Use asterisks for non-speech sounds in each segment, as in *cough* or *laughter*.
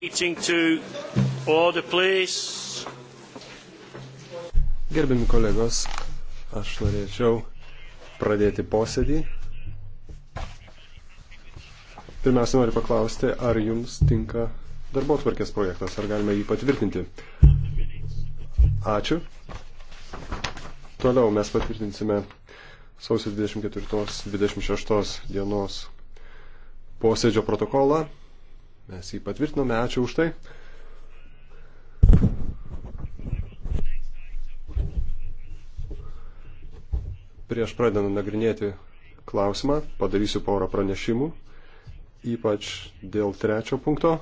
Meeting to order, please. Gerbiami kolegos, aš norėčiau pradėti posėdį. Pirmiausia, noriu paklausti, ar jums tinka darbo tvarkės projektas, ar galime jį patvirtinti. Ačiū. Toliau mes patvirtinsime sausio 24-26 dienos posėdžio protokolą. Mes jį patvirtinome, ačiū už tai. Prieš pradedant nagrinėti klausimą, padarysiu porą pranešimų, ypač dėl trečio punkto.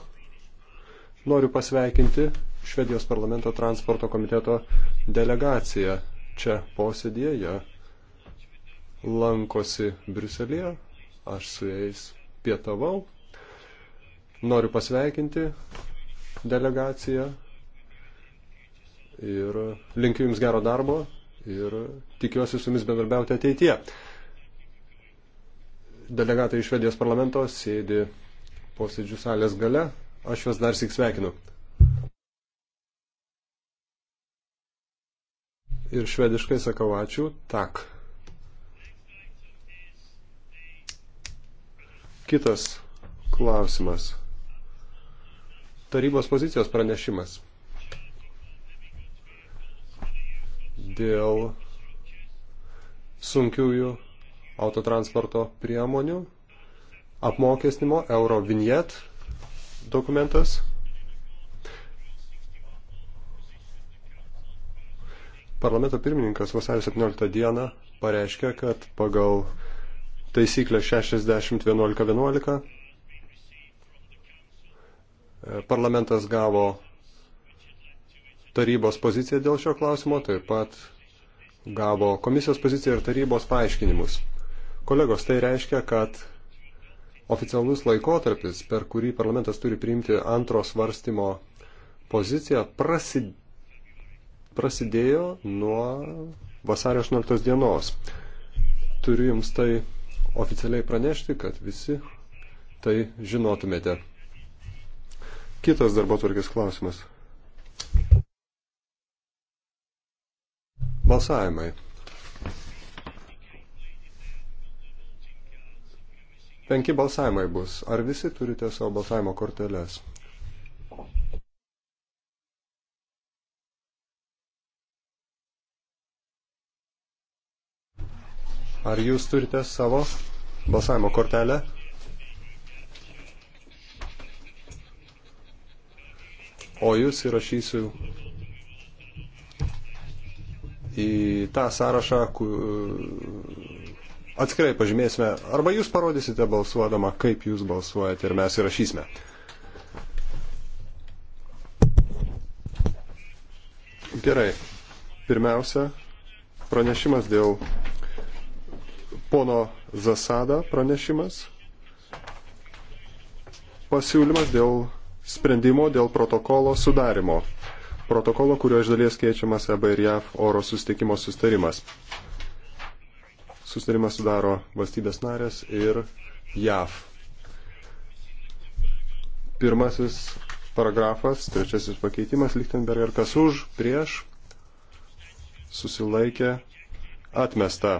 Noriu pasveikinti Švedijos parlamento transporto komiteto delegaciją čia posėdėje. Jie lankosi Briuselėje, aš su jais pietavau Noriu pasveikinti delegaciją ir linkiu Jums gero darbo ir tikiuosi su Jumis bendarbiauti ateityje. Delegatai iš Švedijos parlamento sėdi posėdžių salės gale. Aš juos dar sik sveikinu. Ir švediškai sakau ačiū. Tak. Kitas klausimas tarybos pozicijos pranešimas dėl sunkiųjų autotransporto priemonių apmokestinimo euro vinjet dokumentas. Parlamento pirmininkas vasario 17 dieną pareiškė, kad pagal taisyklę 60.11.11 Parlamentas gavo tarybos poziciją dėl šio klausimo, taip pat gavo komisijos poziciją ir tarybos paaiškinimus. Kolegos, tai reiškia, kad oficialus laikotarpis, per kurį parlamentas turi priimti antro svarstymo poziciją, prasid... prasidėjo nuo vasario 18 dienos. Turiu jums tai oficialiai pranešti, kad visi tai žinotumėte. Kitas darbo tvarkės klausimas. Balsavimai. Penki balsavimai bus. Ar visi turite savo balsavimo korteles? Ar jūs turite savo balsavimo kortelę? o jūs įrašysiu į tą sąrašą, atskirai pažymėsime, arba jūs parodysite balsuodama, kaip jūs balsuojate ir mes įrašysime. Gerai. Pirmiausia, pranešimas dėl pono Zasada pranešimas. Pasiūlymas dėl sprendimo dėl protokolo sudarimo. Protokolo, kurio iš dalies keičiamas EB ir JAV oro sustikimo sustarimas. Sustarimas sudaro valstybės narės ir JAV. Pirmasis paragrafas, trečiasis pakeitimas, Lichtenberger, kas už, prieš, susilaikė, atmesta.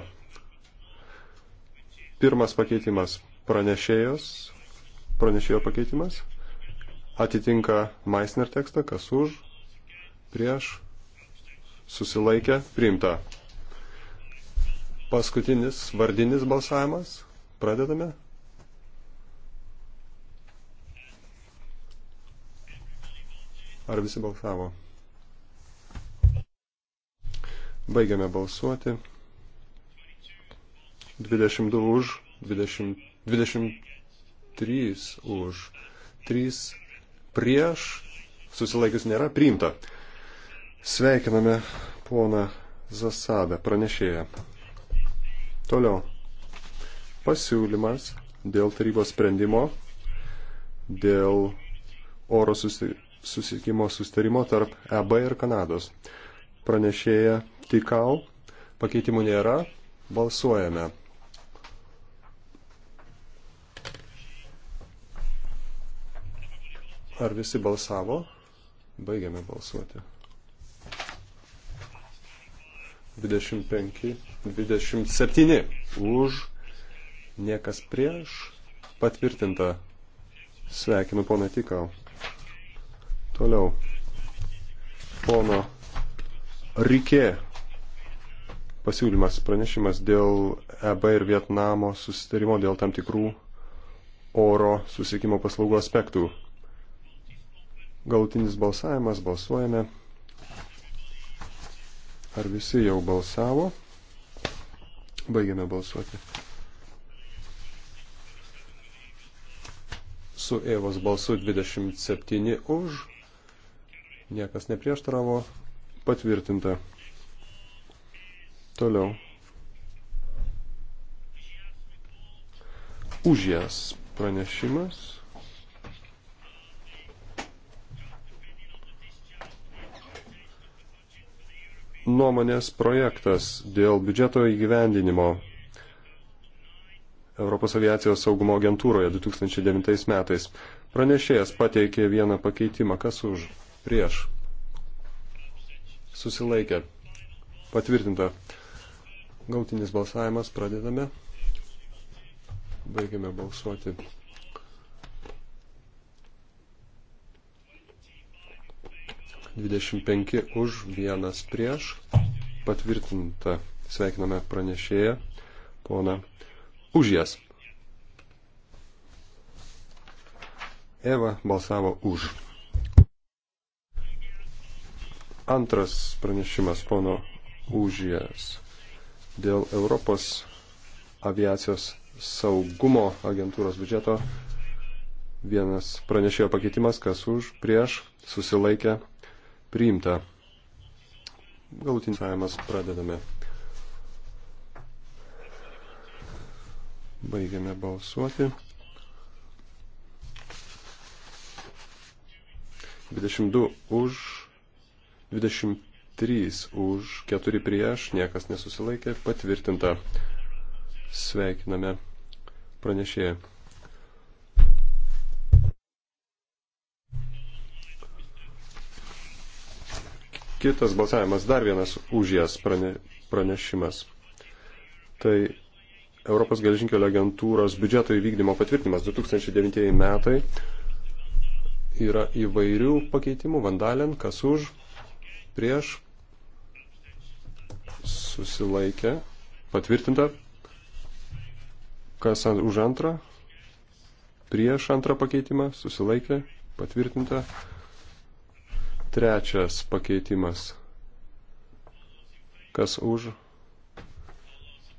Pirmas pakeitimas pranešėjos, pranešėjo pakeitimas, atitinka Maisner tekstą, kas už, prieš, susilaikė, priimta. Paskutinis vardinis balsavimas. Pradedame. Ar visi balsavo? Baigiame balsuoti. 22 už, 20, 23 už, 3 prieš, susilaikius nėra, priimta. Sveikiname poną Zasadą, pranešėją. Toliau. Pasiūlymas dėl tarybos sprendimo, dėl oro susikimo sustarimo tarp EB ir Kanados. Pranešėja Tikau, pakeitimų nėra, balsuojame. Ar visi balsavo? Baigiame balsuoti. 25, 27 už, niekas prieš, patvirtinta. Sveikinu poną Tikau. Toliau. Pono Rikė pasiūlymas, pranešimas dėl EB ir Vietnamo susitarimo dėl tam tikrų oro susiekimo paslaugų aspektų. Gautinis balsavimas, balsuojame. Ar visi jau balsavo? Baigiame balsuoti. Su Evos balsu 27 už, niekas neprieštaravo, patvirtinta. Toliau. Už jas pranešimas. nuomonės projektas dėl biudžeto įgyvendinimo Europos aviacijos saugumo agentūroje 2009 metais. Pranešėjas pateikė vieną pakeitimą, kas už, prieš, susilaikė, patvirtinta. Gautinis balsavimas, pradedame, baigiame balsuoti. 25 už, 1 prieš. Patvirtinta. Sveikiname pranešėją, pona Užjas. Eva balsavo už. Antras pranešimas pono Užijas dėl Europos aviacijos saugumo agentūros biudžeto vienas pranešėjo pakeitimas, kas už, prieš, susilaikė, priimta. Galutinis balsavimas pradedame. Baigiame balsuoti. 22 už, 23 už, 4 prieš, niekas nesusilaikė, patvirtinta. Sveikiname pranešėją. kitas balsavimas, dar vienas už jas prane, pranešimas. Tai Europos geležinkelio agentūros biudžeto įvykdymo patvirtinimas 2009 metai yra įvairių pakeitimų. Vandalin, kas už, prieš, susilaikė, patvirtinta. Kas už antrą, prieš antrą pakeitimą, susilaikė, patvirtinta. Trečias pakeitimas. Kas už?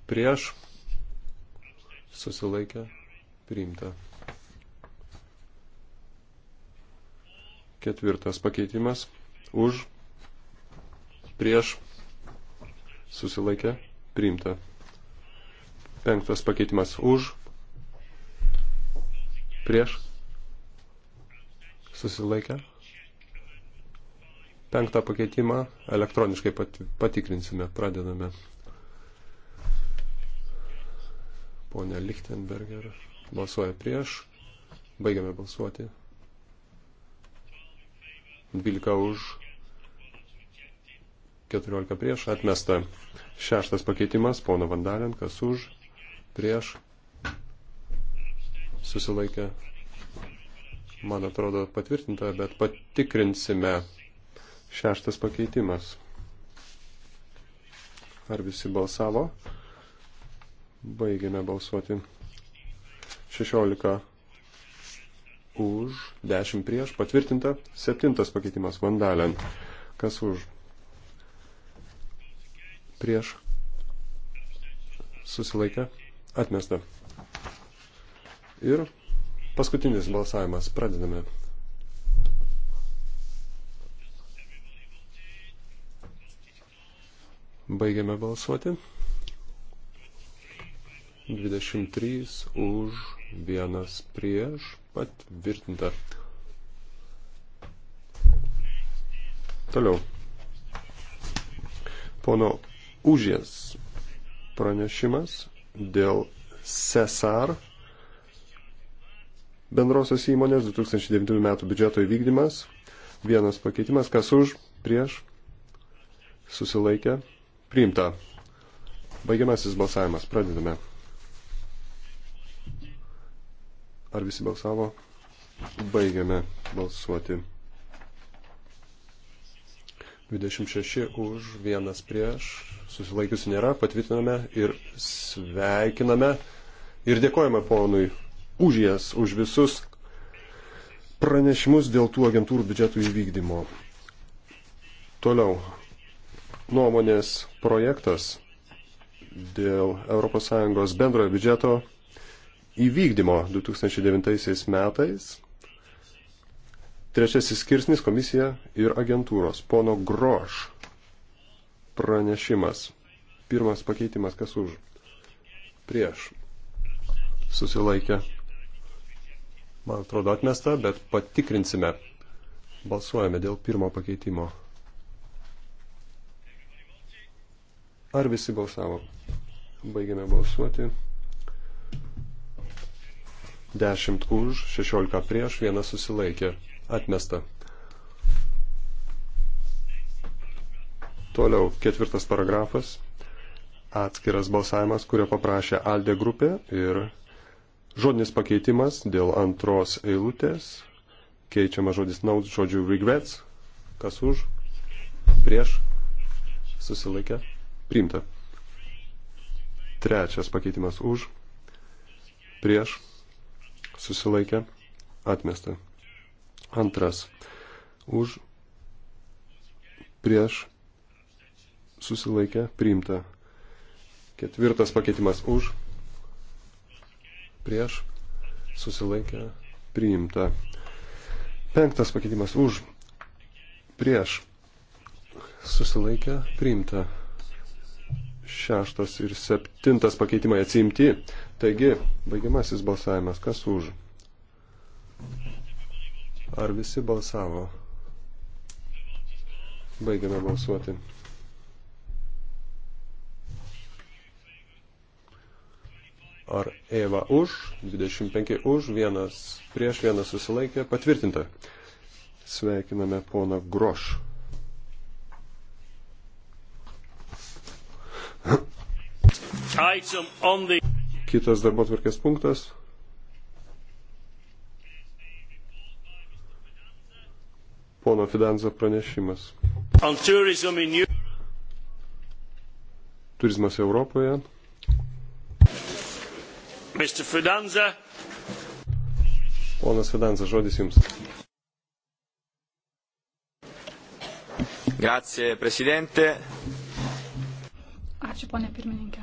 Prieš? Susilaikė? Priimta. Ketvirtas pakeitimas. Už? Prieš? Susilaikė? Priimta. Penktas pakeitimas. Už? Prieš? Susilaikė? Penktą pakeitimą elektroniškai pat, patikrinsime. Pradedame. Pone Lichtenberger balsuoja prieš. Baigiame balsuoti. 12 už, 14 prieš, atmesta. Šeštas pakeitimas, pono Vandalin, kas už, prieš, susilaikė. Man atrodo patvirtinta, bet patikrinsime Šeštas pakeitimas. Ar visi balsavo? Baigėme balsuoti. 16 už, 10 prieš, patvirtinta. Septintas pakeitimas, vandalen. Kas už? Prieš. Susilaikė. Atmesta. Ir paskutinis balsavimas. Pradedame. Baigiame balsuoti. 23 už, 1 prieš, patvirtinta. Toliau. Pono Užės pranešimas dėl Cesar bendrosios įmonės 2009 metų biudžeto įvykdymas. Vienas pakeitimas, kas už, prieš, susilaikė, Priimta. Baigiamasis balsavimas. Pradedame. Ar visi balsavo? Baigiame balsuoti. 26 už, vienas prieš, susilaikiusi nėra, patvirtiname ir sveikiname ir dėkojame ponui už jas, už visus pranešimus dėl tų agentūrų biudžetų įvykdymo. Toliau nuomonės projektas dėl ES bendrojo biudžeto įvykdymo 2009 metais. Trečiasis skirsnis komisija ir agentūros. Pono Groš pranešimas. Pirmas pakeitimas, kas už. Prieš. Susilaikė. Man atrodo atmesta, bet patikrinsime. Balsuojame dėl pirmo pakeitimo. Ar visi balsavo? Baigėme balsuoti. 10 už, 16 prieš, vienas susilaikė. Atmesta. Toliau, ketvirtas paragrafas. Atskiras balsavimas, kurio paprašė Aldė grupė ir žodinis pakeitimas dėl antros eilutės. Keičiama žodis naud žodžiu regrets. Kas už? Prieš? Susilaikė. Priimta. Trečias pakeitimas už, prieš, susilaikė, atmesta. Antras už, prieš, susilaikė, priimta. Ketvirtas pakeitimas už, prieš, susilaikė, priimta. Penktas pakeitimas už, prieš, susilaikė, priimta šeštas ir septintas pakeitimai atsimti. Taigi, baigiamasis balsavimas. Kas už? Ar visi balsavo? Baigiame balsuoti. Ar Eva už, 25 už, vienas prieš, vienas susilaikė, patvirtinta. Sveikiname poną Grošą. Kitas darbo tvarkės punktas. Pono Fidanza pranešimas. Turizmas Europoje. Mr. Fidanza. Ponas Fidanza, žodis jums. Grazie, Presidente. Ačiū, ponė pirmininkė.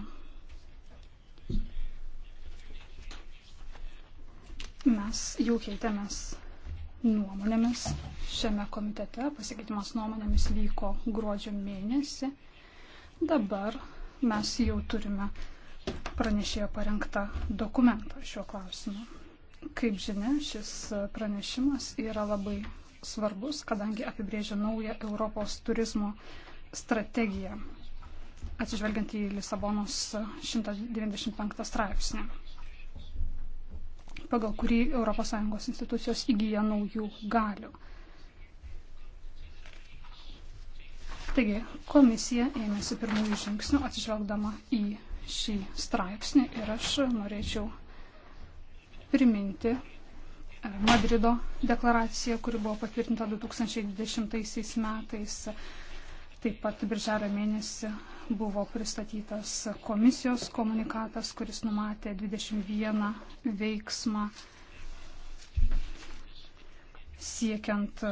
Mes jau keitėmės nuomonėmis šiame komitete, pasikeitimas nuomonėmis vyko gruodžio mėnesį. Dabar mes jau turime pranešėjo parengtą dokumentą šiuo klausimu. Kaip žinia, šis pranešimas yra labai svarbus, kadangi apibrėžia naują Europos turizmo strategiją atsižvelgiant į Lisabonos 195 straipsnį, pagal kurį ES institucijos įgyja naujų galių. Taigi, komisija ėmėsi pirmųjų žingsnių atsižvelgdama į šį straipsnį ir aš norėčiau priminti e, Madrido deklaraciją, kuri buvo patvirtinta 2010 metais, taip pat birželio mėnesį buvo pristatytas komisijos komunikatas, kuris numatė 21 veiksmą siekiant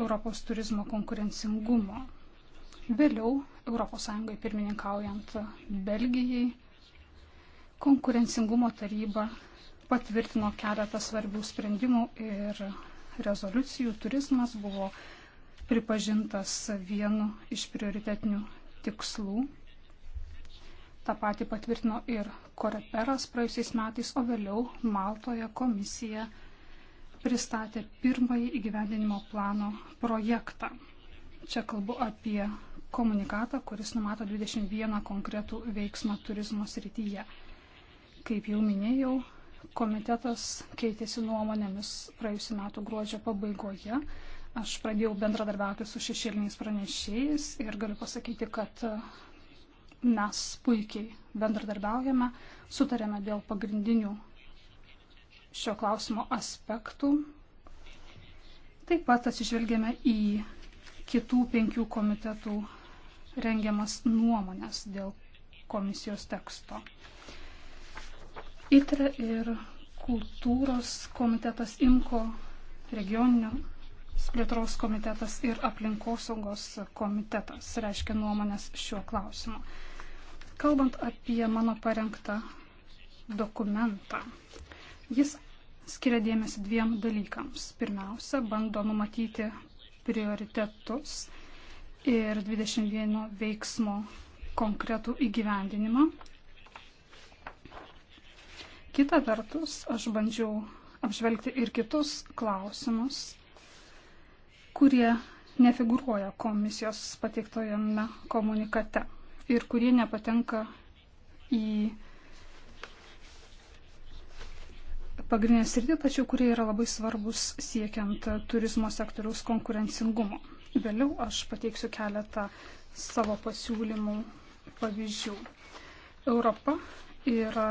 Europos turizmo konkurencingumo. Vėliau ES pirmininkaujant Belgijai konkurencingumo taryba patvirtino keletą svarbių sprendimų ir rezoliucijų. Turizmas buvo pripažintas vienu iš prioritetinių tikslų. Ta pati patvirtino ir Koreperas praėjusiais metais, o vėliau Maltoje komisija pristatė pirmąjį įgyvendinimo plano projektą. Čia kalbu apie komunikatą, kuris numato 21 konkretų veiksmą turizmo srityje. Kaip jau minėjau, komitetas keitėsi nuomonėmis praėjusiu metu gruodžio pabaigoje Aš pradėjau bendradarbiauti su šešėliniais pranešėjais ir galiu pasakyti, kad mes puikiai bendradarbiaujame, sutarėme dėl pagrindinių šio klausimo aspektų. Taip pat atsižvelgėme į kitų penkių komitetų rengiamas nuomonės dėl komisijos teksto. ITRE ir kultūros komitetas IMKO regioninio plėtros komitetas ir aplinkosaugos komitetas reiškia nuomonės šiuo klausimu. Kalbant apie mano parengtą dokumentą, jis skiria dėmesį dviem dalykams. Pirmiausia, bando numatyti prioritetus ir 21 veiksmo konkretų įgyvendinimą. Kita vertus, aš bandžiau apžvelgti ir kitus klausimus kurie nefiguruoja komisijos pateiktojame komunikate ir kurie nepatenka į pagrindinę sritį, tačiau kurie yra labai svarbus siekiant turizmo sektoriaus konkurencingumo. Vėliau aš pateiksiu keletą savo pasiūlymų pavyzdžių. Europa yra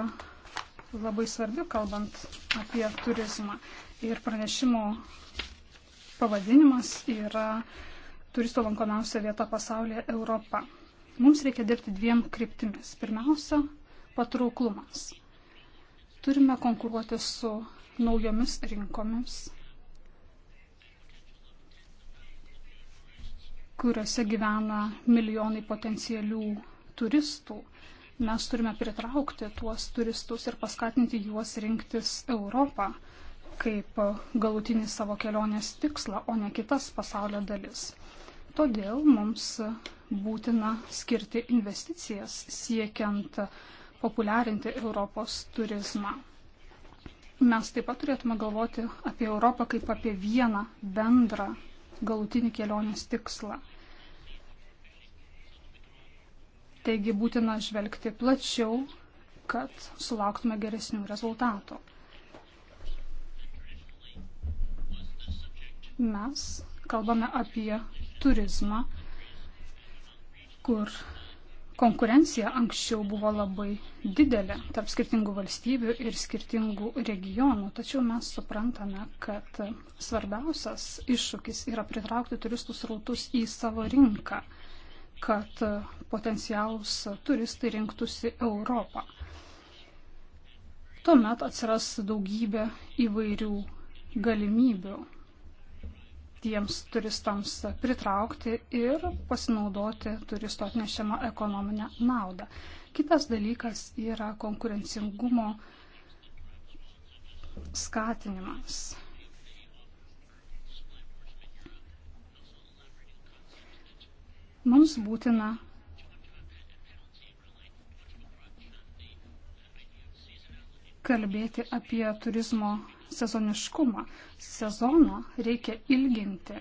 labai svarbi, kalbant apie turizmą. Ir pranešimo pavadinimas yra turisto lankomiausia vieta pasaulyje Europa. Mums reikia dirbti dviem kryptimis. Pirmiausia, patrauklumas. Turime konkuruoti su naujomis rinkomis, kuriuose gyvena milijonai potencialių turistų. Mes turime pritraukti tuos turistus ir paskatinti juos rinktis Europą kaip galutinį savo kelionės tikslą, o ne kitas pasaulio dalis. Todėl mums būtina skirti investicijas siekiant populiarinti Europos turizmą. Mes taip pat turėtume galvoti apie Europą kaip apie vieną bendrą galutinį kelionės tikslą. Taigi būtina žvelgti plačiau, kad sulauktume geresnių rezultatų. mes kalbame apie turizmą, kur konkurencija anksčiau buvo labai didelė tarp skirtingų valstybių ir skirtingų regionų, tačiau mes suprantame, kad svarbiausias iššūkis yra pritraukti turistų srautus į savo rinką, kad potencialus turistai rinktųsi Europą. Tuomet atsiras daugybė įvairių galimybių tiems turistams pritraukti ir pasinaudoti turisto atnešamą ekonominę naudą. Kitas dalykas yra konkurencingumo skatinimas. Mums būtina kalbėti apie turizmo sezoniškumą. Sezoną reikia ilginti.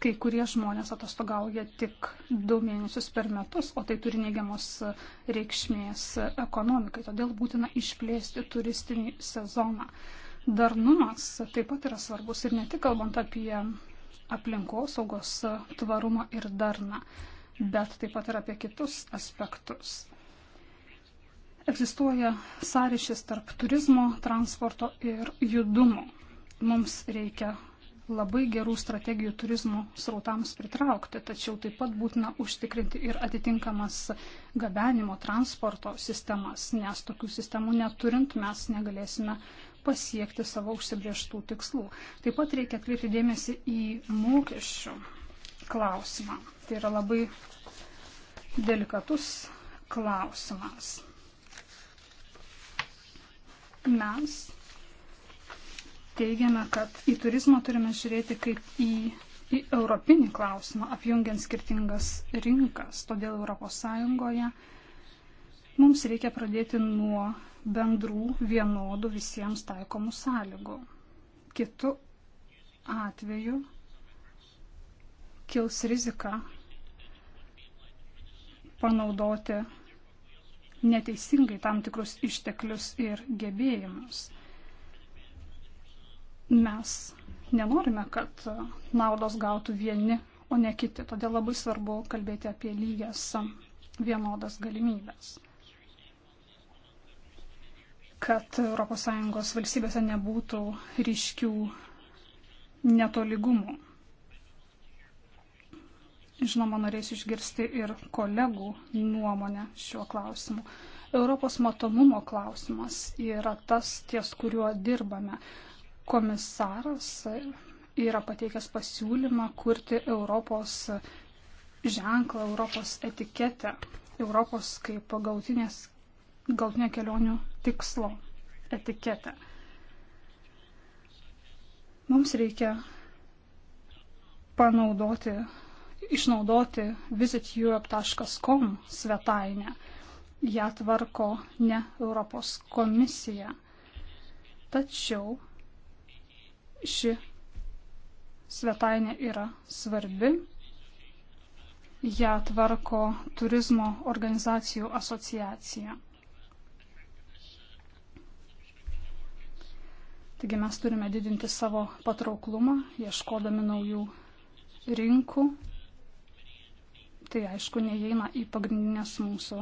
Kai kurie žmonės atostogauja tik du mėnesius per metus, o tai turi neigiamos reikšmės ekonomikai. Todėl būtina išplėsti turistinį sezoną. Darnumas taip pat yra svarbus ir ne tik kalbant apie aplinkosaugos tvarumą ir darną, bet taip pat ir apie kitus aspektus. Egzistuoja sąryšis tarp turizmo, transporto ir judumo. Mums reikia labai gerų strategijų turizmo srautams pritraukti, tačiau taip pat būtina užtikrinti ir atitinkamas gabenimo transporto sistemas, nes tokių sistemų neturint mes negalėsime pasiekti savo užsibrieštų tikslų. Taip pat reikia atkreipti dėmesį į mokesčių klausimą. Tai yra labai delikatus klausimas mes teigiame, kad į turizmą turime žiūrėti kaip į, į europinį klausimą, apjungiant skirtingas rinkas. Todėl ES mums reikia pradėti nuo bendrų, vienodų visiems taikomų sąlygų. Kitu atveju kils rizika panaudoti neteisingai tam tikrus išteklius ir gebėjimus. Mes nenorime, kad naudos gautų vieni, o ne kiti. Todėl labai svarbu kalbėti apie lygias vienodas galimybės. Kad ES valstybėse nebūtų ryškių netoligumų. Žinoma, norėsiu išgirsti ir kolegų nuomonę šiuo klausimu. Europos matomumo klausimas yra tas ties, kuriuo dirbame. Komisaras yra pateikęs pasiūlymą kurti Europos ženklą, Europos etiketę, Europos kaip gautinės, gautinė kelionių tikslo etiketę. Mums reikia panaudoti išnaudoti visiteurope.com svetainę. Ja tvarko ne Europos komisija. Tačiau ši svetainė yra svarbi. Ja tvarko turizmo organizacijų asociacija. Taigi mes turime didinti savo patrauklumą, ieškodami naujų rinkų, tai aišku neįeina į pagrindinės mūsų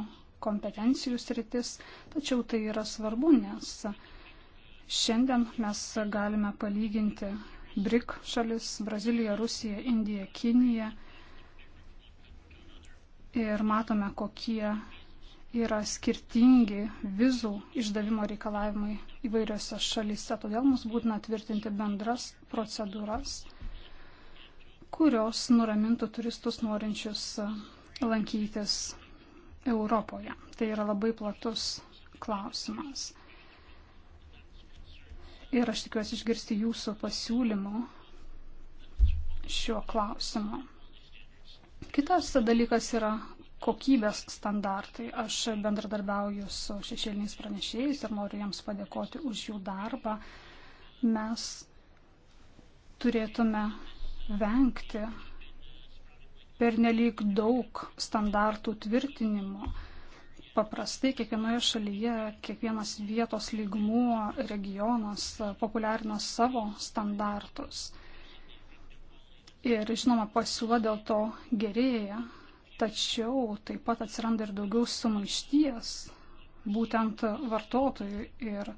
kompetencijų sritis, tačiau tai yra svarbu, nes šiandien mes galime palyginti BRIC šalis - Brazilija, Rusija, Indija, Kinija ir matome, kokie yra skirtingi vizų išdavimo reikalavimai įvairiose šalyse, todėl mums būtina tvirtinti bendras procedūras kurios nuramintų turistus norinčius e, lankytis Europoje. Tai yra labai platus klausimas. Ir aš tikiuosi išgirsti jūsų pasiūlymų šiuo klausimu. Kitas dalykas yra kokybės standartai. Aš bendradarbiauju su šešėliniais pranešėjais ir noriu jiems padėkoti už jų darbą. Mes turėtume vengti pernelyg daug standartų tvirtinimo. Paprastai kiekvienoje šalyje kiekvienas vietos lygmuo regionas populiarino savo standartus. Ir žinoma, pasiūla dėl to gerėja, tačiau taip pat atsiranda ir daugiau sumaišties būtent vartotojui ir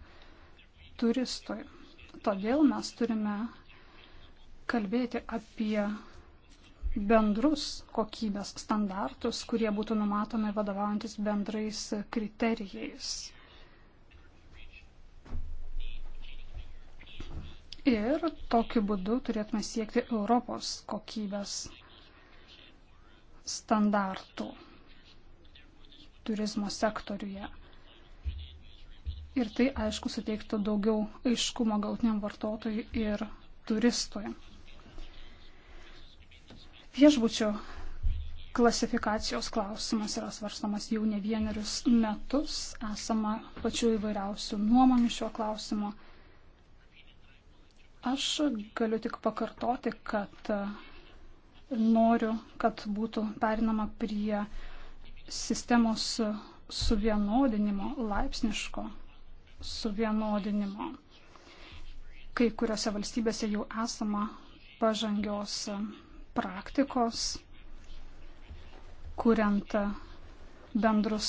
turistui. Todėl mes turime kalbėti apie bendrus kokybės standartus, kurie būtų numatomi vadovaujantis bendrais kriterijais. Ir tokiu būdu turėtume siekti Europos kokybės standartų turizmo sektoriuje. Ir tai, aišku, suteiktų daugiau aiškumo galtiniam vartotojui ir turistui. Viešbučių klasifikacijos klausimas yra svarstamas jau ne vienerius metus. Esama pačių įvairiausių nuomonių šiuo klausimu. Aš galiu tik pakartoti, kad e, noriu, kad būtų perinama prie sistemos suvienodinimo, laipsniško suvienodinimo. Kai kuriuose valstybėse jau esama pažangios praktikos, kuriant bendrus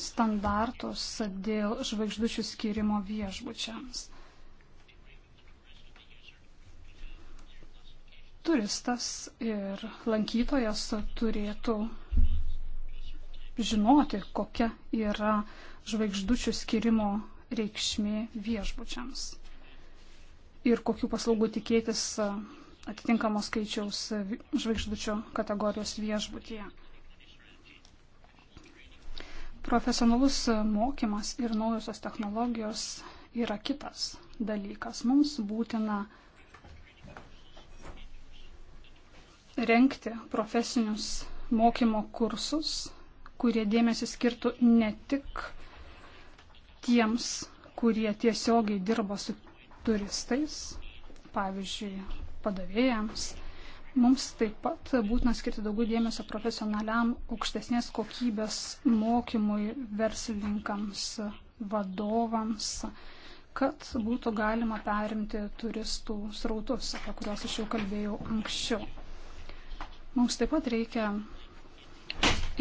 standartus dėl žvaigždučių skirimo viešbučiams. Turistas ir lankytojas turėtų žinoti, kokia yra žvaigždučių skirimo reikšmė viešbučiams ir kokių paslaugų tikėtis atitinkamos skaičiaus žvaigždučių kategorijos viešbutyje. Profesionalus mokymas ir naujosios technologijos yra kitas dalykas. Mums būtina renkti profesinius mokymo kursus, kurie dėmesį skirtų ne tik tiems, kurie tiesiogiai dirba su turistais, pavyzdžiui, padavėjams. Mums taip pat būtina skirti daugiau dėmesio profesionaliam aukštesnės kokybės mokymui verslininkams, vadovams, kad būtų galima perimti turistų srautus, apie kuriuos aš jau kalbėjau anksčiau. Mums taip pat reikia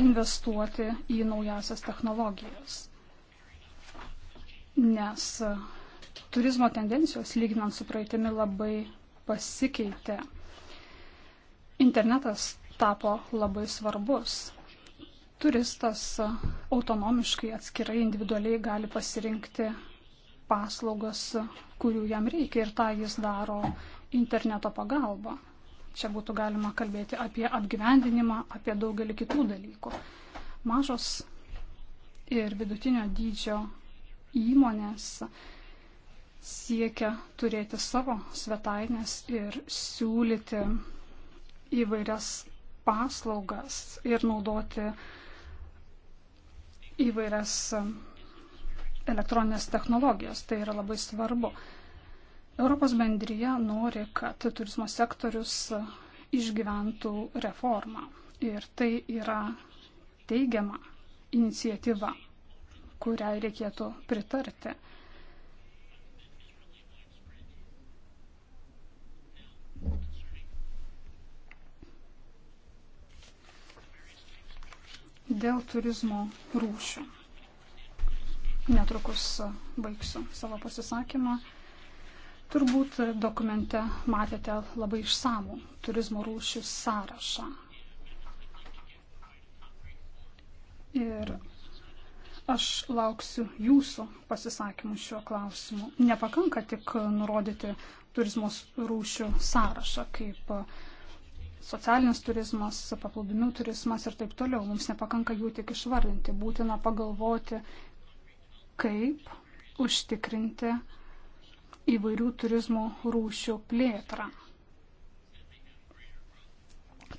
investuoti į naujasias technologijas, nes turizmo tendencijos, lyginant su praeitimi, labai pasikeitė. Internetas tapo labai svarbus. Turistas autonomiškai atskirai individualiai gali pasirinkti paslaugas, kurių jam reikia ir tą jis daro interneto pagalba. Čia būtų galima kalbėti apie apgyvendinimą, apie daugelį kitų dalykų. Mažos ir vidutinio dydžio įmonės siekia turėti savo svetainės ir siūlyti įvairias paslaugas ir naudoti įvairias um, elektroninės technologijas. Tai yra labai svarbu. Europos bendryje nori, kad turizmo sektorius uh, išgyventų reformą. Ir tai yra teigiama iniciatyva, kuriai reikėtų pritarti. dėl turizmo rūšių. Netrukus baigsiu savo pasisakymą. Turbūt dokumente matėte labai išsamų turizmo rūšių sąrašą. Ir aš lauksiu jūsų pasisakymų šiuo klausimu. Nepakanka tik nurodyti turizmo rūšių sąrašą kaip uh, socialinis turizmas, paplūdimių turizmas ir taip toliau. Mums nepakanka jų tik išvardinti. Būtina pagalvoti, kaip užtikrinti įvairių turizmo rūšių plėtrą.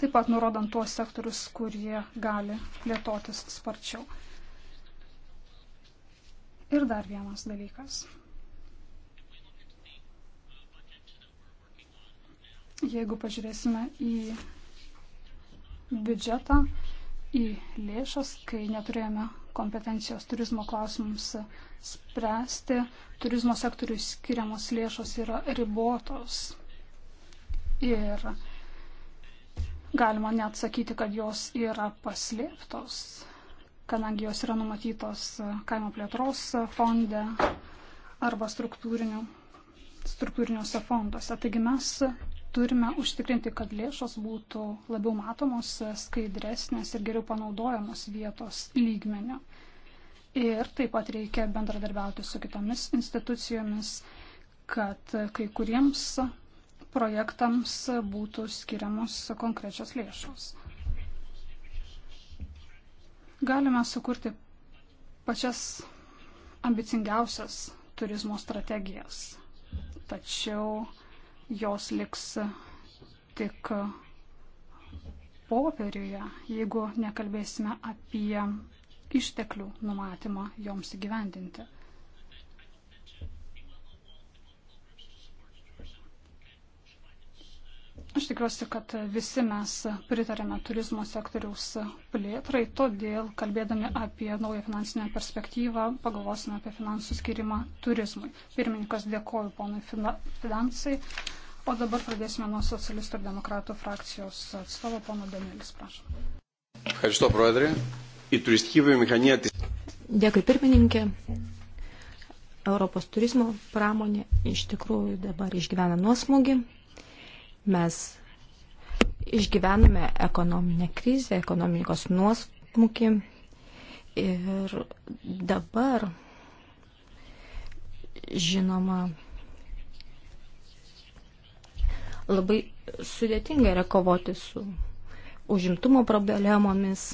Taip pat nurodant tuos sektorius, kurie gali plėtotis sparčiau. Ir dar vienas dalykas. Jeigu pažiūrėsime į biudžetą, į lėšas, kai neturėjome kompetencijos turizmo klausimams spręsti, turizmo sektoriui skiriamos lėšos yra ribotos. Ir galima net sakyti, kad jos yra paslėptos, kadangi jos yra numatytos kaimo plėtros fonde arba struktūriniuose fonduose. Taigi mes Turime užtikrinti, kad lėšos būtų labiau matomos, skaidresnės ir geriau panaudojamos vietos lygmenio. Ir taip pat reikia bendradarbiauti su kitomis institucijomis, kad kai kuriems projektams būtų skiriamos konkrečios lėšos. Galime sukurti pačias ambicingiausias turizmo strategijas. Tačiau jos liks tik popieriuje, jeigu nekalbėsime apie išteklių numatymą joms įgyvendinti. Aš tikiuosi, kad visi mes pritarėme turizmo sektoriaus plėtrai, todėl kalbėdami apie naują finansinę perspektyvą pagalvosime apie finansų skirimą turizmui. Pirmininkas dėkoju ponui finansai. O dabar pradėsime nuo socialistų ir demokratų frakcijos atstovo, pono Danielis, prašom. Ευχαριστώ, Πρόεδρε. Η τουριστική βιομηχανία της... Dėkui, pirmininkė. Europos turizmo pramonė iš tikrųjų dabar išgyvena nuosmūgį. Mes išgyvename ekonominę krizę, ekonomikos nuosmūgį. Ir dabar, žinoma, Labai sudėtinga yra kovoti su užimtumo problemomis.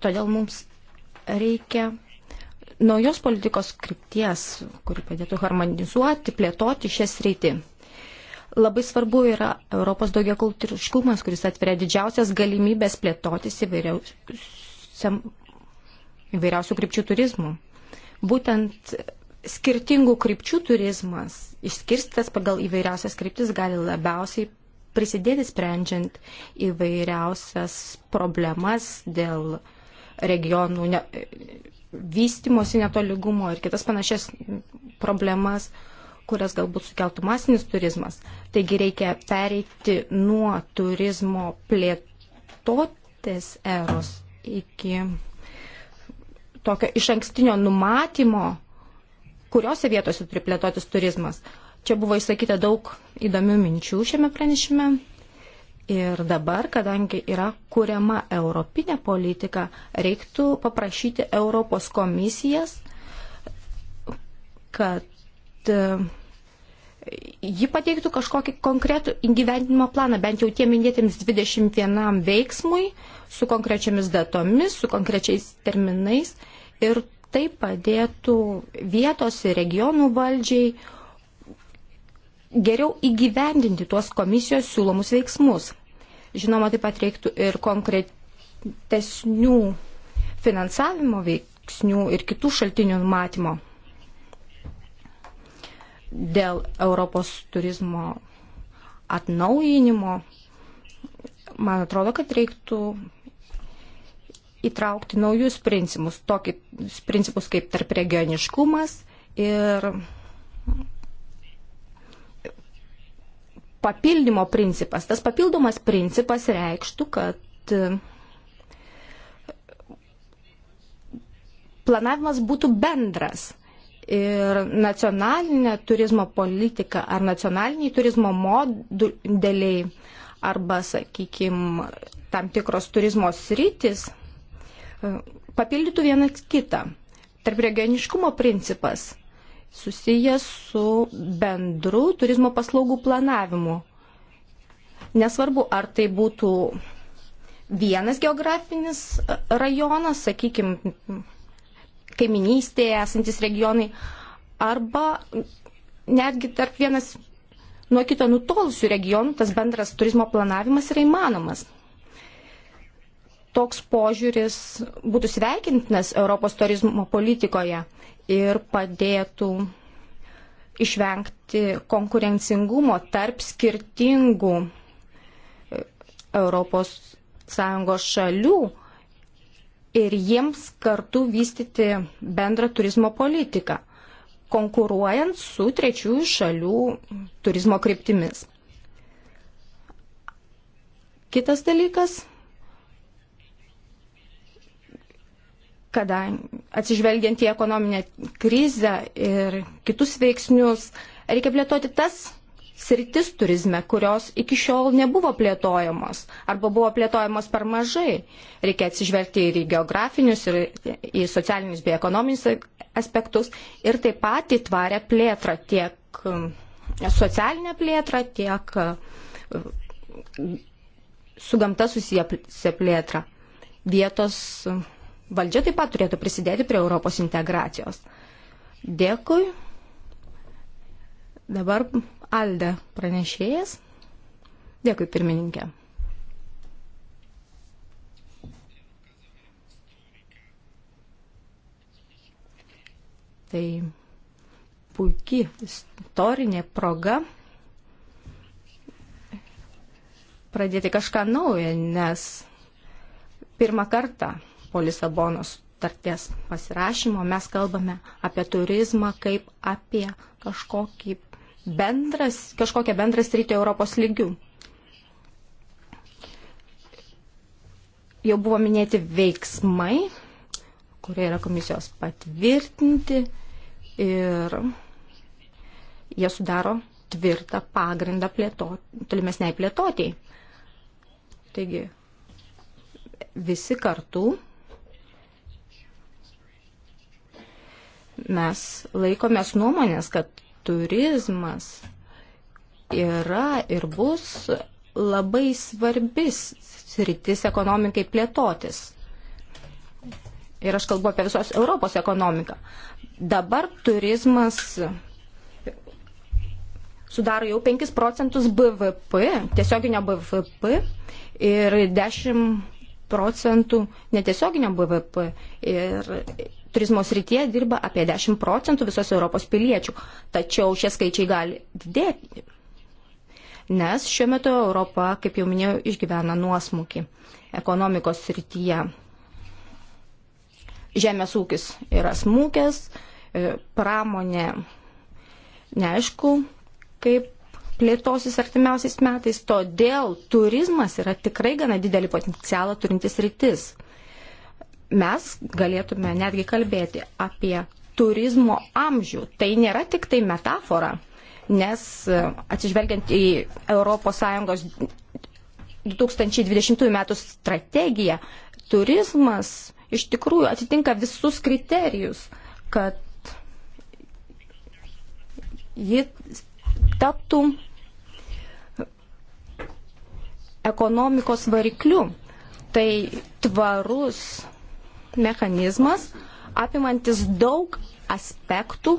Todėl mums reikia naujos politikos krypties, kuri padėtų harmonizuoti, plėtoti šią sritį. Labai svarbu yra Europos daugiakultūriškumas, kuris atveria didžiausias galimybės plėtotis įvairiausių krypčių turizmų. Būtent skirtingų krypčių turizmas, išskirstas pagal įvairiausias kryptis, gali labiausiai prisidėti sprendžiant įvairiausias problemas dėl regionų ne, vystimosi netoligumo ir kitas panašias problemas, kurias galbūt sukeltų masinis turizmas. Taigi reikia pereiti nuo turizmo plėtotės eros iki tokio iš ankstinio numatymo kuriuose vietose turi plėtotis turizmas. Čia buvo išsakyta daug įdomių minčių šiame pranešime. Ir dabar, kadangi yra kuriama europinė politika, reiktų paprašyti Europos komisijas, kad e, ji pateiktų kažkokį konkretų įgyvendinimo planą, bent jau tie minėtiems 21 veiksmui, su konkrečiamis datomis, su konkrečiais terminais. Ir Tai padėtų vietos ir regionų valdžiai geriau įgyvendinti tuos komisijos siūlomus veiksmus. Žinoma, taip pat reiktų ir konkretesnių finansavimo veiksnių ir kitų šaltinių numatymo dėl Europos turizmo atnaujinimo. Man atrodo, kad reiktų įtraukti naujus principus, tokius principus kaip tarp regioniškumas ir papildymo principas. Tas papildomas principas reikštų, kad e, planavimas būtų bendras ir nacionalinė turizmo politika ar nacionaliniai turizmo modeliai arba, sakykime, tam tikros turizmo sritis papildytų vieną kitą. Tarp regioniškumo principas susijęs su bendru turizmo paslaugų planavimu. Nesvarbu, ar tai būtų vienas geografinis rajonas, sakykime, kaiminystėje esantis regionai, arba netgi tarp vienas nuo kito nutolusių regionų tas bendras turizmo planavimas yra įmanomas toks požiūris būtų sveikintinas Europos turizmo politikoje ir padėtų išvengti konkurencingumo tarp skirtingų ES šalių ir jiems kartu vystyti bendrą turizmo politiką, konkuruojant su trečiųjų šalių turizmo kryptimis. Kitas dalykas kadangi atsižvelgiant į ekonominę krizę ir kitus veiksnius, reikia plėtoti tas sritis turizme, kurios iki šiol nebuvo plėtojamos arba buvo plėtojamos per mažai. Reikia atsižvelgti ir į geografinius, ir į socialinius bei ekonominius aspektus ir taip pat į tvarę plėtrą tiek e, socialinę plėtrą, tiek e, su gamta susiję plėtrą. Vietos Valdžia taip pat turėtų prisidėti prie Europos integracijos. Dėkui. Dabar Alde pranešėjas. Dėkui, pirmininkė. Tai puikiai istorinė proga pradėti kažką naujo, nes pirmą kartą po Lisabonos tarties pasirašymo mes kalbame apie turizmą kaip apie kažkokį bendras, kažkokią bendrą sritį Europos lygių. Jau buvo minėti veiksmai, kurie yra komisijos patvirtinti ir jie sudaro tvirtą pagrindą plėto, tolimesniai plėtotėjai. Taigi visi kartu mes laikomės nuomonės, kad turizmas yra ir bus labai svarbis sritis ekonomikai plėtotis. Ir aš kalbu apie visos Europos ekonomiką. Dabar turizmas sudaro jau 5 procentus BVP, tiesioginio BVP ir 10 procentų netiesioginio BVP. Ir turizmo srityje dirba apie 10 procentų visos Europos piliečių. Tačiau šie skaičiai gali didėti, nes šiuo metu Europa, kaip jau minėjau, išgyvena nuosmukį ekonomikos srityje. Žemės ūkis yra smūkis, e, pramonė neaišku, kaip plėtosis artimiausiais metais, todėl turizmas yra tikrai gana didelį potencialą turintis rytis mes galėtume netgi kalbėti apie turizmo amžių. Tai nėra tik tai metafora, nes e, atsižvelgiant į ES 2020 m. strategiją, turizmas iš tikrųjų atitinka visus kriterijus, kad ji taptų ekonomikos varikliu. Tai tvarus mechanizmas, apimantis daug aspektų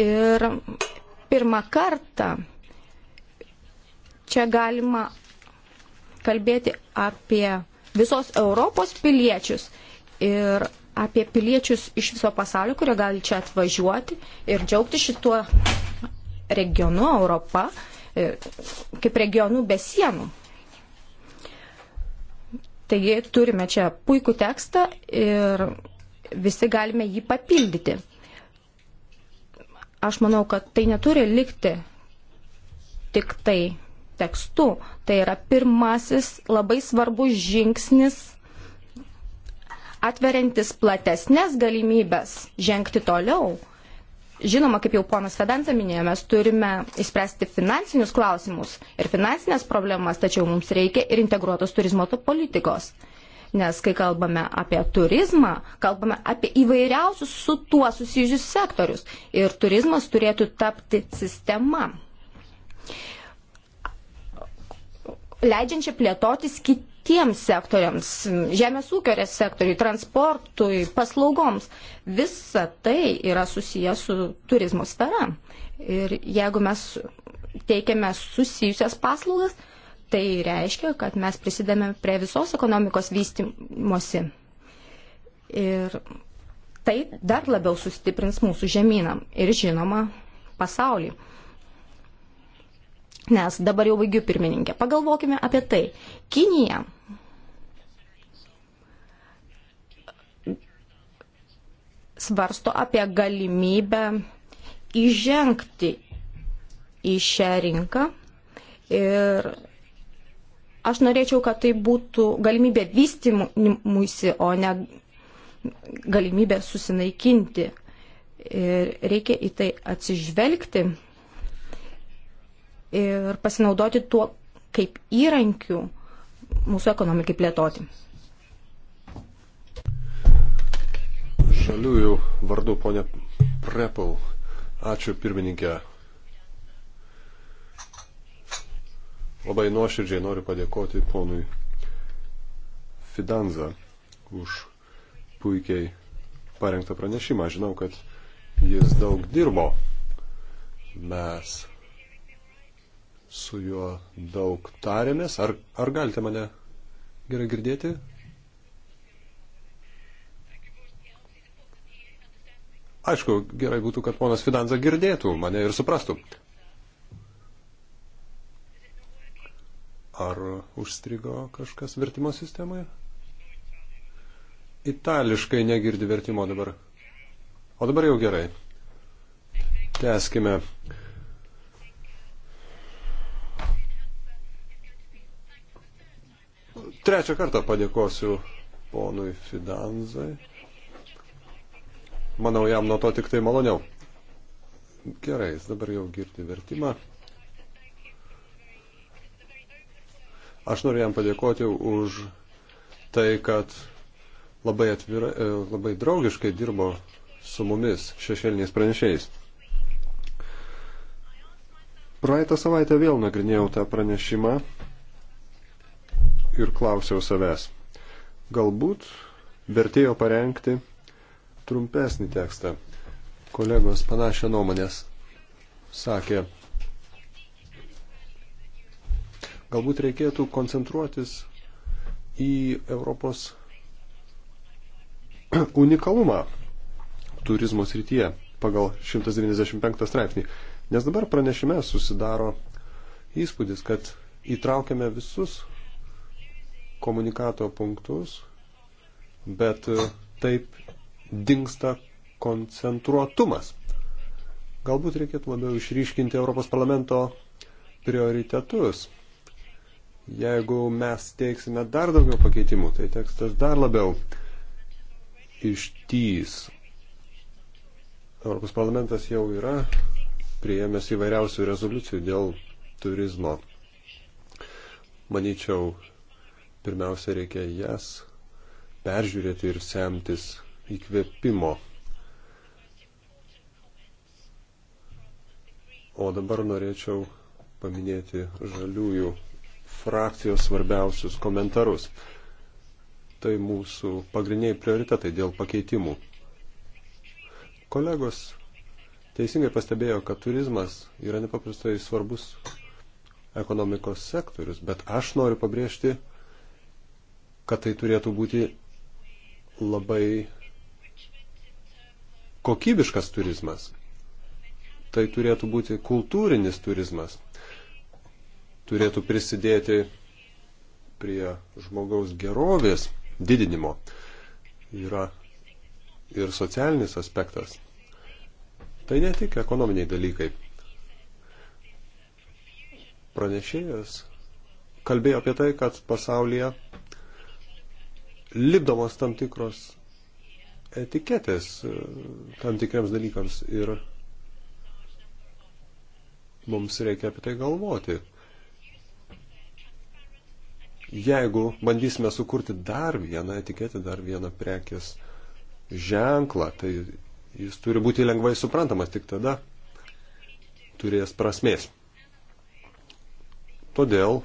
ir pirmą kartą čia galima kalbėti apie visos Europos piliečius ir apie piliečius iš viso pasaulio, kurie gali čia atvažiuoti ir džiaugti šituo regionu Europa e, kaip regionu be sienų. Taigi turime čia puikų tekstą ir visi galime jį papildyti. Aš manau, kad tai neturi likti tik tai tekstu. Tai yra pirmasis labai svarbus žingsnis atveriantis platesnės galimybės žengti toliau Žinoma, kaip jau ponas Fedansa minėjo, mes turime įspręsti finansinius klausimus ir finansinės problemas, tačiau mums reikia ir integruotos turizmo politikos. Nes kai kalbame apie turizmą, kalbame apie įvairiausius su tuo susijusius sektorius. Ir turizmas turėtų tapti sistema, leidžiančia plėtotis kitiems kitiems sektoriams, žemės ūkio sektoriui, transportui, paslaugoms. Visa tai yra susijęs su turizmo sfera. Ir jeigu mes teikiame susijusias paslaugas, tai reiškia, kad mes prisidame prie visos ekonomikos vystimosi. Ir tai dar labiau sustiprins mūsų žemyną ir žinoma pasaulį. Nes dabar jau baigiu pirmininkę. Pagalvokime apie tai. Kinija svarsto apie galimybę įžengti į šią rinką. Ir aš norėčiau, kad tai būtų galimybė vystymuisi, o ne galimybė susinaikinti. Ir reikia į tai atsižvelgti ir pasinaudoti tuo kaip įrankiu mūsų ekonomikai plėtoti. Žaliųjų vardu, ponė Prepau. Ačiū pirmininkė. Labai nuoširdžiai noriu padėkoti ponui Fidanza už puikiai parengtą pranešimą. Žinau, kad jis daug dirbo. Mes su juo daug tarėmės. Ar, ar galite mane gerai girdėti? Aišku, gerai būtų, kad ponas Fidanza girdėtų mane ir suprastų. Ar užstrigo kažkas vertimo sistemoje? Itališkai negirdi vertimo dabar. O dabar jau gerai. Teskime. trečią kartą padėkosiu ponui Fidanzai. Manau, jam nuo to tik tai maloniau. Gerai, jis dabar jau girdi vertimą. Aš noriu jam padėkoti už tai, kad labai, atvira, e, labai draugiškai dirbo su mumis šešėliniais pranešėjais. Praeitą savaitę vėl nagrinėjau tą pranešimą ir klausiau savęs. Galbūt vertėjo parengti trumpesnį tekstą. Kolegos panašią nuomonės sakė. Galbūt reikėtų koncentruotis į Europos *clears throat* unikalumą turizmo srityje pagal 195 straipsnį. Nes dabar pranešime susidaro įspūdis, kad įtraukiame visus komunikato punktus, bet taip dinksta koncentruotumas. Galbūt reikėtų labiau išryškinti Europos parlamento prioritetus. Jeigu mes teiksime dar daugiau pakeitimų, tai tekstas dar labiau ištys. Europos parlamentas jau yra prieėmęs įvairiausių rezoliucijų dėl turizmo. Manyčiau, pirmiausia, reikia jas peržiūrėti ir semtis įkvėpimo. O dabar norėčiau paminėti žaliųjų frakcijos svarbiausius komentarus. Tai mūsų pagrindiniai prioritetai dėl pakeitimų. Kolegos teisingai pastebėjo, kad turizmas yra nepaprastai svarbus ekonomikos sektorius, bet aš noriu pabrėžti kad tai turėtų būti labai kokybiškas turizmas. Tai turėtų būti kultūrinis turizmas. Turėtų prisidėti prie žmogaus gerovės didinimo. Yra ir socialinis aspektas. Tai ne tik ekonominiai dalykai. Pranešėjas kalbėjo apie tai, kad pasaulyje lipdomos tam tikros etiketės e, tam tikriams dalykams ir mums reikia apie tai galvoti. Jeigu bandysime sukurti dar vieną etiketę, dar vieną prekės ženklą, tai jis turi būti lengvai suprantamas, tik tada turės prasmės. Todėl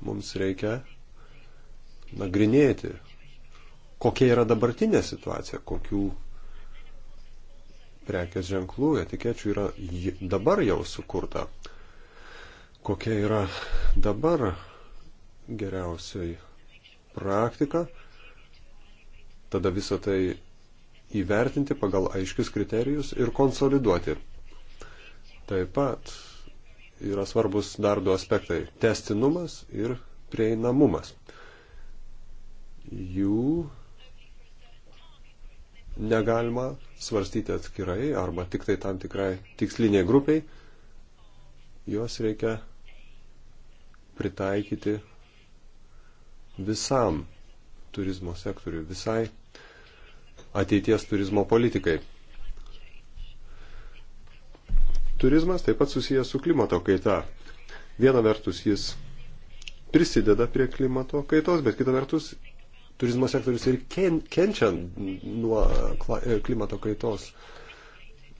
mums reikia nagrinėti kokia yra dabartinė situacija, kokių prekės ženklų, etikečių yra dabar jau sukurta, kokia yra dabar geriausiai praktika, tada visą tai įvertinti pagal aiškius kriterijus ir konsoliduoti. Taip pat yra svarbus dar du aspektai - testinumas ir prieinamumas. Jų negalima svarstyti atskirai arba tik tai tam tikrai tiksliniai grupiai, juos reikia pritaikyti visam turizmo sektoriui, visai ateities turizmo politikai. Turizmas taip pat susijęs su klimato kaita. Viena vertus jis prisideda prie klimato kaitos, bet kita vertus turizmo sektorius ir ken, kenčia nuo e, klimato kaitos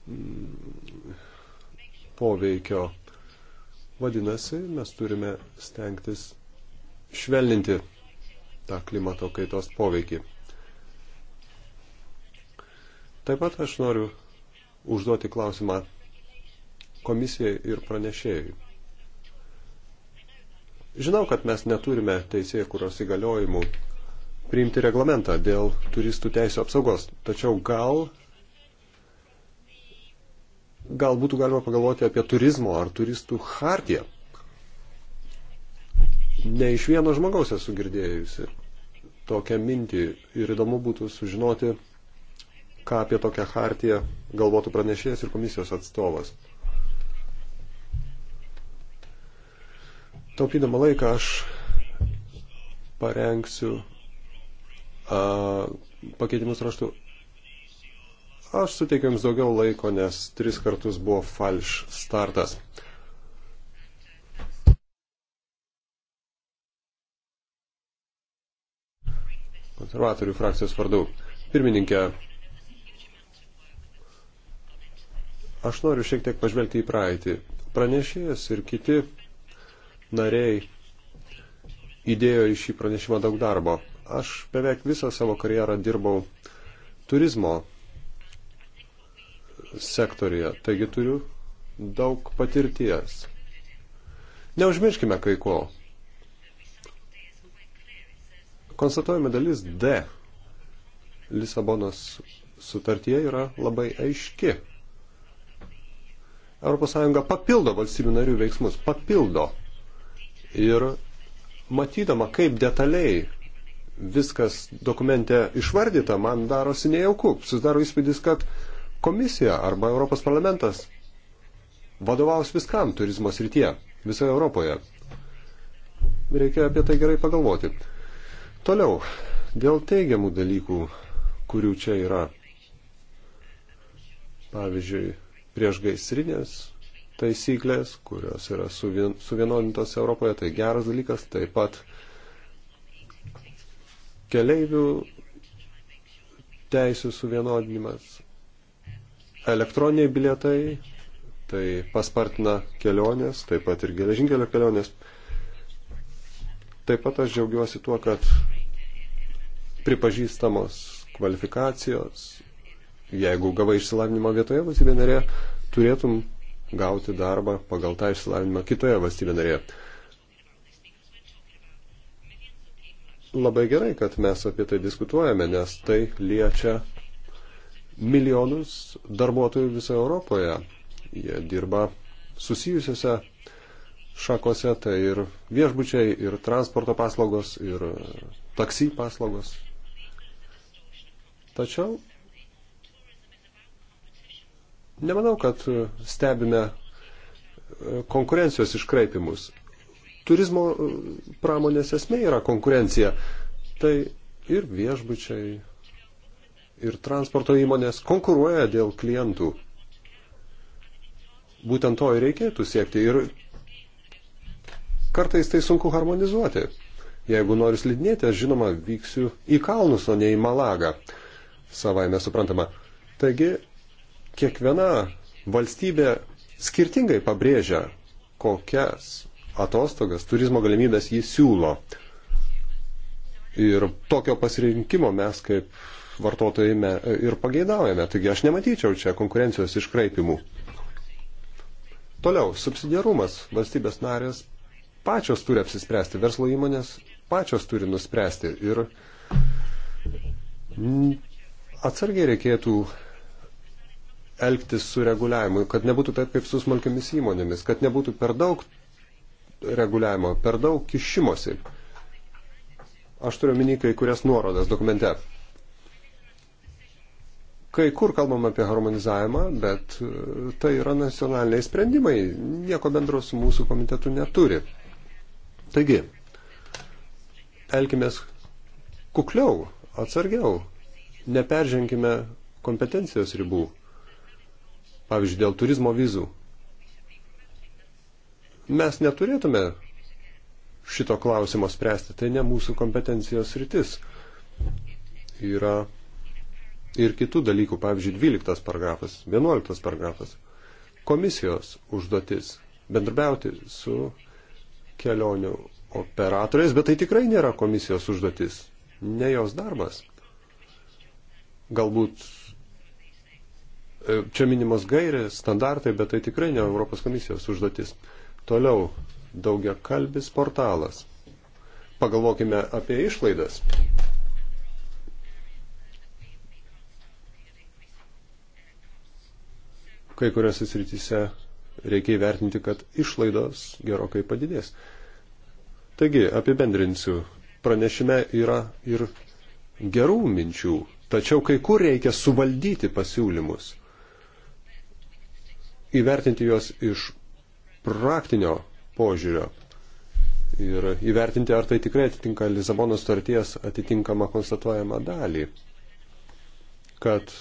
mm, poveikio. Vadinasi, mes turime stengtis švelninti tą klimato kaitos poveikį. Taip pat aš noriu užduoti klausimą komisijai ir pranešėjui. Žinau, kad mes neturime teisėjų, kurios įgaliojimų priimti reglamentą dėl turistų teisų apsaugos. Tačiau gal, gal būtų galima pagalvoti apie turizmo ar turistų hartiją. Ne iš vieno žmogaus esu girdėjusi tokią mintį ir įdomu būtų sužinoti, ką apie tokią hartiją galvotų pranešėjas ir komisijos atstovas. Taupydama laiką aš parengsiu pakeitimus raštu. Aš suteikiu jums daugiau laiko, nes tris kartus buvo falš startas. Konservatorių frakcijos vardu. Pirmininkė, aš noriu šiek tiek pažvelgti į praeitį. Pranešėjas ir kiti nariai įdėjo į šį pranešimą daug darbo. Aš beveik visą savo karjerą dirbau turizmo sektorija, taigi turiu daug patirties. Neužmirškime kai ko. Konstatuojame dalis D. Lisabonos sutartie yra labai aiški. ES papildo valstybių narių veiksmus, papildo. Ir matydama, kaip detaliai viskas dokumente išvardyta, man darosi nejauku. Susidaro įspūdis, kad komisija arba Europos parlamentas vadovaus viskam turizmo srityje, visoje Europoje. Reikia apie tai gerai pagalvoti. Toliau, dėl teigiamų dalykų, kurių čia yra. Pavyzdžiui, priešgaisrinės taisyklės, kurios yra suvienodintos Europoje, tai geras dalykas, taip pat uh, keleivių teisų suvienodinimas, elektroniniai bilietai, tai paspartina kelionės, taip pat ir geležinkelio kelionės. Taip pat aš džiaugiuosi tuo, kad pripažįstamos kvalifikacijos, jeigu gavai išsilavinimą vietoje valstybė narė, turėtum gauti darbą pagal tą išsilavinimą kitoje valstybė narėje. Labai gerai, kad mes apie tai diskutuojame, nes tai liečia milijonus darbuotojų visoje Europoje. Jie dirba susijusiose šakose, tai ir viešbučiai, ir transporto paslaugos, ir taksi paslaugos. Tačiau nemanau, kad stebime konkurencijos iškraipimus turizmo e, pramonės esmė yra konkurencija. Tai ir viešbučiai, ir transporto įmonės konkuruoja dėl klientų. Būtent to ir reikėtų siekti. Ir kartais tai sunku harmonizuoti. Jeigu noriu slidinėti, aš žinoma vyksiu į kalnus, o ne į Malagą. Savai mes suprantama. Taigi, kiekviena valstybė skirtingai pabrėžia, kokias atostogas, turizmo galimybės jį siūlo. Ir tokio pasirinkimo mes kaip vartotojai ir pageidaujame. Taigi aš nematyčiau čia konkurencijos iškraipimų. Toliau, subsidiarumas. Valstybės narės pačios turi apsispręsti, verslo įmonės pačios turi nuspręsti. Ir atsargiai reikėtų elgtis su reguliavimu, kad nebūtų taip kaip su smulkiamis įmonėmis, kad nebūtų per daug reguliavimo, per daug kišimosi. Aš turiu minį kai kurias nuorodas dokumente. Kai kur kalbam apie harmonizavimą, bet e, tai yra nacionaliniai sprendimai, nieko bendro su mūsų komitetu neturi. Taigi, elkimės kukliau, atsargiau, neperženkime kompetencijos ribų. Pavyzdžiui, dėl turizmo vizų Mes neturėtume šito klausimo spręsti, tai ne mūsų kompetencijos rytis. Yra ir kitų dalykų, pavyzdžiui, 12 paragrafas, 11 paragrafas. Komisijos užduotis bendrabiauti su kelionių operatoriais, bet tai tikrai nėra komisijos užduotis, ne jos darbas. Galbūt e, čia minimos gairės, standartai, bet tai tikrai ne Europos komisijos užduotis. Toliau daugia kalbis portalas. Pagalvokime apie išlaidas. Kai kuriuose srityse reikia įvertinti, kad išlaidos gerokai padidės. Taigi, apibendrinsiu, pranešime yra ir gerų minčių, tačiau kai kur reikia suvaldyti pasiūlymus, įvertinti juos iš praktinio požiūrio ir įvertinti, ar tai tikrai atitinka Lisabono starties atitinkamą konstatuojamą dalį, kad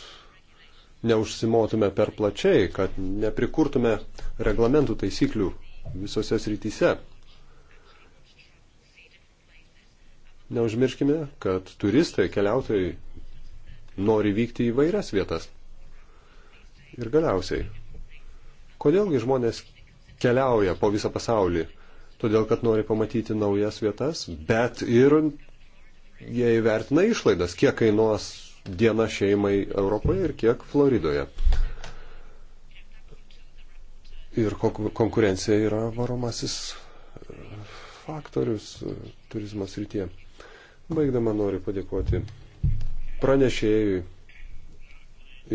neužsimotume per plačiai, kad neprikurtume reglamentų taisyklių visose srityse. Neužmirškime, kad turistai, keliautojai nori vykti į vairias vietas. Ir galiausiai, kodėlgi žmonės keliauja po visą pasaulį, todėl kad nori pamatyti naujas vietas, bet ir jie įvertina išlaidas, kiek kainuos diena šeimai Europoje ir kiek Floridoje. Ir konkurencija yra varomasis e, faktorius e, turizmas rytie. Baigdama noriu padėkoti pranešėjui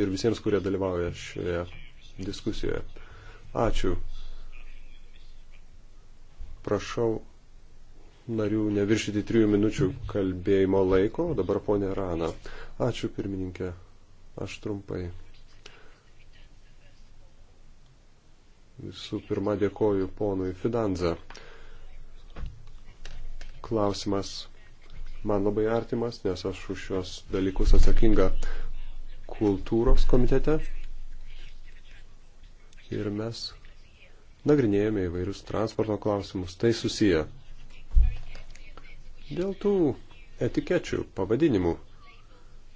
ir visiems, kurie dalyvauja šioje diskusijoje. Ačiū Prašau narių neviršyti trijų minučių kalbėjimo laiko, o dabar ponė Rana. Ačiū pirmininkė, aš trumpai. Visų pirma dėkoju ponui Fidanza. Klausimas man labai artimas, nes aš už šios dalykus atsakinga kultūros komitete. Ir mes nagrinėjame įvairius transporto klausimus, tai susiję. Dėl tų etikečių, pavadinimų,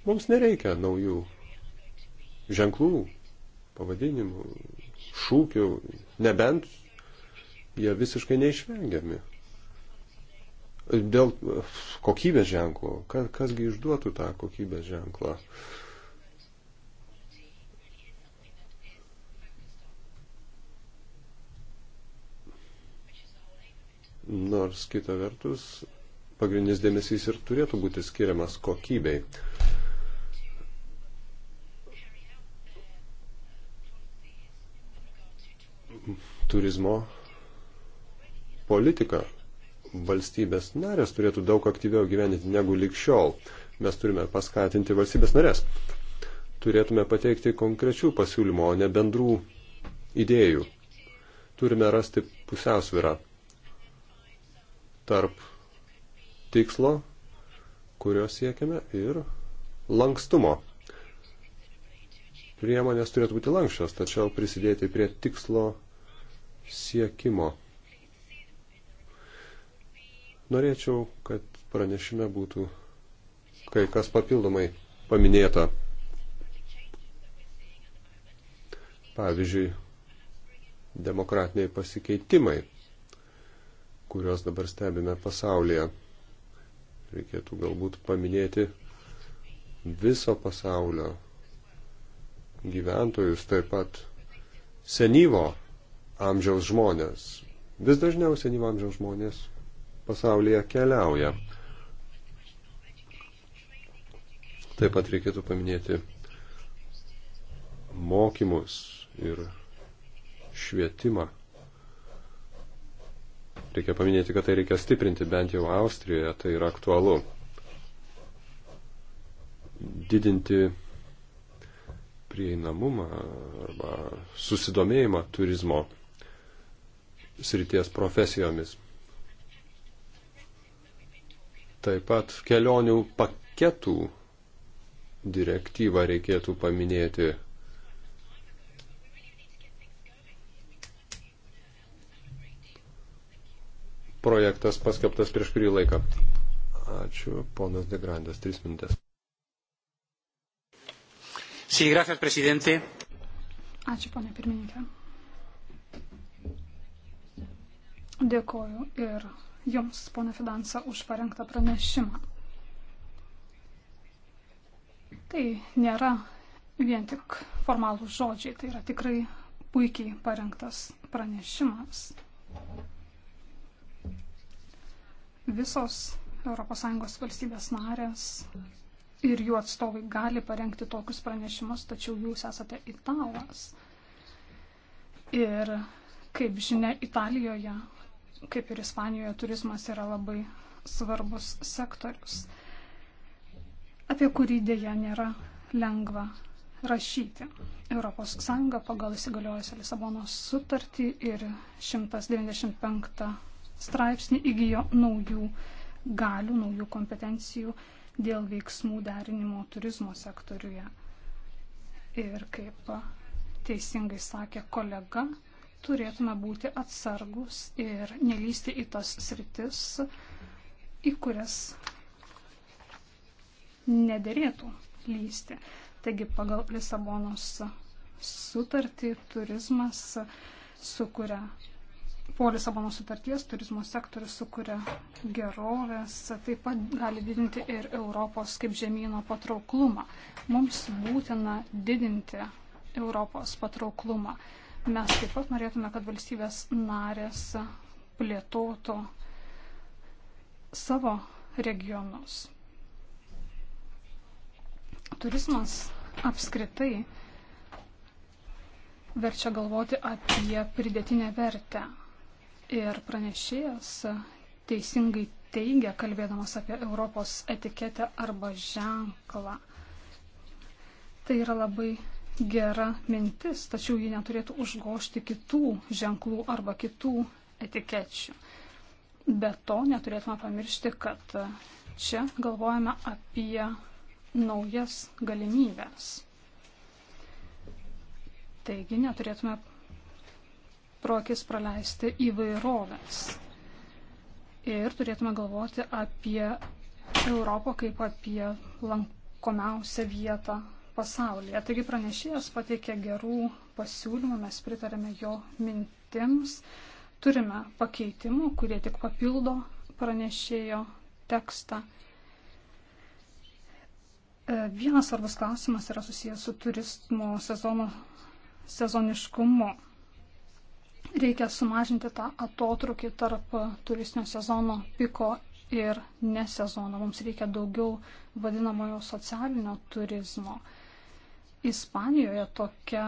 mums nereikia naujų ženklų, pavadinimų, šūkių, nebent jie visiškai neišvengiami. Dėl kokybės ženklo, kasgi išduotų tą kokybės ženklą. Uh, nors kita vertus pagrindinis dėmesys ir turėtų būti skiriamas kokybei. Turizmo politika valstybės narės turėtų daug aktyviau gyveninti negu likščiol. Mes turime paskatinti valstybės narės. Turėtume pateikti konkrečių pasiūlymų, o ne bendrų idėjų. Turime rasti pusiausvyrą tarp tikslo, kurio siekiame, ir lankstumo. Priemonės turėtų būti lankščios, tačiau prisidėti prie tikslo siekimo. Norėčiau, kad pranešime būtų kai kas papildomai paminėta. Pavyzdžiui, demokratiniai pasikeitimai kuriuos dabar stebime pasaulyje. Reikėtų galbūt paminėti viso pasaulio gyventojus, taip pat senyvo amžiaus žmonės. Vis dažniau senyvo amžiaus žmonės pasaulyje keliauja. Taip pat reikėtų paminėti mokymus ir švietimą. Reikia paminėti, kad tai reikia stiprinti bent jau Austrijoje, tai yra aktualu. Didinti prieinamumą arba susidomėjimą turizmo srities profesijomis. Taip pat kelionių paketų direktyvą reikėtų paminėti projektas paskelbtas prieš kurį laiką. Ačiū, ponas Degrandas, trys minutės. Sí, gracias, presidente. Ačiū, ponė pirmininkė. Dėkoju ir Jums, ponė Fidansa, už parengtą pranešimą. Tai nėra vien tik formalūs žodžiai, tai yra tikrai puikiai parengtas pranešimas. Visos ES valstybės narės ir jų atstovai gali parengti tokius pranešimus, tačiau jūs esate italas. Ir kaip žinia, Italijoje, kaip ir Ispanijoje, turizmas yra labai svarbus sektorius, apie kurį dėja nėra lengva rašyti. ES pagal įsigaliojusią Lisabonos sutartį ir 195 straipsnį įgyjo naujų galių, naujų kompetencijų dėl veiksmų derinimo turizmo sektoriuje. Ir kaip teisingai sakė kolega, turėtume būti atsargus ir nelysti į tas sritis, į kurias nederėtų lysti. Taigi pagal Lisabonos sutartį turizmas sukuria Po Lisabono sutarties turizmo sektorius sukuria gerovės, taip pat gali didinti ir Europos kaip žemyno patrauklumą. Mums būtina didinti Europos patrauklumą. Mes taip pat norėtume, kad valstybės narės plėtotų savo regionus. Turizmas apskritai verčia galvoti apie pridėtinę vertę Ir pranešėjas teisingai teigia, kalbėdamas apie Europos etiketę arba ženklą. Tai yra labai gera mintis, tačiau ji neturėtų užgošti kitų ženklų arba kitų etikečių. Be to neturėtume pamiršti, kad čia galvojame apie naujas galimybės. Taigi neturėtume pro akis praleisti įvairovės. Ir turėtume galvoti apie Europą kaip apie lankomiausią vietą pasaulyje. Taigi pranešėjas pateikė gerų pasiūlymų, mes pritarėme jo mintims. Turime pakeitimų, kurie tik papildo pranešėjo tekstą. E, vienas svarbus klausimas yra susijęs su turismo sezono, sezoniškumu. Reikia sumažinti tą atotrukį tarp turistinio sezono piko ir nesezono. Mums reikia daugiau vadinamojo socialinio turizmo. Ispanijoje tokia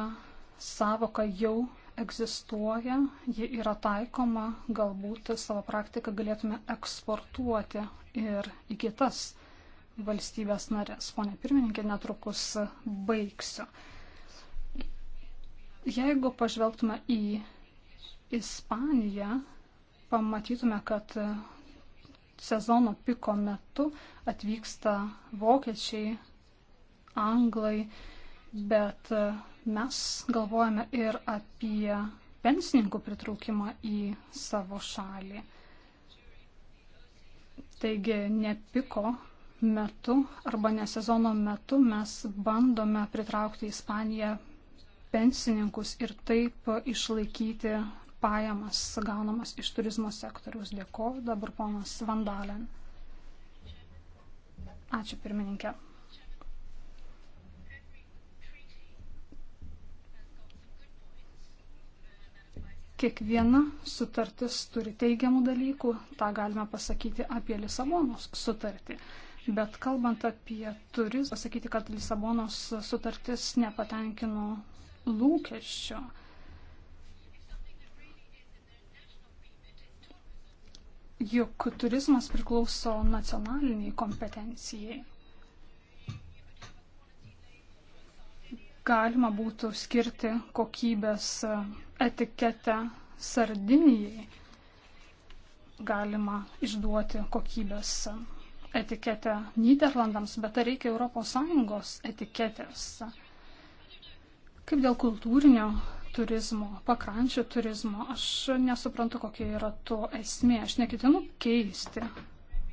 savoka jau egzistuoja, ji yra taikoma, galbūt savo praktiką galėtume eksportuoti ir į kitas valstybės narės. Pone pirmininkė, netrukus baigsiu. Jeigu pažvelgtume į Ispaniją, pamatytume, kad sezono piko metu atvyksta vokiečiai, anglai, bet mes galvojame ir apie pensininkų pritraukimą į savo šalį. Taigi ne piko metu arba ne sezono metu mes bandome pritraukti į Ispaniją pensininkus ir taip išlaikyti pajamas gaunamas iš turizmo sektoriaus. Dėkoju. Dabar ponas Vandalen. Ačiū pirmininkė. kiekviena sutartis turi teigiamų dalykų, tą galime pasakyti apie Lisabonos sutartį. Bet kalbant apie turizmą, pasakyti, kad Lisabonos sutartis nepatenkino lūkesčio. juk turizmas priklauso nacionaliniai kompetencijai. Galima būtų skirti kokybės etiketę Sardinijai. Galima išduoti kokybės etiketę Niderlandams, bet ar tai reikia ES etiketės? Kaip dėl kultūrinio turizmo, pakrančių turizmo. Aš nesuprantu, kokia yra to esmė. Aš neketinu keisti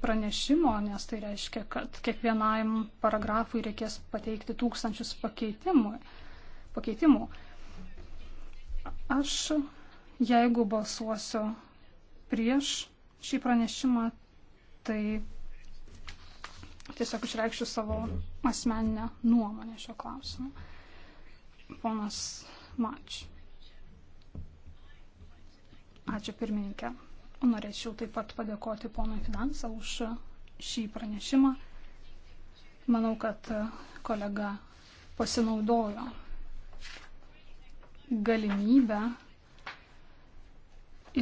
pranešimo, nes tai reiškia, kad kiekvienam paragrafui reikės pateikti tūkstančius pakeitimų. Aš, jeigu balsuosiu prieš šį pranešimą, tai tiesiog išreikščiau savo asmeninę nuomonę šio klausimu. Ponas much. Ačiū pirmininkė. Norėčiau taip pat padėkoti ponui Finansą už šį pranešimą. Manau, kad kolega pasinaudojo galimybę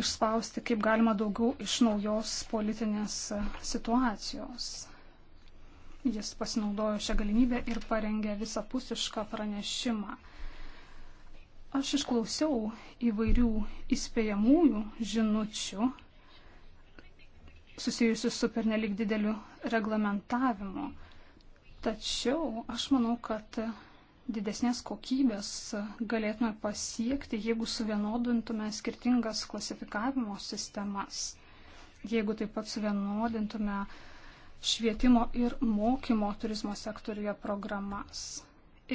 išspausti kaip galima daugiau iš naujos politinės situacijos. Jis pasinaudojo šią galimybę ir parengė visapusišką pranešimą. Aš išklausiau įvairių įspėjamųjų žinučių susijusių su pernelik dideliu reglamentavimu. Tačiau aš manau, kad didesnės kokybės galėtume pasiekti, jeigu suvienodintume skirtingas klasifikavimo sistemas, jeigu taip pat suvienodintume švietimo ir mokymo turizmo sektoriuje programas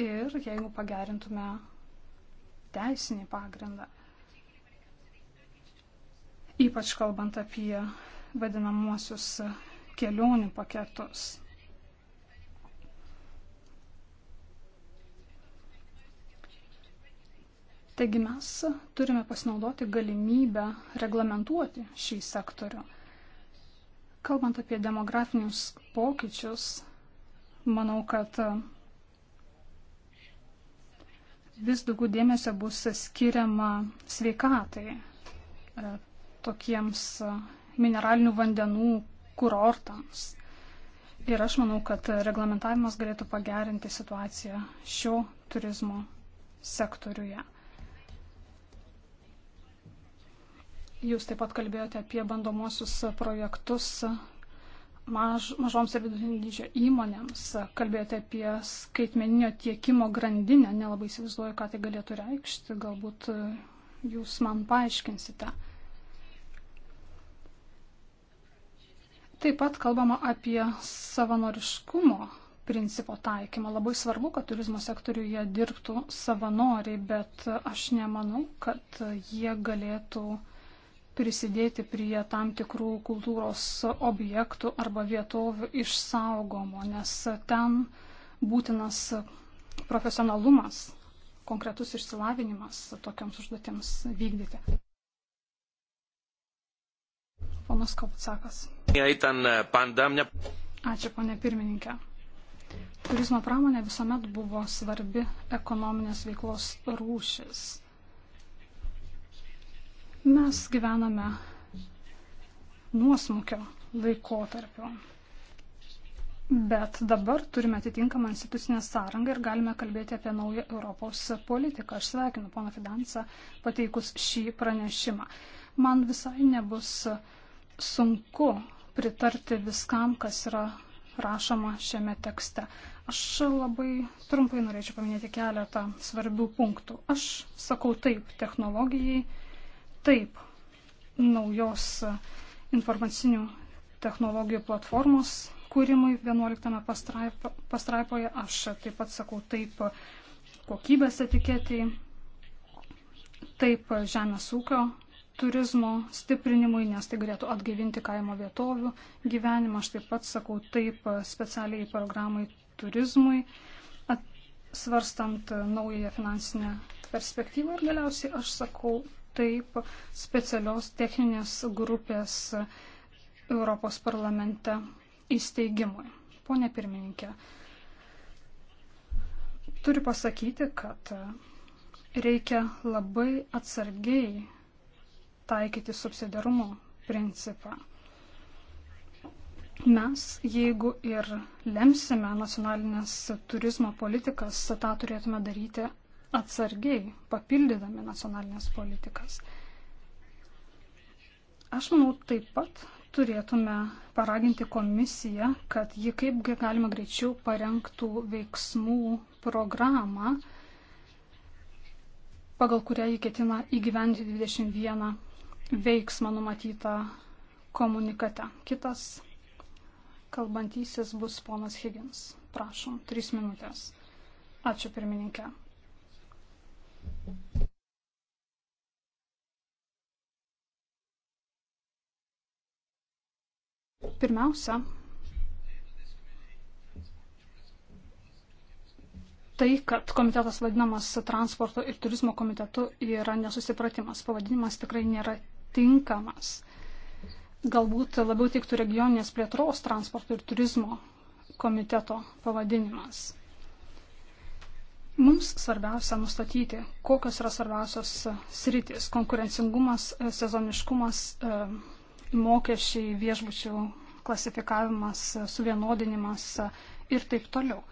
ir jeigu pagerintume teisinį pagrindą. Ypač kalbant apie vadinamuosius kelionių paketus. Taigi mes turime pasinaudoti galimybę reglamentuoti šį sektorių. Kalbant apie demografinius pokyčius, manau, kad vis daugiau dėmesio bus skiriama sveikatai, e, tokiems e, mineralinių vandenų kurortams. Ir aš manau, kad reglamentavimas galėtų pagerinti situaciją šio turizmo sektoriuje. Jūs taip pat kalbėjote apie bandomuosius projektus maž, mažoms ir vidutinio dydžio įmonėms. Kalbėjote apie skaitmeninio tiekimo grandinę, nelabai įsivaizduoju, ką tai galėtų reikšti, galbūt e, jūs man paaiškinsite. Taip pat kalbama apie savanoriškumo principo taikymą. Labai svarbu, kad turizmo sektoriuje dirbtų savanoriai, bet aš nemanau, kad jie galėtų uh, prisidėti prie tam tikrų kultūros objektų arba vietovių išsaugomo, nes ten būtinas profesionalumas, konkretus išsilavinimas tokiams užduotėms vykdyti. Ponas Kopcakas. E, Ačiū, ponė pirmininkė. Turizmo pramonė visuomet buvo svarbi ekonominės veiklos rūšis. Mes gyvename nuosmukio laikotarpio. Bet dabar turime atitinkamą institucinę sąrangą ir galime kalbėti apie naują Europos politiką. Aš sveikinu pono Fidansą pateikus šį pranešimą. Man visai nebus sunku pritarti viskam, kas yra rašoma šiame tekste. Aš labai trumpai norėčiau paminėti keletą svarbių punktų. Aš sakau taip technologijai Taip, naujos informacinių technologijų platformos kūrimui 11 pastraipo, pastraipoje aš taip pat sakau taip kokybės etiketiai, taip žemės ūkio turizmo stiprinimui, nes tai galėtų atgaivinti kaimo vietovių gyvenimą. Aš taip pat sakau taip specialiai programai turizmui, svarstant naująją finansinę perspektyvą ir galiausiai aš sakau taip specialios techninės grupės Europos parlamente įsteigimui. Pone pirmininkė, turiu pasakyti, kad reikia labai atsargiai taikyti subsidiarumo principą. Mes, jeigu ir lemsime nacionalinės turizmo politikas, tą turėtume daryti atsargiai, papildydami nacionalinės politikas. Aš manau, taip pat turėtume paraginti komisiją, kad ji kaip galima greičiau parengtų veiksmų programą, pagal kurią jį ketina įgyventi 21 veiksmą numatytą komunikate. Kitas kalbantysis bus ponas Higgins. Prašom, trys minutės. Ačiū pirmininkė. Pirmiausia, tai, kad komitetas vadinamas transporto ir turizmo komitetu, yra nesusipratimas. Pavadinimas tikrai nėra tinkamas. Galbūt labiau tiktų regioninės plėtros transporto ir turizmo komiteto pavadinimas. Mums svarbiausia nustatyti, kokios yra svarbiausios e, sritis - konkurencingumas, e, sezoniškumas, e, mokesčiai, viešbučių klasifikavimas, suvienodinimas ir taip toliau.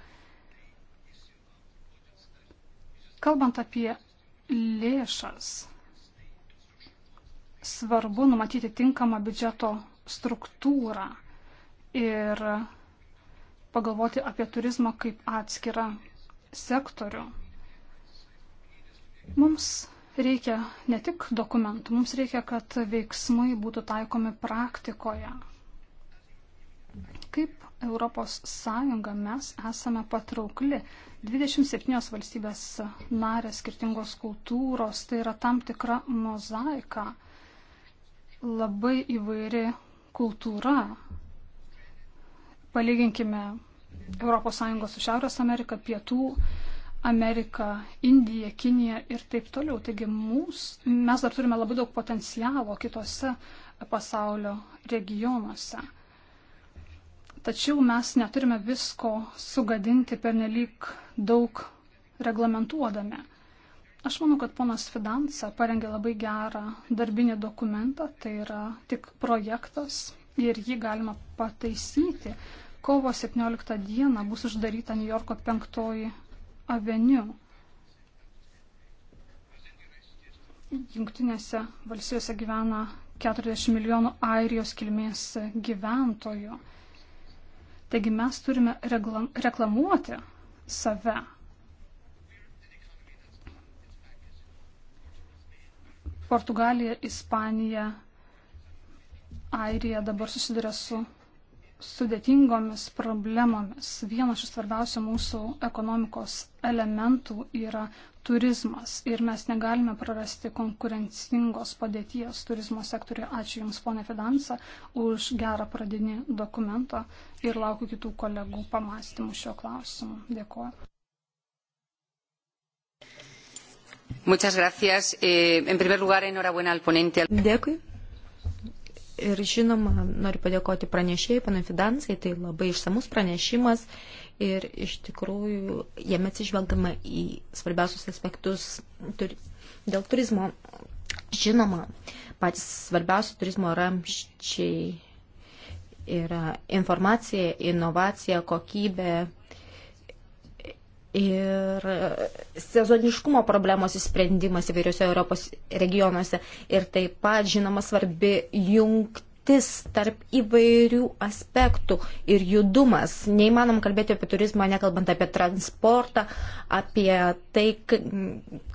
Kalbant apie lėšas, svarbu numatyti tinkamą biudžeto struktūrą ir pagalvoti apie turizmą kaip atskirą sektorių. Mums reikia ne tik dokumentų, mums reikia, kad veiksmai būtų taikomi praktikoje. Kaip ES mes esame patraukli. 27 valstybės narės skirtingos kultūros, tai yra tam tikra mozaika, labai įvairi kultūra. Palyginkime ES su Šiaurės Amerika, Pietų Amerika, Indija, Kinija ir taip toliau. Taigi mūs, mes dar turime labai daug potencialo kitose pasaulio regionuose. Tačiau mes neturime visko sugadinti pernelyg daug reglamentuodami. Aš manau, kad ponas Fidansa parengė labai gerą darbinį dokumentą, tai yra tik projektas ir jį galima pataisyti Kovo 17 dieną bus uždaryta New Yorko 5 aveniu. Junktinėse valstijose gyvena 40 milijonų airijos kilmės gyventojų. Taigi mes turime reglam, reklamuoti save. Portugalija, Ispanija, Airija dabar susiduria su sudėtingomis problemomis. Vienas iš svarbiausių mūsų ekonomikos elementų yra turizmas ir mes negalime prarasti konkurencingos padėties turizmo sektoriuje. Ačiū Jums, ponė Fidansa, už gerą pradinį dokumentą ir laukiu kitų kolegų pamastymų šio klausimu. Dėkuoju. Muchas gracias. Eh, en primer lugar, enhorabuena al ponente. Dėkui. Ir žinoma, noriu padėkoti pranešėjai, panai Fidansai, tai labai išsamus pranešimas ir iš tikrųjų jame atsižvelgdama į svarbiausius aspektus turi, dėl turizmo. Žinoma, patys svarbiausi turizmo ramščiai yra informacija, inovacija, kokybė, ir sezoniškumo problemos įsprendimas įvairiose Europos regionuose ir taip pat, žinoma, svarbi jungtis tarp įvairių aspektų ir judumas. Neįmanom kalbėti apie turizmą, nekalbant apie transportą, apie tai,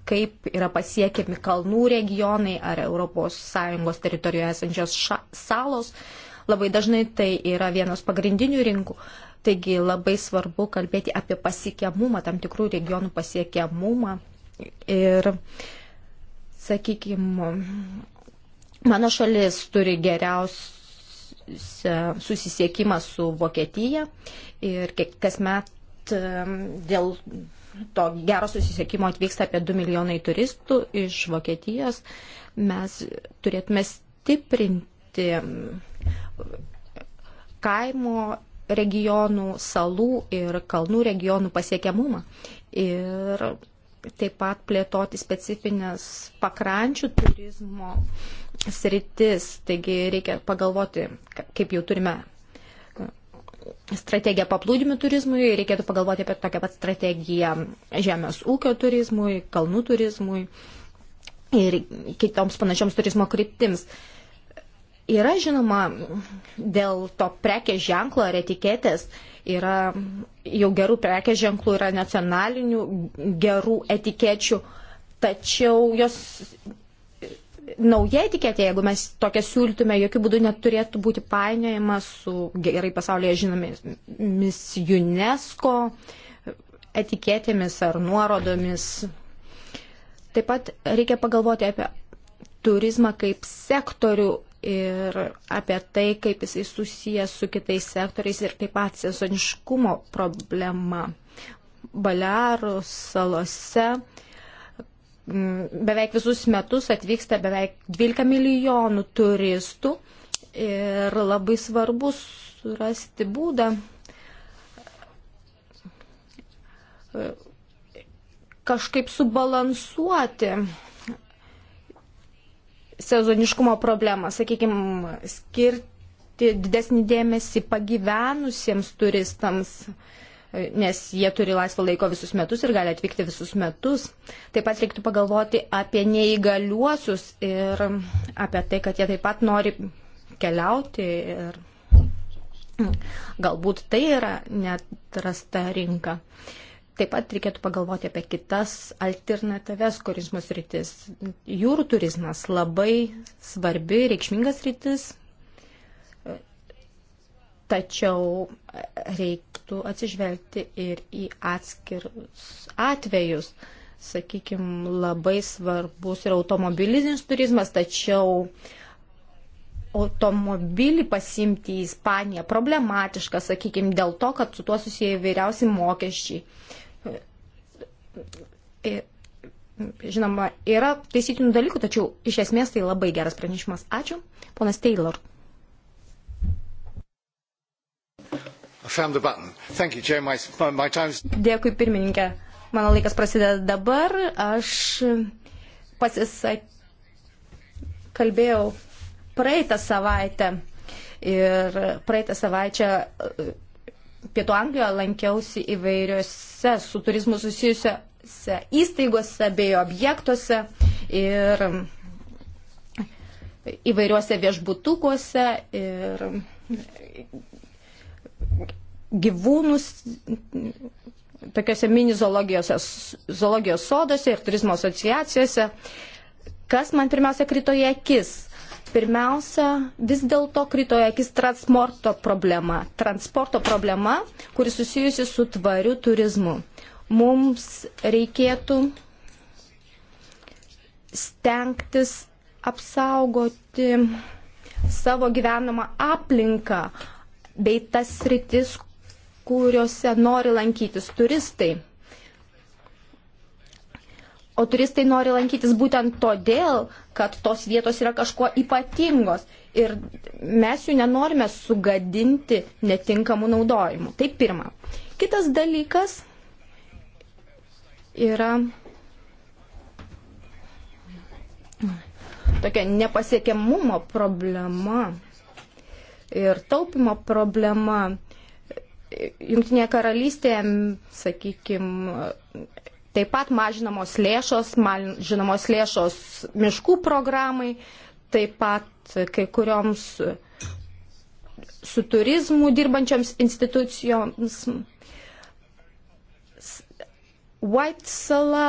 kaip yra pasiekiami kalnų regionai ar ES teritorijoje esančios salos. Labai dažnai tai yra vienos pagrindinių rinkų. Taigi labai svarbu kalbėti apie pasiekiamumą, tam tikrų regionų pasiekiamumą. Ir, sakykime, mano šalis turi geriausią susisiekimą su Vokietija ir kasmet dėl to gero susisiekimo atvyksta apie 2 milijonai turistų iš Vokietijos. Mes turėtume stiprinti kaimo regionų, salų ir kalnų regionų pasiekiamumą. Ir taip pat plėtoti specifines pakrančių turizmo sritis. Taigi reikia pagalvoti, kaip jau turime e, strategiją paplūdimių turizmui, reikėtų pagalvoti apie tokią pat strategiją žemės ūkio turizmui, kalnų turizmui ir kitoms panašioms turizmo kryptims. Uh, Yra žinoma, dėl to prekės ženklo ar etiketės yra jau gerų prekės ženklų, yra nacionalinių gerų etikečių, tačiau jos nauja etiketė, jeigu mes tokią siūlytume, jokių būdų neturėtų būti painiojama su gerai pasaulyje žinomis UNESCO etiketėmis ar nuorodomis. Taip pat reikia pagalvoti apie turizmą kaip sektorių ir apie tai, kaip jisai susijęs su kitais sektoriais ir taip pat sezoniškumo problema. Balearų salose mm, beveik visus metus atvyksta beveik 12 milijonų turistų ir labai svarbu surasti būdą e, kažkaip subalansuoti sezoniškumo problemą. Sakykime, skirti didesnį dėmesį pagyvenusiems turistams, nes jie turi laisvo laiko visus metus ir gali atvykti visus metus. Taip pat reiktų pagalvoti apie neįgaliuosius ir apie tai, kad jie taip pat nori keliauti ir galbūt tai yra netrasta rinka. Uh, Taip pat reikėtų pagalvoti apie kitas alternatyves turizmo sritis. Jūrų turizmas labai svarbi, reikšmingas rytis, tačiau reiktų atsižvelgti ir į atskirus atvejus. Sakykime, labai svarbus yra automobilinis turizmas, tačiau automobilį pasimti į Ispaniją problematiška, sakykime, dėl to, kad su tuo susiję įvairiausi mokesčiai. E, žinoma, yra taisytinų dalykų, tačiau iš esmės tai labai geras pranešimas. Ačiū. Ponas Taylor. You, my, my time's... Dėkui pirmininkė. Mano laikas prasideda dabar. Aš pasisak... kalbėjau praeitą savaitę ir praeitą savaitę Pietų Anglijoje lankiausi įvairiose su turizmu susijusiose įstaigose bei objektuose ir įvairiuose viešbutukuose ir gyvūnus tokiuose mini zoologijos sodose ir turizmo asociacijose. Kas man pirmiausia krito į akis? Pirmiausia, vis dėlto krito akis transporto problema. Transporto problema, kuri susijusi su tvariu turizmu. Mums reikėtų stengtis apsaugoti savo gyvenamą aplinką bei tas rytis, kuriuose nori lankytis turistai. O turistai nori lankytis būtent todėl, kad tos vietos yra kažkuo ypatingos ir mes jų nenorime sugadinti netinkamų naudojimų. Tai pirma. Kitas dalykas yra tokia nepasiekiamumo problema ir taupimo problema. Junktinėje karalystėje, sakykime, Taip pat mažinamos lėšos, mažinamos lėšos miškų programai, taip pat kai kurioms su turizmu dirbančioms institucijoms. White sala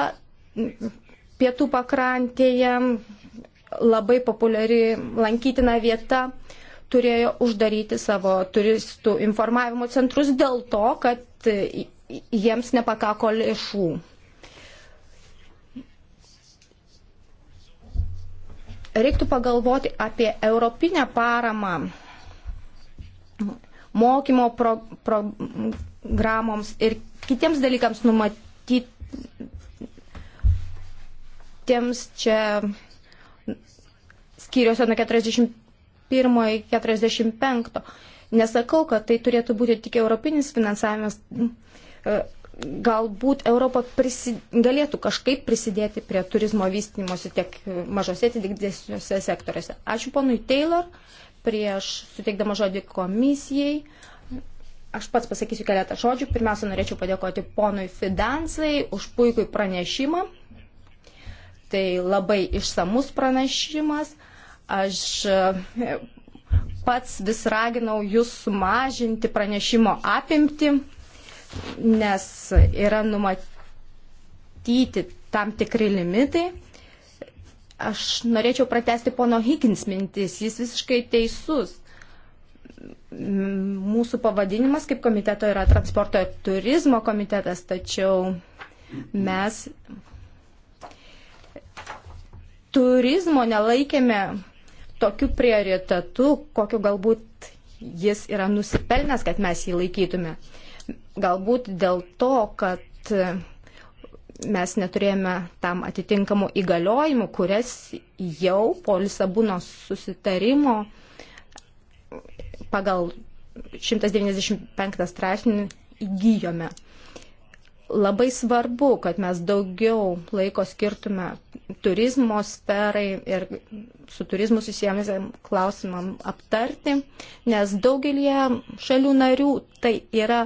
pietų pakrantėje labai populiari lankytina vieta turėjo uždaryti savo turistų informavimo centrus dėl to, kad jiems nepakako lėšų. reiktų pagalvoti apie europinę paramą mokymo pro, programoms ir kitiems dalykams numatytiems čia skyriuose nuo 41 iki 45. Nesakau, kad tai turėtų būti tik europinis finansavimas galbūt Europa prisi, galėtų kažkaip prisidėti prie turizmo vystymosi tiek mažose, tiek didesniuose sektoriuose. Ačiū ponui Taylor, prieš suteikdama žodį komisijai. Aš pats pasakysiu keletą žodžių. Pirmiausia, norėčiau padėkoti ponui Fidansai už puikų pranešimą. Tai labai išsamus pranešimas. Aš e, pats vis raginau jūs sumažinti pranešimo apimti nes yra numatyti tam tikri limitai. Aš norėčiau pratesti pono Higgins mintis, jis visiškai teisus. Mūsų pavadinimas kaip komiteto yra transporto ir turizmo komitetas, tačiau mes turizmo nelaikėme tokiu prioritetu, kokiu galbūt jis yra nusipelnęs, kad mes jį laikytume. Uh, Galbūt dėl to, kad mes neturėjome tam atitinkamų įgaliojimų, kurias jau po Lisabunos susitarimo pagal 195 straipsnį įgyjome. Labai svarbu, kad mes daugiau laiko skirtume turizmo sferai ir su turizmu susijęmėsiam klausimam aptarti, nes daugelie šalių narių tai yra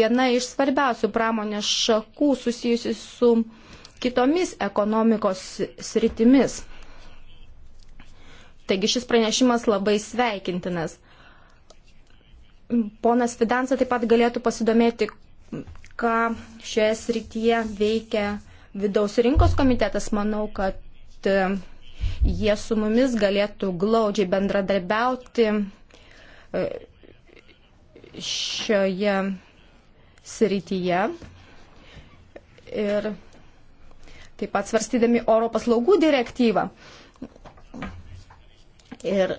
viena iš svarbiausių pramonės šakų susijusi su kitomis ekonomikos sritimis. Taigi šis pranešimas labai sveikintinas. Ponas Fidansa taip pat galėtų pasidomėti, ką šioje srityje veikia vidaus rinkos komitetas. Manau, kad e, jie su mumis galėtų glaudžiai bendradarbiauti e, šioje srityje. Ir taip pat svarstydami oro paslaugų direktyvą. Ir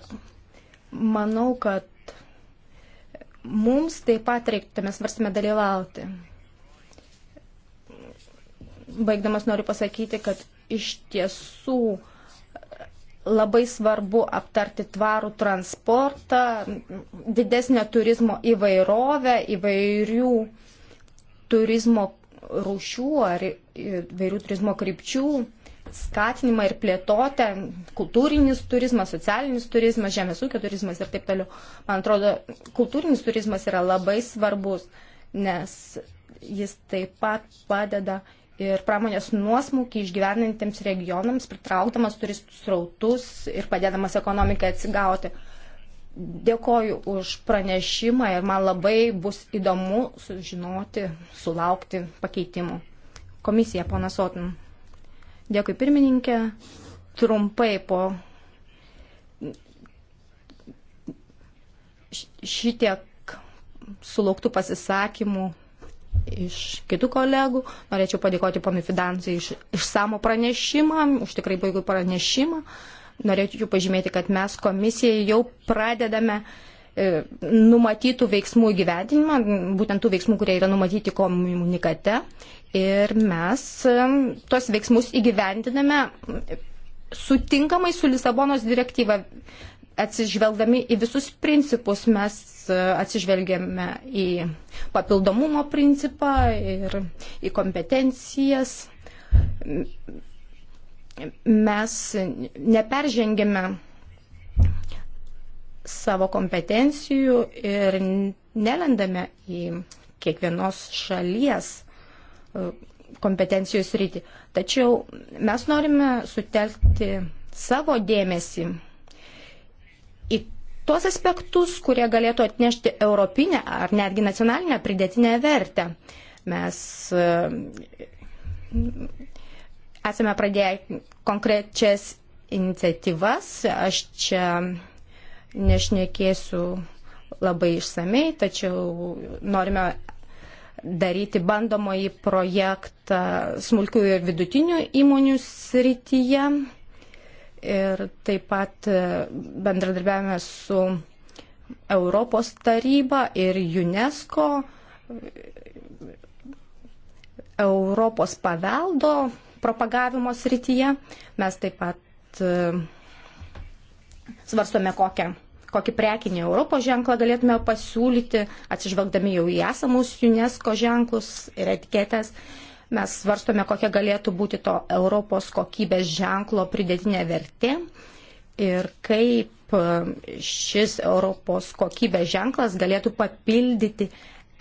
manau, kad mums taip pat reiktų tame svarstame dalyvauti baigdamas noriu pasakyti, kad iš tiesų labai svarbu aptarti tvarų transportą, didesnę turizmo įvairovę, įvairių turizmo rūšių ar įvairių turizmo krypčių skatinimą ir plėtotę, kultūrinis turizmas, socialinis turizmas, žemės ūkio turizmas ir taip toliau. Man atrodo, kultūrinis turizmas yra labai svarbus, nes jis taip pat padeda ir pramonės nuosmukį išgyvenantiems regionams, pritraukdamas turistų srautus ir padėdamas ekonomikai atsigauti. Dėkoju už pranešimą ir man labai bus įdomu sužinoti, sulaukti pakeitimų. Komisija, ponas Otin. Dėkui pirmininkė. Trumpai po šitiek sulauktų pasisakymų iš kitų kolegų. Norėčiau padėkoti ponui Fidansui iš išsamo pranešimą, už tikrai puikų pranešimą. Norėčiau pažymėti, kad mes komisijai jau pradedame e, numatytų veiksmų įgyvendinimą, būtent tų veiksmų, kurie yra numatyti komunikate. Ir mes e, tos veiksmus įgyvendiname sutinkamai su Lisabonos direktyva atsižvelgdami į visus principus mes e, atsižvelgėme į papildomumo principą ir į kompetencijas. Mes neperžengėme savo kompetencijų ir nelendame į kiekvienos šalies e, kompetencijų sritį. Tačiau mes norime sutelkti savo dėmesį į tuos aspektus, kurie galėtų atnešti europinę ar netgi nacionalinę pridėtinę vertę. Mes e, esame pradėję konkrečias iniciatyvas. Aš čia nešnekėsiu labai išsamei, tačiau norime daryti bandomąjį projektą smulkių ir vidutinių įmonių srityje ir taip pat e, bendradarbiavime su Europos taryba ir UNESCO, Europos paveldo propagavimo srityje. Mes taip pat e, svarstome kokią kokį prekinį Europos ženklą galėtume pasiūlyti, atsižvelgdami jau į esamus UNESCO ženklus ir etiketės. Uh, Mes svarstome, kokia galėtų būti to Europos kokybės ženklo pridėtinė vertė ir kaip e, šis Europos kokybės ženklas galėtų papildyti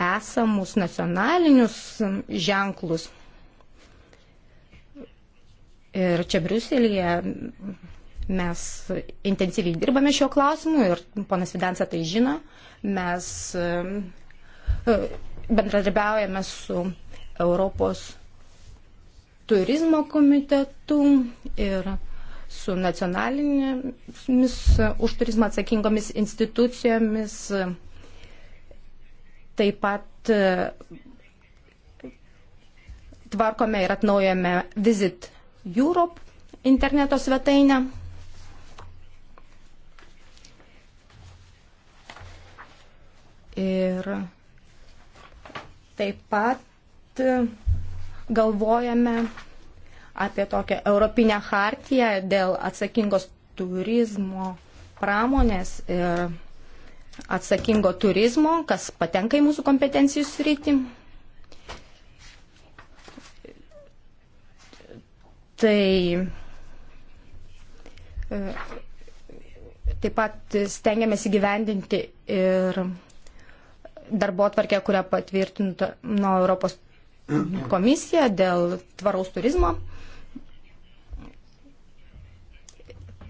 esamus nacionalinius ženklus. Ir čia Briuselėje mes intensyviai dirbame šio klausimu ir ponas Vidansa tai žino. Mes e, bendradarbiaujame su Europos turizmo komitetu ir su nacionalinėmis už turizmą atsakingomis institucijomis. Taip pat e, tvarkome ir atnaujame Visit Europe interneto svetainę. Ir taip pat galvojame apie tokią Europinę hartiją dėl atsakingos turizmo pramonės ir atsakingo turizmo, kas patenka į mūsų kompetencijų sritį. Tai e, taip pat stengiamės įgyvendinti ir darbo atvarkę, kurią patvirtino Europos komisiją dėl tvaraus turizmo.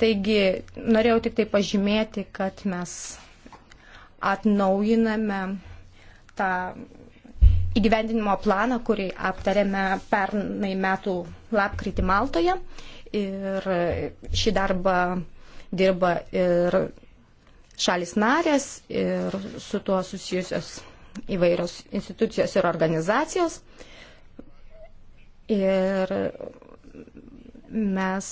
Taigi norėjau tik tai pažymėti, kad mes atnaujiname tą įgyvendinimo planą, kurį aptarėme pernai metų lapkritį Maltoje. Ir šį darbą dirba ir šalis narės, ir su tuo susijusios įvairios institucijos ir organizacijos. Ir mes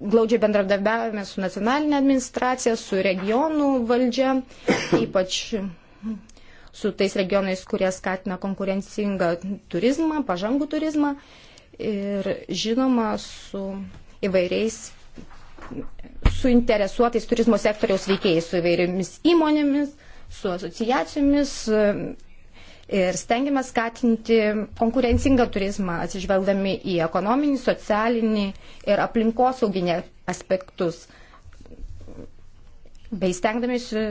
glaudžiai bendradarbiavame su nacionalinė administracija, su regionų valdžia, ypač su tais regionais, kurie skatina konkurencingą turizmą, pažangų turizmą ir žinoma su įvairiais suinteresuotais turizmo sektoriaus veikėjais, su įvairiomis įmonėmis, su asociacijomis e, ir stengiamės skatinti konkurencingą turizmą, atsižvelgdami į ekonominį, socialinį ir aplinkosauginį aspektus, bei stengdamėsi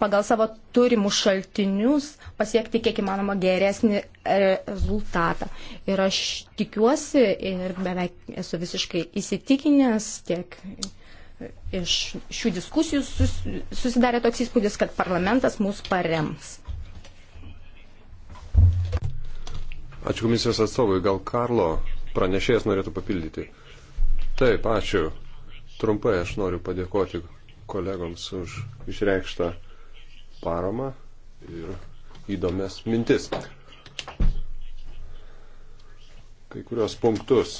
pagal savo turimus šaltinius pasiekti kiek įmanoma geresnį e, rezultatą. Ir aš tikiuosi ir beveik esu visiškai įsitikinęs tiek Iš šių diskusijų sus, susidarė toks įspūdis, kad parlamentas mūsų parems. Ačiū komisijos atstovui. Gal Karlo pranešėjas norėtų papildyti? Taip, ačiū. Trumpai aš noriu padėkoti kolegoms už išreikštą paramą ir įdomias mintis. Kai kurios punktus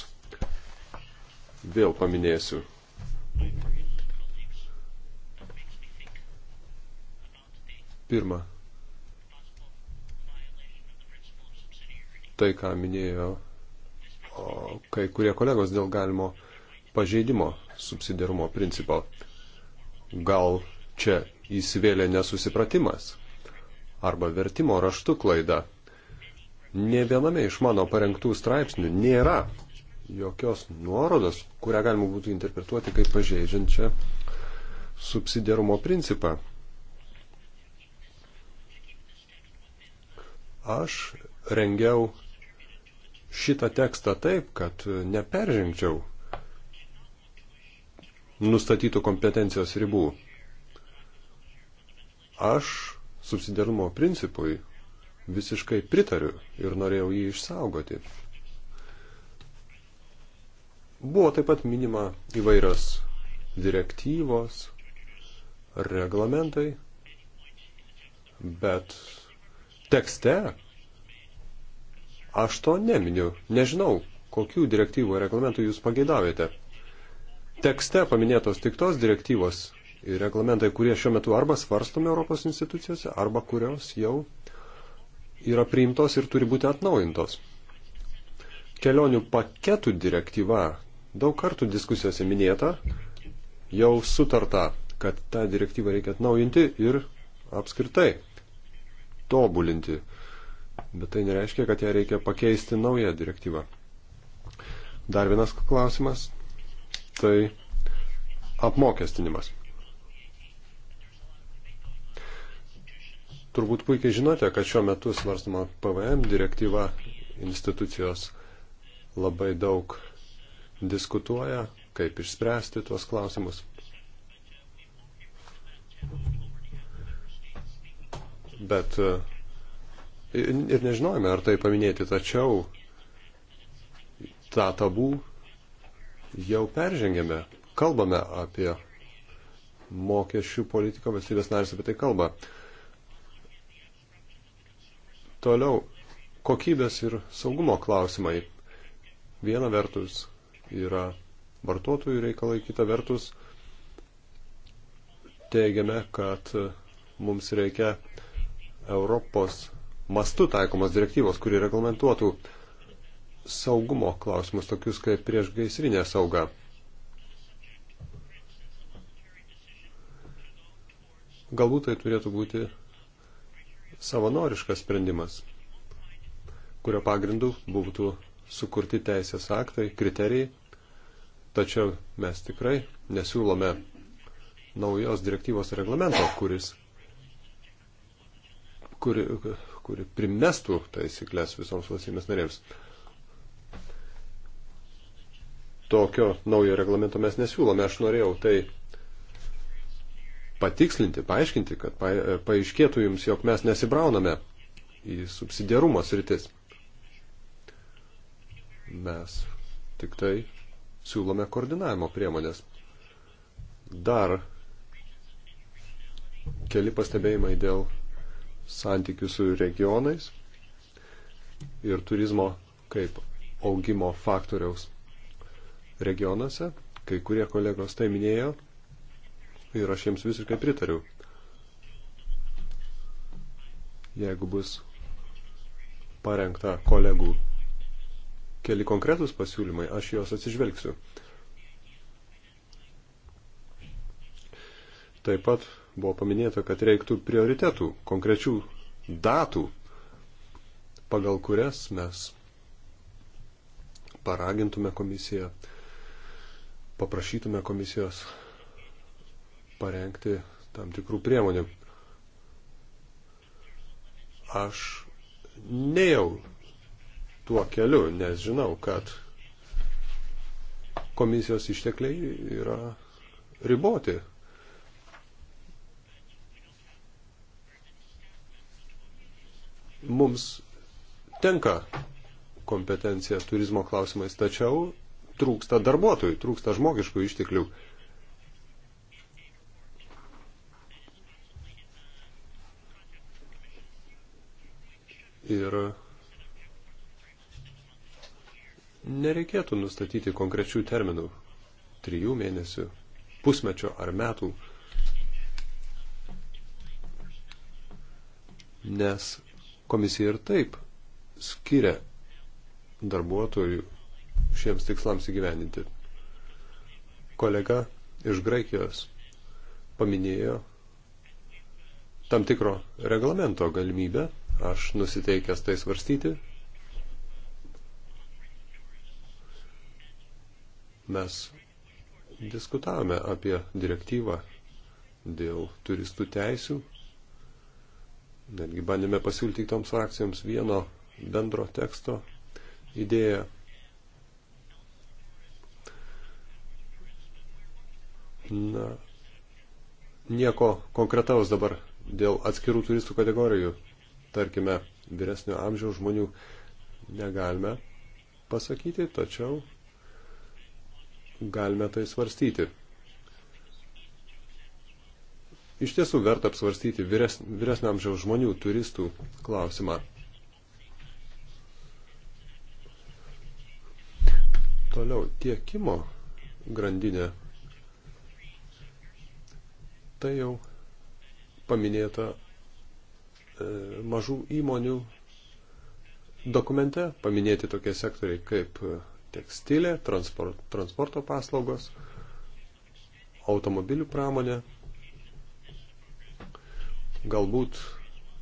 vėl paminėsiu. Pirma, tai, ką minėjo kai kurie kolegos dėl galimo pažeidimo subsidiarumo principo. Gal čia įsivėlė nesusipratimas arba vertimo raštų klaida. Ne viename iš mano parengtų straipsnių nėra jokios nuorodos, kurią galima būtų interpretuoti kaip pažeidžiančią subsidiarumo principą. Aš rengiau šitą tekstą taip, kad neperžengčiau nustatytų kompetencijos ribų. Aš subsidiarumo principui visiškai pritariu ir norėjau jį išsaugoti. Buvo taip pat minima įvairios direktyvos, reglamentai, bet tekste aš to neminiu. Nežinau, kokių direktyvų ir reglamentų jūs pageidavote. Tekste paminėtos tik tos direktyvos ir reglamentai, kurie šiuo metu arba svarstomi Europos institucijose, arba kurios jau yra priimtos ir turi būti atnaujintos. Kelionių paketų direktyva daug kartų diskusijose minėta, jau sutarta, kad tą direktyvą reikia atnaujinti ir apskritai tobulinti. Bet tai nereiškia, kad ją reikia pakeisti naują direktyvą. Dar vienas klausimas - tai apmokestinimas. Turbūt puikiai žinote, kad šiuo metu svarstama PVM direktyva institucijos labai daug diskutuoja, kaip išspręsti tuos klausimus bet e, ir nežinojame, ar tai paminėti, tačiau tą tabų jau peržengėme. Kalbame apie mokesčių politiką, valstybės narys apie tai kalba. Toliau, kokybės ir saugumo klausimai. Viena vertus yra vartotojų reikalai, kita vertus teigiame, kad mums reikia Europos mastu taikomos direktyvos, kuri reglamentuotų saugumo klausimus, tokius kaip prieš gaisrinę saugą. Galbūt tai turėtų būti savanoriškas sprendimas, kurio pagrindu būtų sukurti teisės aktai, kriterijai, tačiau mes tikrai nesiūlome naujos direktyvos reglamento, kuris kuri, kuri primestų taisyklės visoms valstybės narėms. Tokio naujo reglamento mes nesiūlome, aš norėjau tai patikslinti, paaiškinti, kad paaiškėtų jums, jog mes nesibrauname į subsidiarumo sritis. Mes tik tai siūlome koordinavimo priemonės. Dar keli pastebėjimai dėl santykių su regionais ir turizmo kaip augimo faktoriaus regionuose. Kai kurie kolegos tai minėjo ir aš jiems visiškai pritariu. Jeigu bus parengta kolegų keli konkretus pasiūlymai, aš juos atsižvelgsiu. Taip pat Buvo paminėta, kad reiktų prioritetų, konkrečių datų, pagal kurias mes paragintume komisiją, paprašytume komisijos parengti tam tikrų priemonių. Aš nejau tuo keliu, nes žinau, kad komisijos ištekliai yra riboti. mums tenka kompetencija turizmo klausimais, tačiau trūksta darbuotojų, trūksta žmogiškų išteklių. Ir nereikėtų nustatyti konkrečių terminų - trijų mėnesių, pusmečio ar metų, nes Komisija ir taip skiria darbuotojų šiems tikslams įgyveninti. Kolega iš Graikijos paminėjo tam tikro reglamento galimybę, aš nusiteikęs tai svarstyti. Mes diskutavome apie direktyvą dėl turistų teisių netgi bandėme pasiūlyti toms frakcijoms vieno bendro teksto idėją. Na, nieko konkretaus dabar dėl atskirų turistų kategorijų, tarkime, vyresnio amžiaus žmonių negalime pasakyti, tačiau galime tai svarstyti. Iš tiesų verta apsvarstyti vyres, vyresnio amžiaus žmonių, turistų klausimą. Toliau tiekimo grandinė. Tai jau paminėta e, mažų įmonių dokumente, paminėti tokie sektoriai kaip tekstilė, transport, transporto paslaugos, automobilių pramonė. Galbūt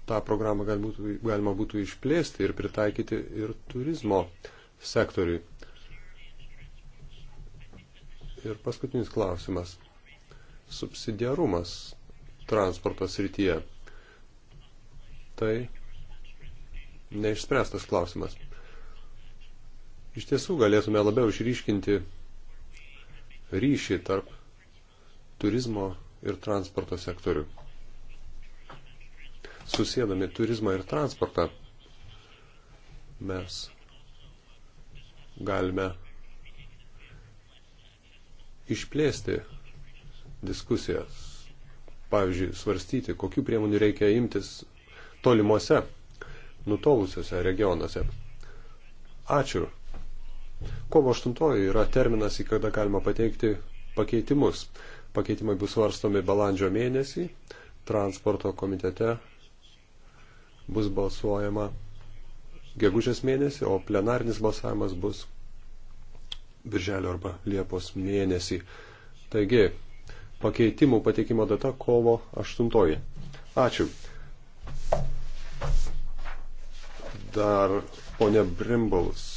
tą programą galima būtų išplėsti ir pritaikyti ir turizmo sektoriui. Ir paskutinis klausimas. Subsidiarumas transporto srityje. Tai neišspręstas klausimas. Iš tiesų galėtume labiau išryškinti ryšį tarp turizmo ir transporto sektorių susėdami turizmą ir transportą, mes galime išplėsti diskusijas, pavyzdžiui, svarstyti, kokiu priemonių reikia imtis tolimuose, nutolusiuose regionuose. Ačiū. Kovo 8 yra terminas, į kada galima pateikti pakeitimus. Pakeitimai bus svarstomi balandžio mėnesį transporto komitete bus balsuojama gegužės mėnesį, o plenarinis balsavimas bus birželio arba liepos mėnesį. Taigi, pakeitimų pateikimo data kovo 8. Ačiū. Dar ponė Brimbalus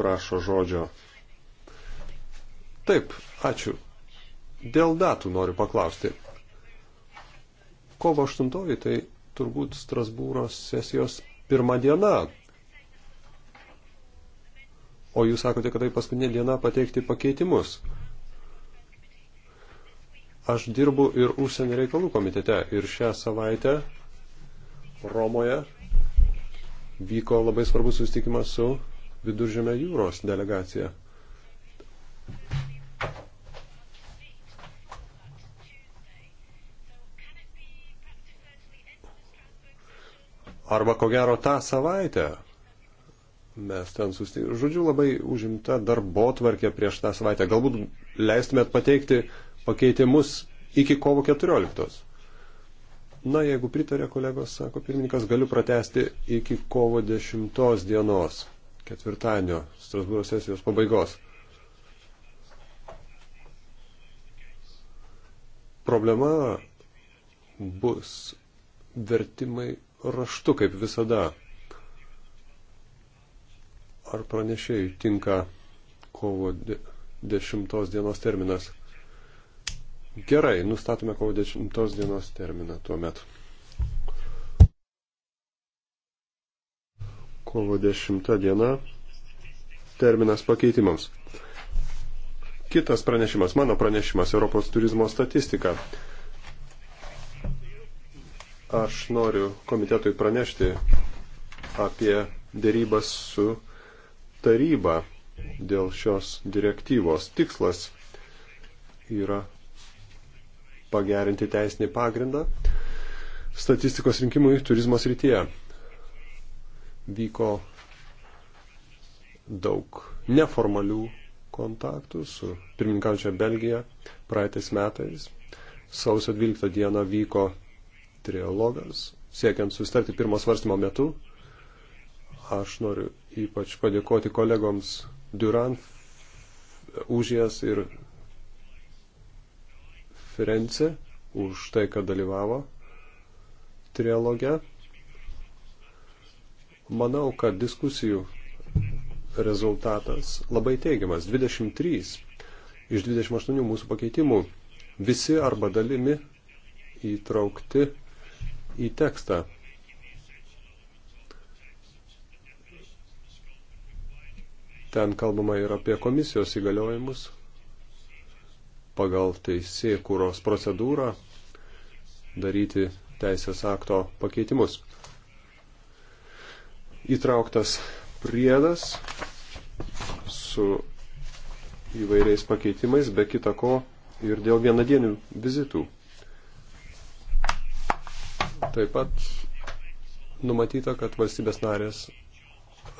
prašo žodžio. Taip, ačiū. Dėl datų noriu paklausti. Kovo 8 tai turbūt Strasbūro sesijos pirma diena. O jūs sakote, kad tai paskutinė diena pateikti pakeitimus. Aš dirbu ir užsienio reikalų komitete ir šią savaitę Romoje vyko labai svarbus susitikimas su Viduržėme jūros delegacija. arba ko gero tą savaitę. Mes ten susitikome. Žodžiu, labai užimta darbo tvarkė prieš tą savaitę. Galbūt leistumėt pateikti pakeitimus iki kovo 14. Na, jeigu pritarė kolegos, sako pirmininkas, galiu pratesti iki kovo 10 dienos, ketvirtadienio Strasbūro sesijos pabaigos. Problema bus vertimai raštu, kaip visada. Ar pranešėjai tinka kovo 10 dienos terminas? Gerai, nustatome kovo 10 dienos terminą tuo metu. Kovo 10 diena terminas pakeitimams. Kitas pranešimas, mano pranešimas, Europos turizmo statistika. Aš noriu komitetui pranešti apie dėrybas su taryba dėl šios direktyvos. Tikslas yra pagerinti teisinį pagrindą statistikos rinkimui turizmo srityje. Vyko daug neformalių kontaktų su pirmininkaučia Belgija praeitais metais. Sausio 12 dieną vyko trialogas, siekiant sustarti pirmo svarstymo metu. Aš noriu ypač padėkoti kolegoms Duran, Užijas ir Firenze už tai, kad dalyvavo trialoge. Manau, kad diskusijų rezultatas labai teigiamas. 23 iš 28 mūsų pakeitimų visi arba dalimi įtraukti į tekstą. Ten kalbama ir apie komisijos įgaliojimus pagal teisėjų kūros procedūrą daryti teisės akto pakeitimus. Įtrauktas priedas su įvairiais pakeitimais, be kita ko ir dėl vienadienių vizitų. Taip pat numatyta, kad valstybės narės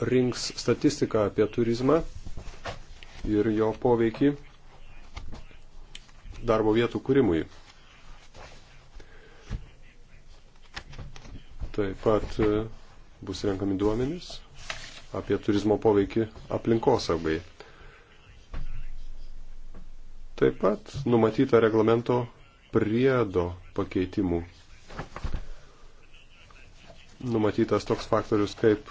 rinks statistiką apie turizmą ir jo poveikį darbo vietų kūrimui. Taip pat e, bus renkami duomenys apie turizmo poveikį aplinkosaugai. Taip pat numatyta reglamento priedo pakeitimų numatytas toks faktorius kaip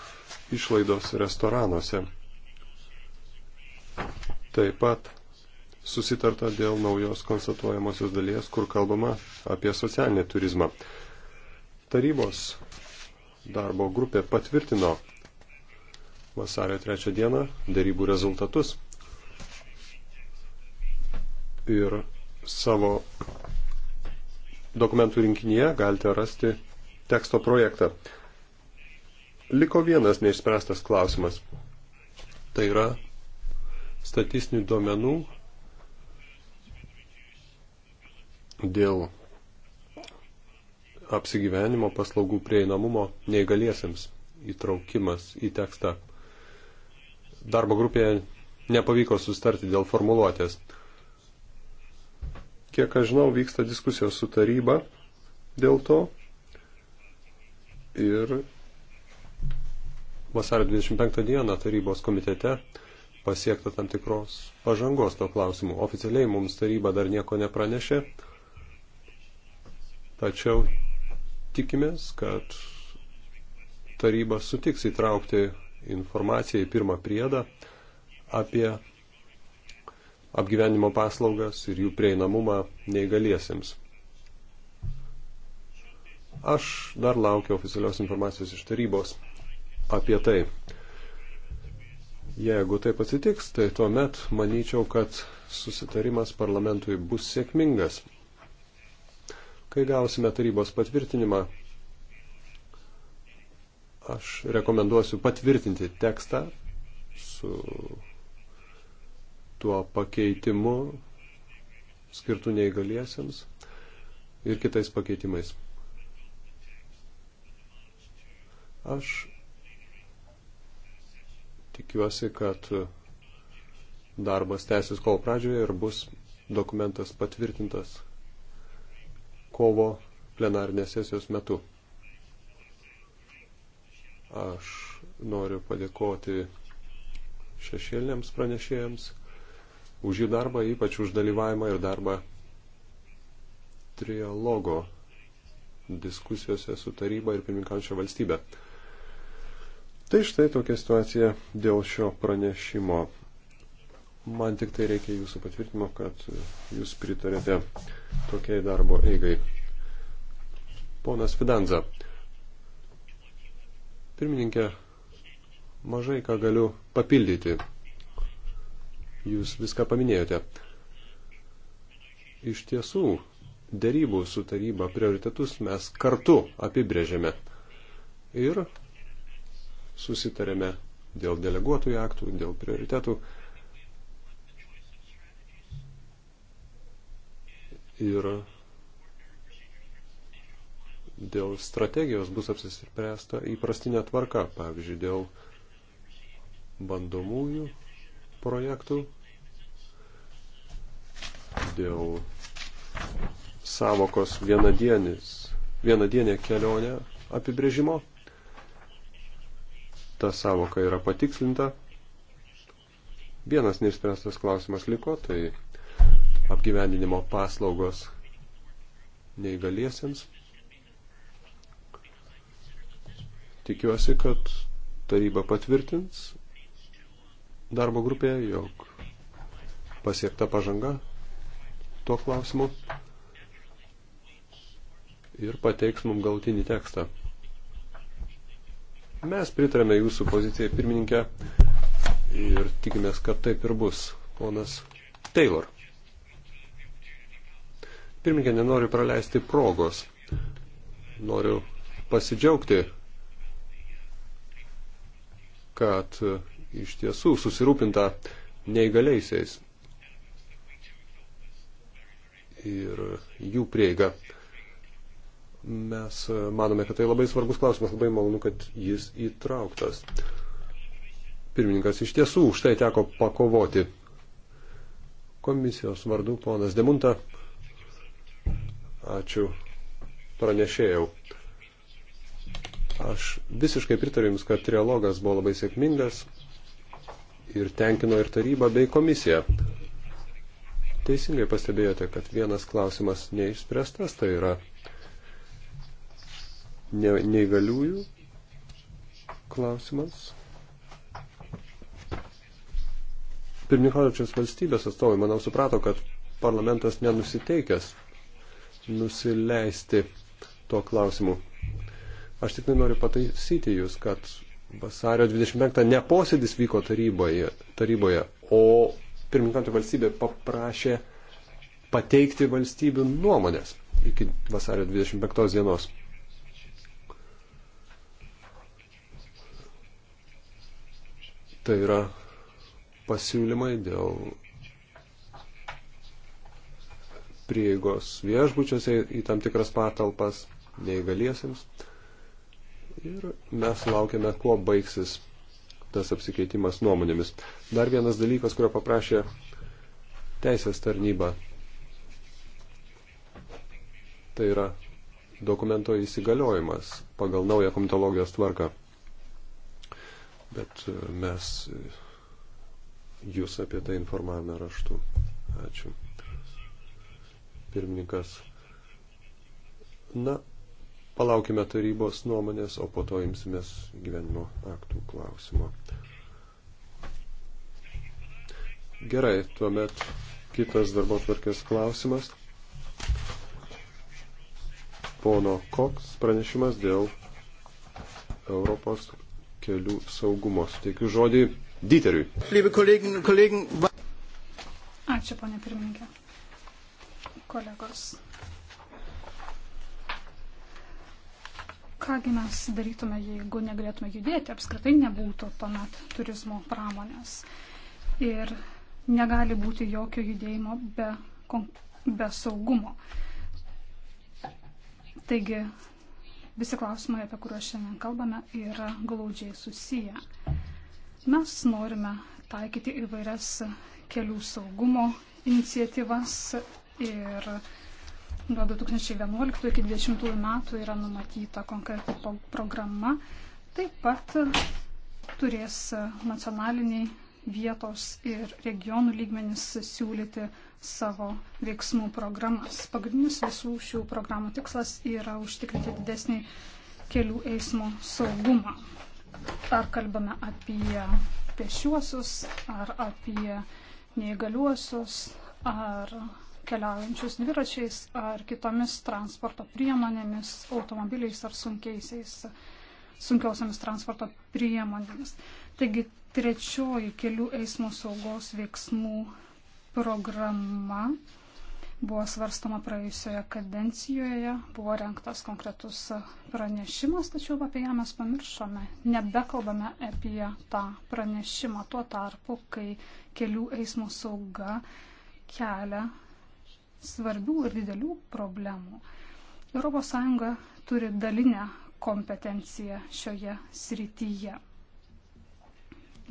išlaidos restoranuose. Taip pat susitarta dėl naujos konstatuojamosios dalies, kur kalbama apie socialinį turizmą. Tarybos darbo grupė patvirtino vasario 3 dieną darybų rezultatus ir savo dokumentų rinkinyje galite rasti teksto projektą. Liko vienas neišspręstas klausimas. Tai yra statistinių duomenų dėl apsigyvenimo paslaugų prieinamumo neįgaliesiems įtraukimas į tekstą. Darbo grupėje nepavyko sustarti dėl formuluotės. Kiek aš žinau, vyksta diskusijos su taryba dėl to ir vasario 25 dieną tarybos komitete pasiekta tam tikros pažangos to klausimu. Oficialiai mums taryba dar nieko nepranešė, tačiau tikimės, kad taryba sutiks įtraukti informaciją į pirmą priedą apie apgyvenimo paslaugas ir jų prieinamumą neįgaliesiems. Aš dar laukiu oficialios informacijos iš tarybos apie tai. Jeigu taip atsitiks, tai tuomet manyčiau, kad susitarimas parlamentui bus sėkmingas. Kai gausime tarybos patvirtinimą, aš rekomenduosiu patvirtinti tekstą su tuo pakeitimu skirtų neįgaliesiems ir kitais pakeitimais. Aš Tikiuosi, kad darbas tęsis kovo pradžioje ir bus dokumentas patvirtintas kovo plenarinės sesijos metu. Aš noriu padėkoti šešėlėms pranešėjams už jų darbą, ypač už dalyvavimą ir darbą trialogo diskusijose su taryba ir pirmininkančia valstybė. Tai štai tokia situacija dėl šio pranešimo. Man tik tai reikia jūsų patvirtimo, kad jūs pritarėte tokiai darbo eigai. Ponas Fidanza. Pirmininkė, mažai ką galiu papildyti. Jūs viską paminėjote. Iš tiesų, dėrybų su taryba prioritetus mes kartu apibrėžėme. Ir susitarėme dėl deleguotųjų aktų, dėl prioritetų. Ir dėl strategijos bus apsispręsta įprastinė tvarka, pavyzdžiui, dėl bandomųjų projektų, dėl savokos vienadienis, vienadienė kelionė apibrėžimo ta savoka yra patikslinta. Vienas neišspręstas klausimas liko, tai apgyvendinimo paslaugos neįgaliesiems. Tikiuosi, kad taryba patvirtins darbo grupėje, jog pasiekta pažanga tuo klausimu ir pateiks mums galtinį tekstą. Mes pritarėme jūsų pozicijai pirmininkę ir tikimės, kad taip ir bus, ponas Taylor. Pirmininkė, nenoriu praleisti progos. Noriu pasidžiaugti, kad iš tiesų susirūpinta neįgaliaisiais ir jų prieiga Mes e, manome, kad tai labai svarbus klausimas, labai malonu, kad jis įtrauktas. Pirmininkas iš tiesų už tai teko pakovoti. Komisijos vardu ponas Demunta. Ačiū pranešėjau. Aš visiškai pritariu Jums, kad trialogas buvo labai sėkmingas ir tenkino ir tarybą bei komisiją. Teisingai pastebėjote, kad vienas klausimas neišspręstas, tai yra ne, neįgaliųjų klausimas. Pirmininkaujančios valstybės atstovai, manau, suprato, kad parlamentas nenusiteikęs nusileisti tuo klausimu. Aš tik noriu pataisyti jūs, kad vasario 25 ne posėdis vyko taryboje, taryboje o pirmininkantį valstybė paprašė pateikti valstybių nuomonės iki vasario 25 dienos. Tai yra pasiūlymai dėl prieigos viešbučiuose į tam tikras patalpas neįgaliesiems. Ir mes laukiame, kuo baigsis tas apsikeitimas nuomonėmis. Dar vienas dalykas, kurio paprašė teisės tarnyba. Tai yra dokumento įsigaliojimas pagal naują komitologijos tvarką bet e, mes jūs apie tai informavome raštu. Ačiū. Pirmininkas. Na, palaukime tarybos nuomonės, o po to imsimės gyvenimo aktų klausimo. Gerai, tuomet kitas darbo tvarkės klausimas. Pono Koks pranešimas dėl Europos kelių saugumo. Suteikiu žodį Diteriui. Ačiū, ponė pirmininkė. Kolegos. Kągi mes darytume, jeigu negalėtume judėti, apskritai nebūtų tuomet turizmo pramonės. Ir negali būti jokio judėjimo be, be saugumo. Taigi Visi klausimai, apie kuriuos šiandien kalbame, yra glaudžiai susiję. Mes norime taikyti įvairias kelių saugumo iniciatyvas ir nuo 2011 iki 2020 metų yra numatyta konkreti programa. Taip pat turės nacionaliniai vietos ir regionų lygmenis siūlyti savo veiksmų programas. Pagrindinis visų šių programų tikslas yra užtikrinti didesnį kelių eismo saugumą. Ar kalbame apie pešiuosius, ar apie neįgaliuosius, ar keliaujančius dviračiais, ar kitomis transporto priemonėmis, automobiliais ar sunkiausiamis transporto priemonėmis. Taigi Trečioji kelių eismo saugos veiksmų programa buvo svarstoma praėjusioje kadencijoje, buvo renktas konkretus pranešimas, tačiau apie ją mes pamiršome, nebekalbame apie tą pranešimą tuo tarpu, kai kelių eismo sauga kelia svarbių ir didelių problemų. ES turi dalinę kompetenciją šioje srityje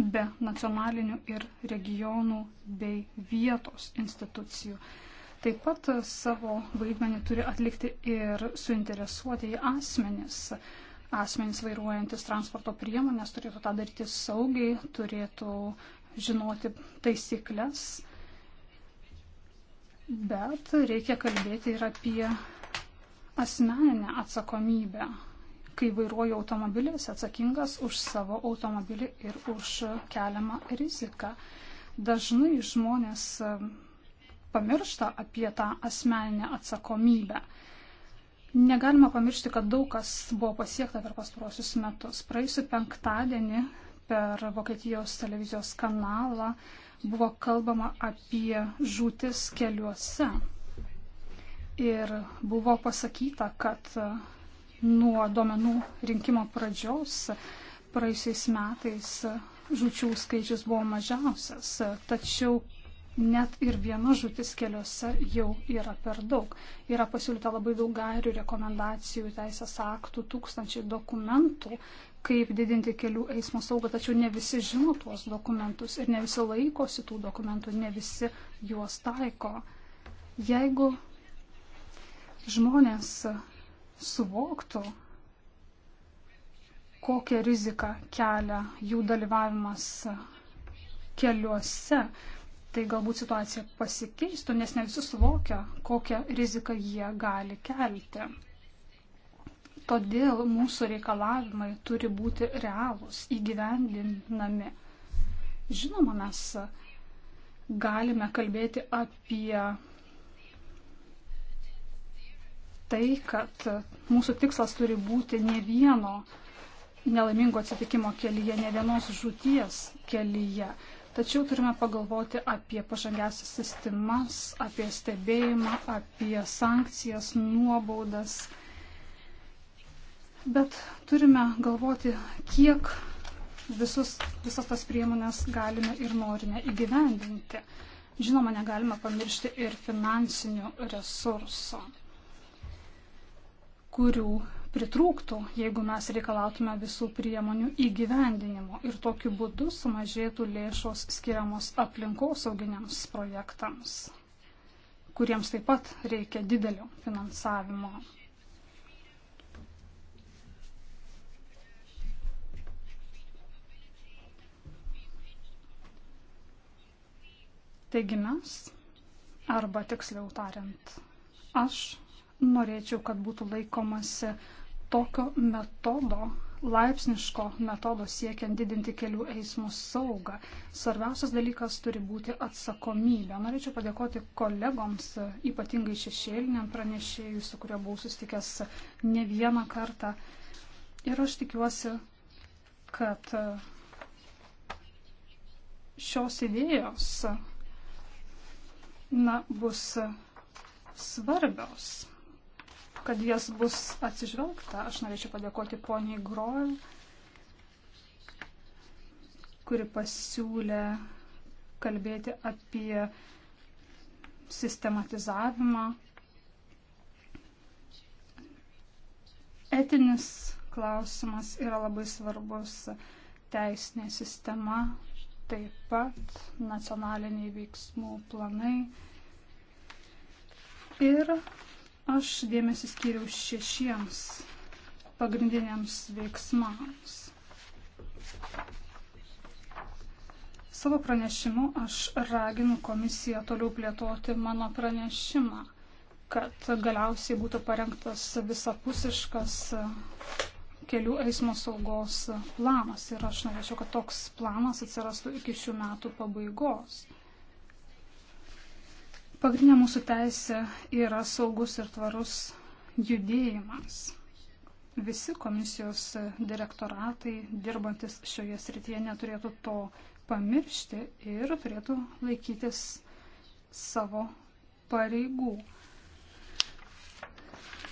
be nacionalinių ir regionų bei vietos institucijų. Taip pat savo vaidmenį turi atlikti ir suinteresuotieji asmenys. Asmenys vairuojantis transporto priemonės turėtų tą daryti saugiai, turėtų žinoti taisyklės, bet reikia kalbėti ir apie asmeninę atsakomybę kai vairuoju automobilį, esi atsakingas už savo automobilį ir už keliamą riziką. Dažnai žmonės e, pamiršta apie tą asmeninę atsakomybę. Negalima pamiršti, kad daug kas buvo pasiekta per pastaruosius metus. Praėjusiu penktadienį per Vokietijos televizijos kanalą buvo kalbama apie žūtis keliuose. Ir buvo pasakyta, kad nuo duomenų rinkimo pradžios praėjusiais metais žučių skaičius buvo mažiausias, tačiau net ir viena žutis keliuose jau yra per daug. Yra pasiūlyta labai daug gairių, rekomendacijų, teisės aktų, tūkstančiai dokumentų, kaip didinti kelių eismo saugą, tačiau ne visi žino tuos dokumentus ir ne visi laikosi tų dokumentų, ne visi juos taiko. Jeigu žmonės suvoktų, kokią riziką kelia jų dalyvavimas keliuose, tai galbūt situacija pasikeistų, nes ne visi suvokia, kokią riziką jie gali kelti. Todėl mūsų reikalavimai turi būti realūs, įgyvendinami. Žinoma, mes galime kalbėti apie tai, kad mūsų tikslas turi būti ne vieno nelaimingo atsitikimo kelyje, ne vienos žūties kelyje. Tačiau turime pagalvoti apie pažangiausias sistemas, apie stebėjimą, apie sankcijas, nuobaudas. Bet turime galvoti, kiek visus, visas tas priemonės galime ir norime įgyvendinti. Žinoma, negalime pamiršti ir finansinių resursų kurių pritrūktų, jeigu mes reikalautume visų priemonių įgyvendinimo ir tokiu būdu sumažėtų lėšos skiriamos aplinkosauginiams projektams, kuriems taip pat reikia didelio finansavimo. Taigi mes, arba tiksliau tariant, aš norėčiau, kad būtų laikomasi tokio metodo, laipsniško metodo siekiant didinti kelių eismų saugą. Svarbiausias dalykas turi būti atsakomybė. Norėčiau padėkoti kolegoms, ypatingai šešėliniam pranešėjui, su kuriuo buvau sustikęs ne vieną kartą. Ir aš tikiuosi, kad šios idėjos na, bus svarbios kad jas bus atsižvelgta. Aš norėčiau padėkoti poniai Groj, kuri pasiūlė kalbėti apie sistematizavimą. Etinis klausimas yra labai svarbus teisinė sistema, taip pat nacionaliniai veiksmų planai ir Aš dėmesį skiriau šešiems pagrindiniams veiksmams. Savo pranešimu aš raginu komisiją toliau plėtoti mano pranešimą, kad galiausiai būtų parengtas visapusiškas kelių eismo saugos planas. Ir aš norėčiau, kad toks planas atsirastų iki šių metų pabaigos. Pagrindinė mūsų teisė yra saugus ir tvarus judėjimas. Visi komisijos direktoratai dirbantis šioje srityje neturėtų to pamiršti ir turėtų laikytis savo pareigų.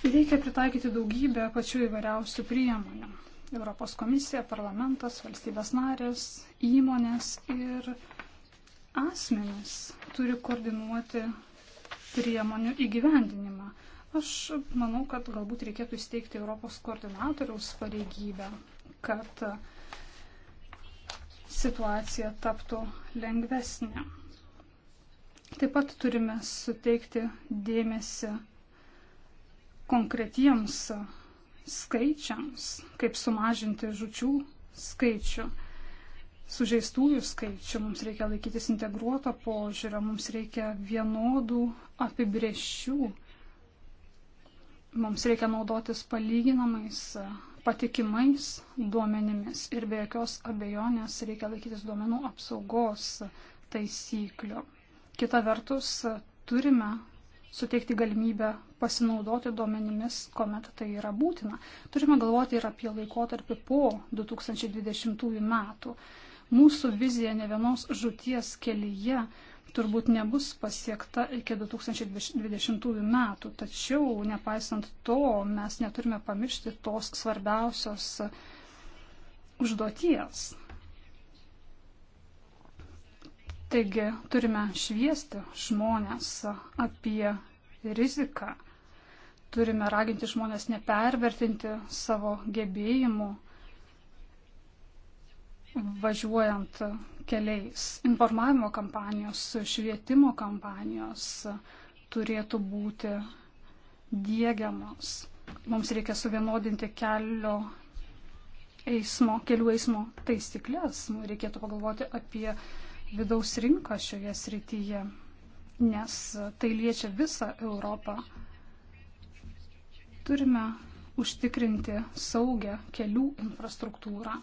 Reikia pritaikyti daugybę pačių įvairiausių priemonių. Europos komisija, parlamentas, valstybės narės, įmonės ir asmenys turi koordinuoti priemonių įgyvendinimą. Aš manau, kad galbūt reikėtų įsteigti Europos koordinatoriaus pareigybę, kad situacija taptų lengvesnė. Taip pat turime suteikti dėmesį konkretiems skaičiams, kaip sumažinti žučių skaičių sužeistųjų skaičių, mums reikia laikytis integruoto požiūrio, mums reikia vienodų apibrėžčių, mums reikia naudotis palyginamais, patikimais duomenimis ir be jokios abejonės reikia laikytis duomenų apsaugos taisyklių. Kita vertus, turime suteikti galimybę pasinaudoti duomenimis, kuomet tai yra būtina. Turime galvoti ir apie laikotarpį po 2020 metų. Mūsų vizija ne vienos žuties kelyje turbūt nebus pasiekta iki 2020 metų, tačiau nepaisant to mes neturime pamiršti tos svarbiausios užduoties. Taigi turime šviesti žmonės apie riziką, turime raginti žmonės nepervertinti savo gebėjimų važiuojant keliais. Informavimo kampanijos, švietimo kampanijos turėtų būti dėgiamos. Mums reikia suvienodinti kelio eismo, kelių eismo taisyklės. Mums reikėtų pagalvoti apie vidaus rinką šioje srityje, nes tai liečia visą Europą. Turime užtikrinti saugę kelių infrastruktūrą.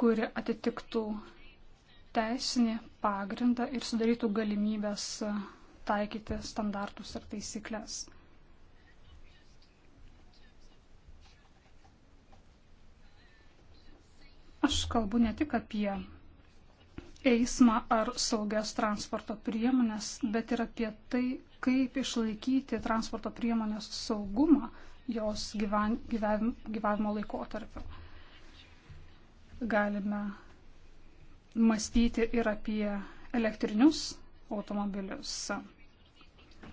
kuri atitiktų teisinį pagrindą ir sudarytų galimybės taikyti standartus ir taisyklės. Aš kalbu ne tik apie eismą ar saugias transporto priemonės, bet ir apie tai, kaip išlaikyti transporto priemonės saugumą jos gyven, gyven, gyvavimo laikotarpiu. Galime mąstyti ir apie elektrinius automobilius,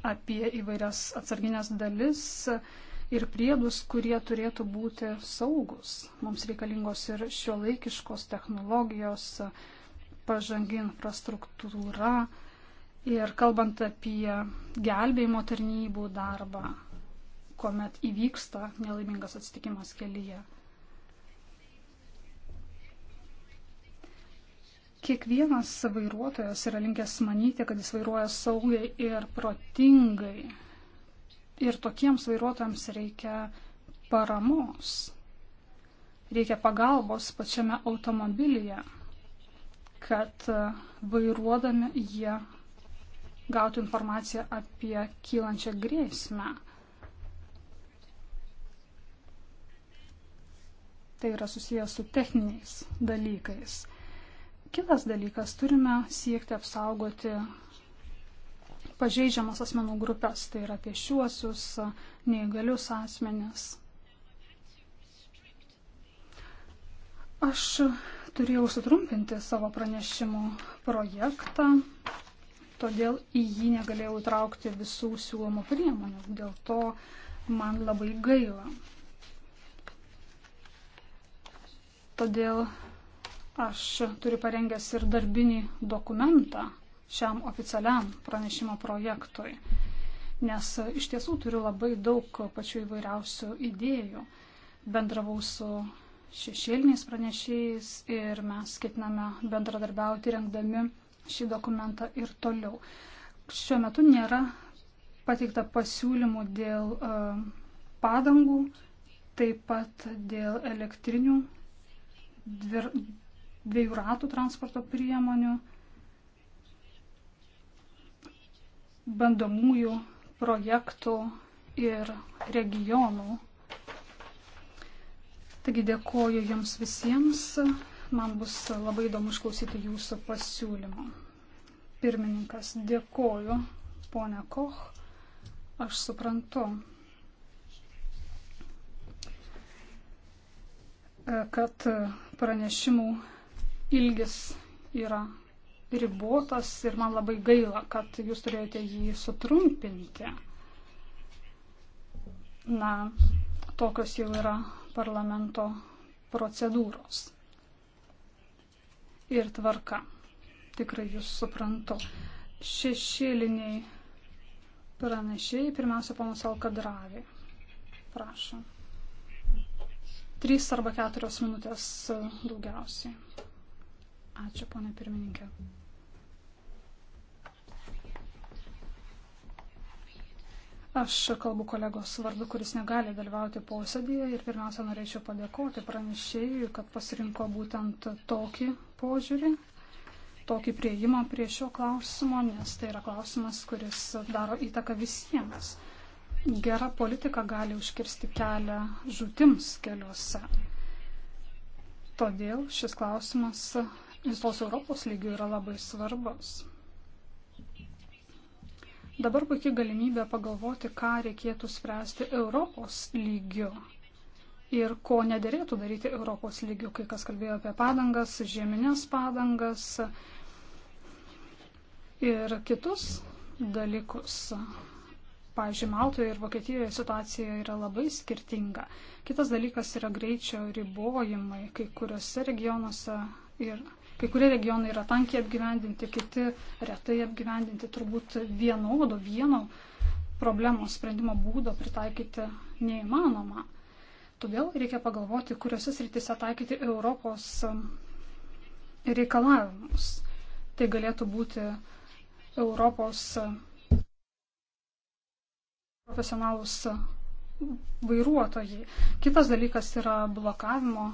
apie įvairias atsarginės dalis ir priedus, kurie turėtų būti saugus. Mums reikalingos ir šio laikiškos technologijos, pažangi infrastruktūra ir kalbant apie gelbėjimo tarnybų darbą, kuomet įvyksta nelaimingas atsitikimas kelyje. Kiekvienas vairuotojas yra linkęs manyti, kad jis vairuoja saugiai ir protingai. Ir tokiems vairuotojams reikia paramos. Reikia pagalbos pačiame automobilyje, kad vairuodami jie gautų informaciją apie kylančią grėsmę. Tai yra susijęs su techniniais dalykais. Kitas dalykas, turime siekti apsaugoti pažeidžiamas asmenų grupės, tai yra pėšiuosius, neįgalius asmenis. Aš turėjau sutrumpinti savo pranešimo projektą, todėl į jį negalėjau įtraukti visų siūlomų priemonių. Dėl to man labai gaila. Todėl Aš turiu parengęs ir darbinį dokumentą šiam oficialiam pranešimo projektui, nes iš tiesų turiu labai daug pačių įvairiausių idėjų. Bendravau su šešėliniais pranešėjais ir mes ketiname bendradarbiauti rengdami šį dokumentą ir toliau. Šiuo metu nėra pateikta pasiūlymų dėl e, padangų, taip pat dėl elektrinių dvir, dviejų ratų transporto priemonių, bandomųjų projektų ir regionų. Taigi dėkoju Jums visiems. Man bus labai įdomu išklausyti Jūsų pasiūlymą. Pirmininkas, dėkoju, ponia Koch. Aš suprantu, kad pranešimų ilgis yra ribotas ir man labai gaila, kad jūs turėjote jį sutrumpinti. Na, tokios jau yra parlamento procedūros ir tvarka. Tikrai jūs suprantu. Šešėliniai pranešėjai, pirmiausia, ponas Alkadravi. Prašom. Trys arba keturios minutės e, daugiausiai. Ačiū, ponė pirmininkė. Aš kalbu kolegos vardu, kuris negali dalyvauti posėdėje ir pirmiausia norėčiau padėkoti pranešėjui, kad pasirinko būtent tokį požiūrį, tokį prieimą prie šio klausimo, nes tai yra klausimas, kuris daro įtaką visiems. Gera politika gali užkirsti kelią žūtims keliuose. Todėl šis klausimas visos Europos lygių yra labai svarbus. Dabar puikiai galimybė pagalvoti, ką reikėtų spręsti Europos lygiu ir ko nederėtų daryti Europos lygiu, kai kas kalbėjo apie padangas, žieminės padangas ir kitus dalykus. Pavyzdžiui, Maltoje ir Vokietijoje situacija yra labai skirtinga. Kitas dalykas yra greičio ribojimai kai kuriuose regionuose ir Kai kurie regionai yra tankiai apgyvendinti, kiti retai apgyvendinti, turbūt vienodo vieno problemos sprendimo būdo pritaikyti neįmanoma. Todėl reikia pagalvoti, kuriuose srityse taikyti Europos um, reikalavimus. Tai galėtų būti Europos um, profesionalus um, vairuotojai. Kitas dalykas yra blokavimo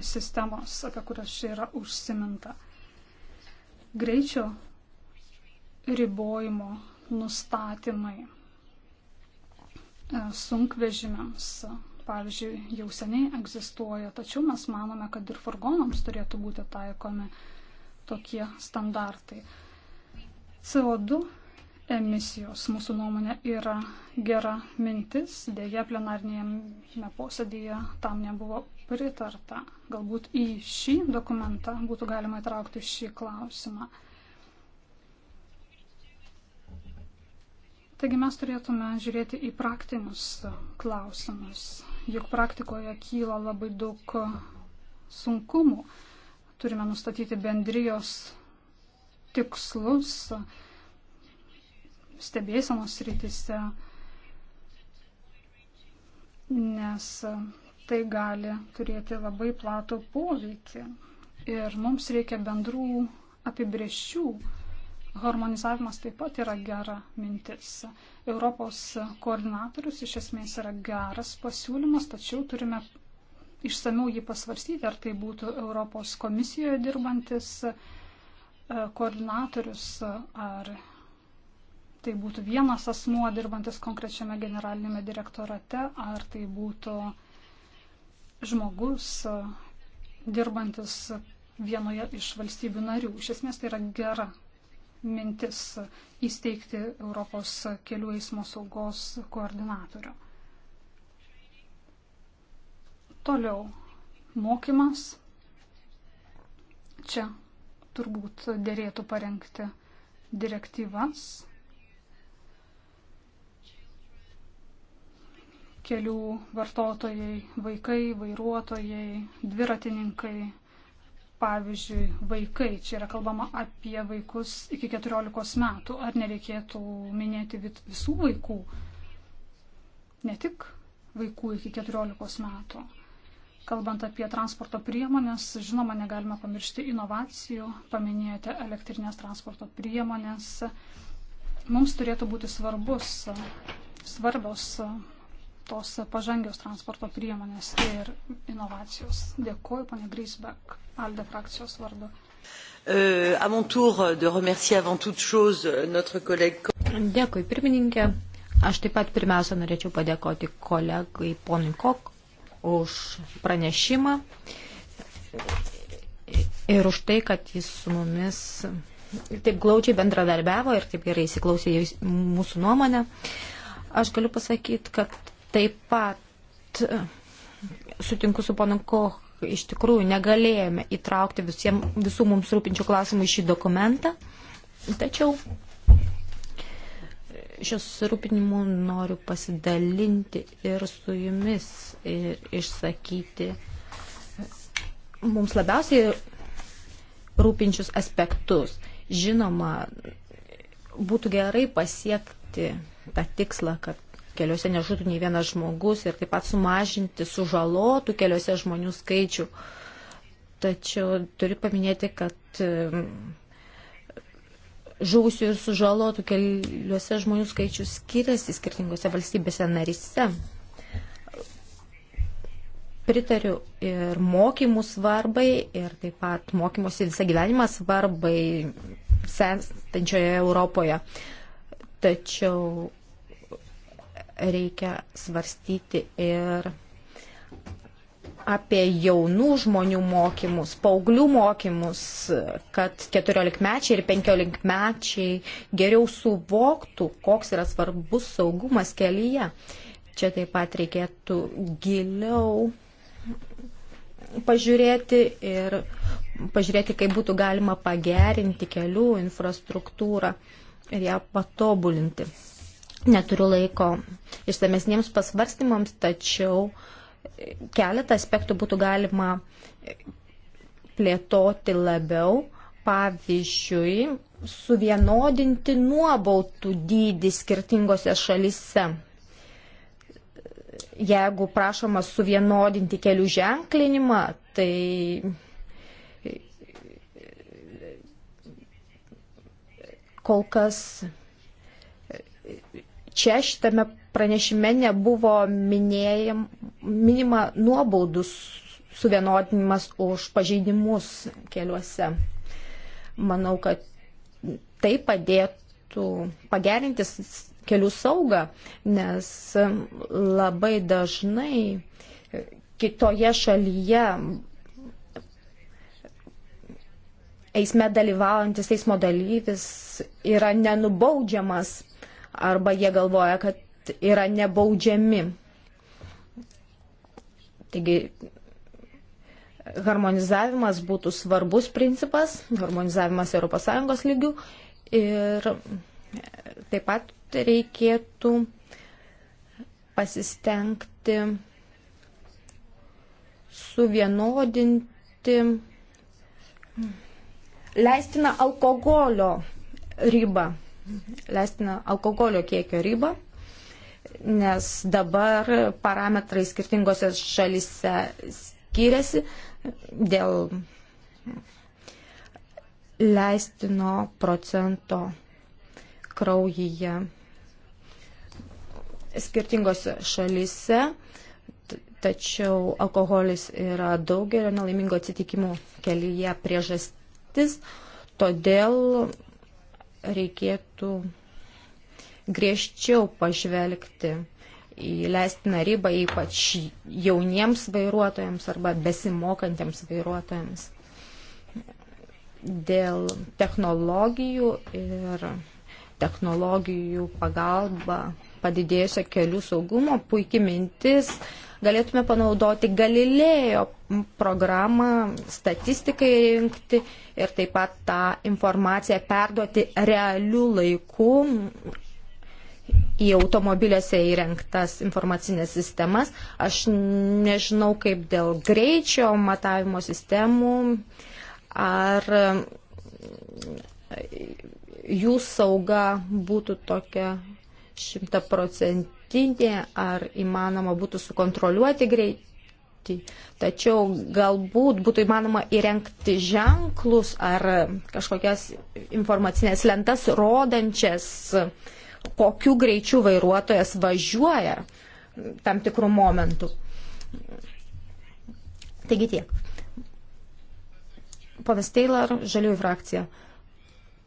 sistemos, apie kurias čia yra užsiminta. Greičio ribojimo nustatymai e, sunkvežimiams, pavyzdžiui, jau seniai egzistuoja, tačiau mes manome, kad ir furgonams turėtų būti taikomi tokie standartai. CO2 emisijos. Mūsų nuomonė yra gera mintis, dėja plenarnėje posėdėje tam nebuvo pritarta. Galbūt į šį dokumentą būtų galima įtraukti šį klausimą. Taigi mes turėtume žiūrėti į praktinius klausimus, juk praktikoje kyla labai daug sunkumų. Turime nustatyti bendrijos tikslus, stebėsenos rytise, nes tai gali turėti labai platų poveikį. Ir mums reikia bendrų apibrėžčių. Harmonizavimas taip pat yra gera mintis. Europos koordinatorius iš esmės yra geras pasiūlymas, tačiau turime išsamiau jį pasvarstyti, ar tai būtų Europos komisijoje dirbantis e, koordinatorius ar tai būtų vienas asmuo dirbantis konkrečiame generalinėme direktorate, ar tai būtų žmogus dirbantis vienoje iš valstybių narių. Iš esmės tai yra gera mintis įsteigti Europos kelių eismo saugos koordinatorių. Toliau mokymas. Čia turbūt dėrėtų parengti direktyvas kelių vartotojai, vaikai, vairuotojai, dviratininkai, pavyzdžiui, vaikai. Čia yra kalbama apie vaikus iki 14 metų. Ar nereikėtų minėti visų vaikų, ne tik vaikų iki 14 metų? Kalbant apie transporto priemonės, žinoma, negalima pamiršti inovacijų, paminėjote elektrinės transporto priemonės. Mums turėtų būti svarbus, svarbios tos pažangios transporto priemonės ir inovacijos. Dėkuoju, ponė Grisbek, Alde frakcijos vardu. Euh, à mon tour de remercier avant toute chose notre collègue. Dėkui, pirmininkė. Aš taip pat pirmiausia norėčiau padėkoti kolegai ponui Kok už pranešimą ir už tai, kad jis su mumis taip glaudžiai bendradarbiavo ir taip gerai įsiklausė į mūsų nuomonę. Aš galiu pasakyti, kad Taip pat sutinku su panu Koch, iš tikrųjų negalėjome įtraukti visiem, visų mums rūpinčių klausimų į šį dokumentą, tačiau šios rūpinimų noriu pasidalinti ir su jumis ir išsakyti mums labiausiai rūpinčius aspektus. Žinoma, būtų gerai pasiekti tą tikslą, kad keliuose nežūtų nei vienas žmogus ir taip pat sumažinti sužalotų keliuose žmonių skaičių. Tačiau turiu paminėti, kad e, žuvusių ir sužalotų keliuose žmonių skaičius skiriasi skirtingose valstybėse narise. Pritariu ir mokymų svarbai, ir taip pat mokymosi visą gyvenimą svarbai senstančioje Europoje. Tačiau reikia svarstyti ir apie jaunų žmonių mokymus, paauglių mokymus, kad 14-mečiai ir 15-mečiai geriau suvoktų, koks yra svarbus saugumas kelyje. Čia taip pat reikėtų giliau pažiūrėti ir pažiūrėti, kaip būtų galima pagerinti kelių infrastruktūrą ir ją patobulinti. Neturiu laiko išsamesniems pasvarstymams, tačiau keletą aspektų būtų galima plėtoti labiau. Pavyzdžiui, suvienodinti nuobautų dydį skirtingose šalise. Jeigu prašoma suvienodinti kelių ženklinimą, tai kol kas čia šitame pranešime nebuvo minėjim, minima nuobaudus suvienodinimas už pažeidimus keliuose. Manau, kad tai padėtų pagerinti kelių saugą, nes labai dažnai kitoje šalyje eisme dalyvaujantis eismo dalyvis yra nenubaudžiamas arba jie galvoja, kad yra nebaudžiami. Taigi harmonizavimas būtų svarbus principas, harmonizavimas ES lygių ir taip pat reikėtų pasistengti suvienodinti leistiną alkoholio ribą leistiną alkoholio kiekio ribą, nes dabar parametrai skirtingose šalise skiriasi dėl leistino procento kraujyje skirtingose šalise, tačiau alkoholis yra daugelio nelaimingo atsitikimų kelyje priežastis, todėl reikėtų griežčiau pažvelgti į leistiną ribą, ypač jauniems vairuotojams arba besimokantiems vairuotojams. Dėl technologijų ir technologijų pagalba padidėjusio kelių saugumo puikiai mintis Galėtume panaudoti Galilėjo programą statistikai rinkti ir taip pat tą informaciją perduoti realių laikų į automobiliuose įrengtas informacinės sistemas. Aš nežinau kaip dėl greičio matavimo sistemų ar jų sauga būtų tokia šimtaprocentinė nuolatinį, ar įmanoma būtų sukontroliuoti greitį. Tačiau galbūt būtų įmanoma įrengti ženklus ar kažkokias informacinės lentas rodančias, kokiu greičiu vairuotojas važiuoja tam tikrų momentų. Taigi tiek. Ponas Taylor, Žaliųjų frakcija.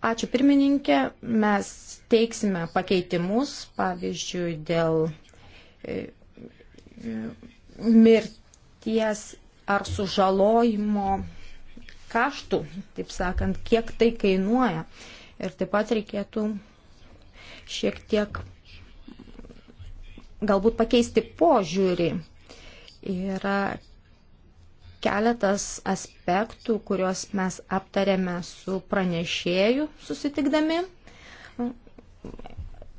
Ačiū pirmininkė, mes teiksime pakeitimus, pavyzdžiui, dėl e, mirties ar sužalojimo kaštų, taip sakant, kiek tai kainuoja. Ir taip pat reikėtų šiek tiek galbūt pakeisti požiūrį. Yra keletas aspektų, kuriuos mes aptarėme su pranešėju susitikdami.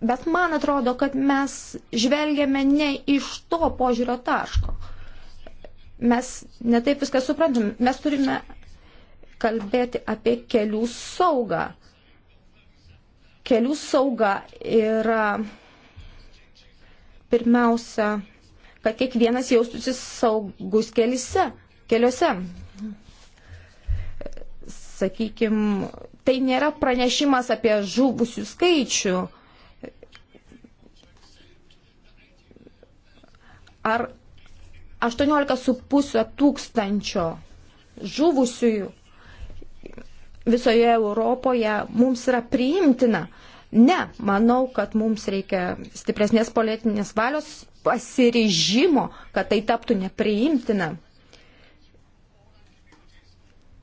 Bet man atrodo, kad mes žvelgiame ne iš to požiūrio taško. Mes netaip viską suprantam. Mes turime kalbėti apie kelių saugą. Kelių sauga yra pirmiausia, kad kiekvienas jaustųsi saugus kelise, keliuose. Sakykime, tai nėra pranešimas apie žuvusių skaičių ar 18,5 tūkstančio žuvusiųjų visoje Europoje mums yra priimtina. Ne, manau, kad mums reikia stipresnės politinės valios pasiryžimo, kad tai taptų nepriimtina.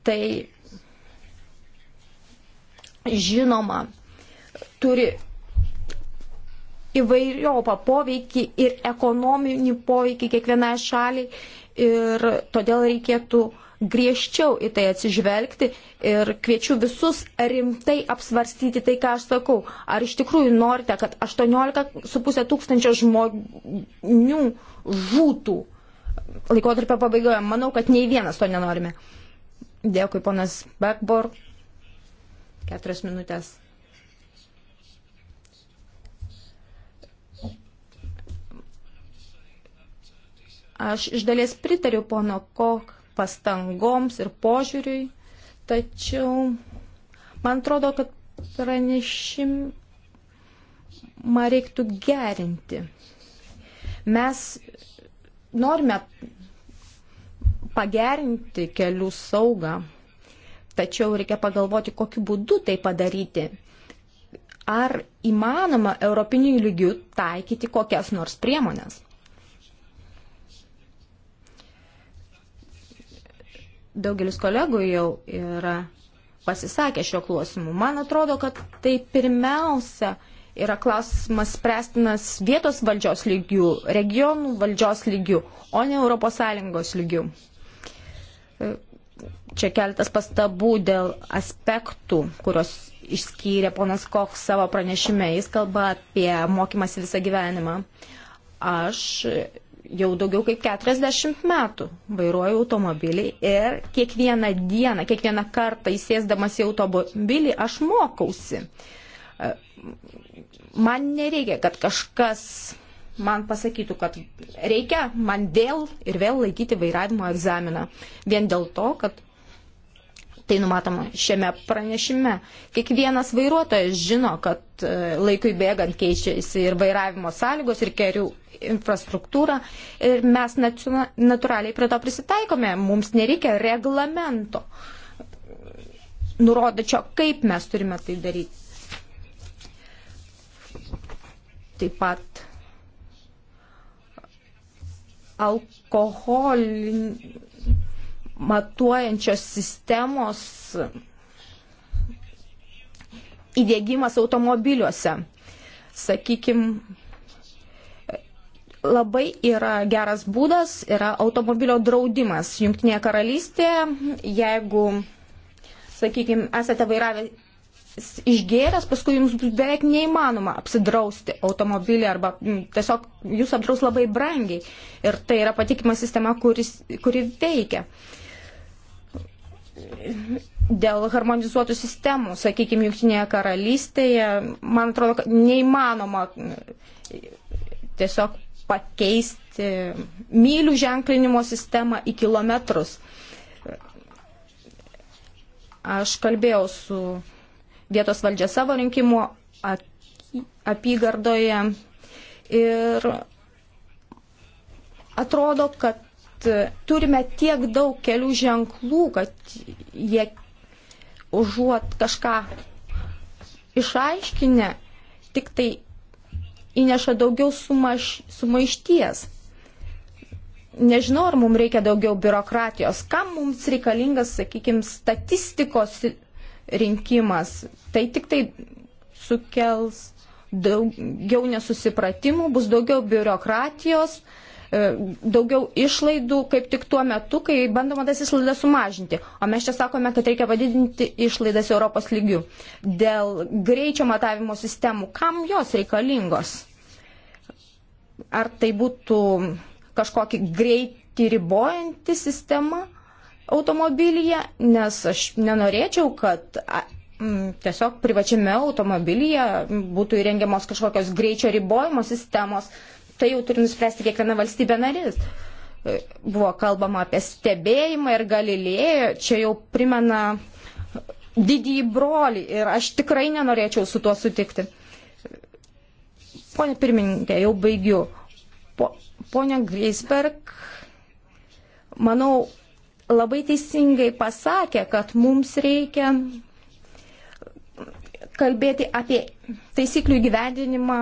Tai žinoma, turi įvairiopą poveikį ir ekonominį poveikį kiekvienai šaliai ir todėl reikėtų griežčiau į tai atsižvelgti ir kviečiu visus rimtai apsvarstyti tai, ką aš sakau. Ar iš tikrųjų norite, kad 18,5 tūkstančio žmonių žūtų laikotarpio pabaigoje? Manau, kad nei vienas to nenorime. Dėkui, ponas Bekbor. Keturias minutės. Aš iš dalies pritariu pono Kok pastangoms ir požiūriui, tačiau man atrodo, kad pranešimą reiktų gerinti. Mes norime pagerinti kelių saugą, tačiau reikia pagalvoti, kokiu būdu tai padaryti. Ar įmanoma europinių lygių taikyti kokias nors priemonės? daugelis kolegų jau yra pasisakę šio klausimu. Man atrodo, kad tai pirmiausia yra klausimas spręstinas vietos valdžios lygių, regionų valdžios lygių, o ne ES lygių. Čia keltas pastabų dėl aspektų, kurios išskyrė ponas Koch savo pranešime. Jis kalba apie mokymas visą gyvenimą. Aš jau daugiau kaip 40 metų vairuoju automobilį ir kiekvieną dieną, kiekvieną kartą įsėsdamas į automobilį aš mokausi. E, man nereikia, kad kažkas man pasakytų, kad reikia man vėl ir vėl laikyti vairavimo egzaminą. Vien dėl to, kad Tai numatoma šiame pranešime. Kiekvienas vairuotojas žino, kad e, laikui bėgant keičiasi ir vairavimo sąlygos, ir kelių infrastruktūra. Ir mes natūraliai prie to prisitaikome. Mums nereikia reglamento nurodačio, kaip mes turime tai daryti. Taip pat alkoholin, matuojančios sistemos įdėgymas automobiliuose. Sakykime, labai yra geras būdas, yra automobilio draudimas. Junktinėje karalystėje, jeigu, sakykime, esate vairavę išgėręs, paskui jums bus beveik neįmanoma apsidrausti automobilį arba tiesiog jūs apdraus labai brangiai. Ir tai yra patikima sistema, kuris, kuri veikia. Uh, dėl harmonizuotų sistemų, sakykime, Junktinėje karalystėje, man atrodo, kad neįmanoma mm, tiesiog pakeisti mylių ženklinimo sistemą į kilometrus. Aš kalbėjau su vietos valdžia savo rinkimo apygardoje ir atrodo, kad turime tiek daug kelių ženklų, kad jie užuot kažką išaiškinę, tik tai įneša daugiau sumaš, sumaišties. Nežinau, ar mums reikia daugiau biurokratijos, kam mums reikalingas, sakykime, statistikos rinkimas. Tai tik tai sukels daugiau nesusipratimų, bus daugiau biurokratijos, uh, E, daugiau išlaidų kaip tik tuo metu, kai bandoma tas išlaidas sumažinti. O mes čia sakome, kad reikia padidinti išlaidas Europos lygių. Dėl greičio matavimo sistemų, kam jos reikalingos? Ar tai būtų kažkokį greitį ribojantį sistemą automobilyje, nes aš nenorėčiau, kad tiesiog privačiame automobilyje būtų įrengiamos kažkokios greičio ribojimo sistemos, tai jau turi nuspręsti kiekviena valstybė narys. E, Buvo kalbama apie stebėjimą ir galilėjo, čia jau primena didįjį brolį ir aš tikrai nenorėčiau su tuo sutikti. Pone pirmininkė, jau baigiu. Po, pone Grisberg, manau, labai teisingai pasakė, kad mums reikia kalbėti apie taisyklių gyvendinimą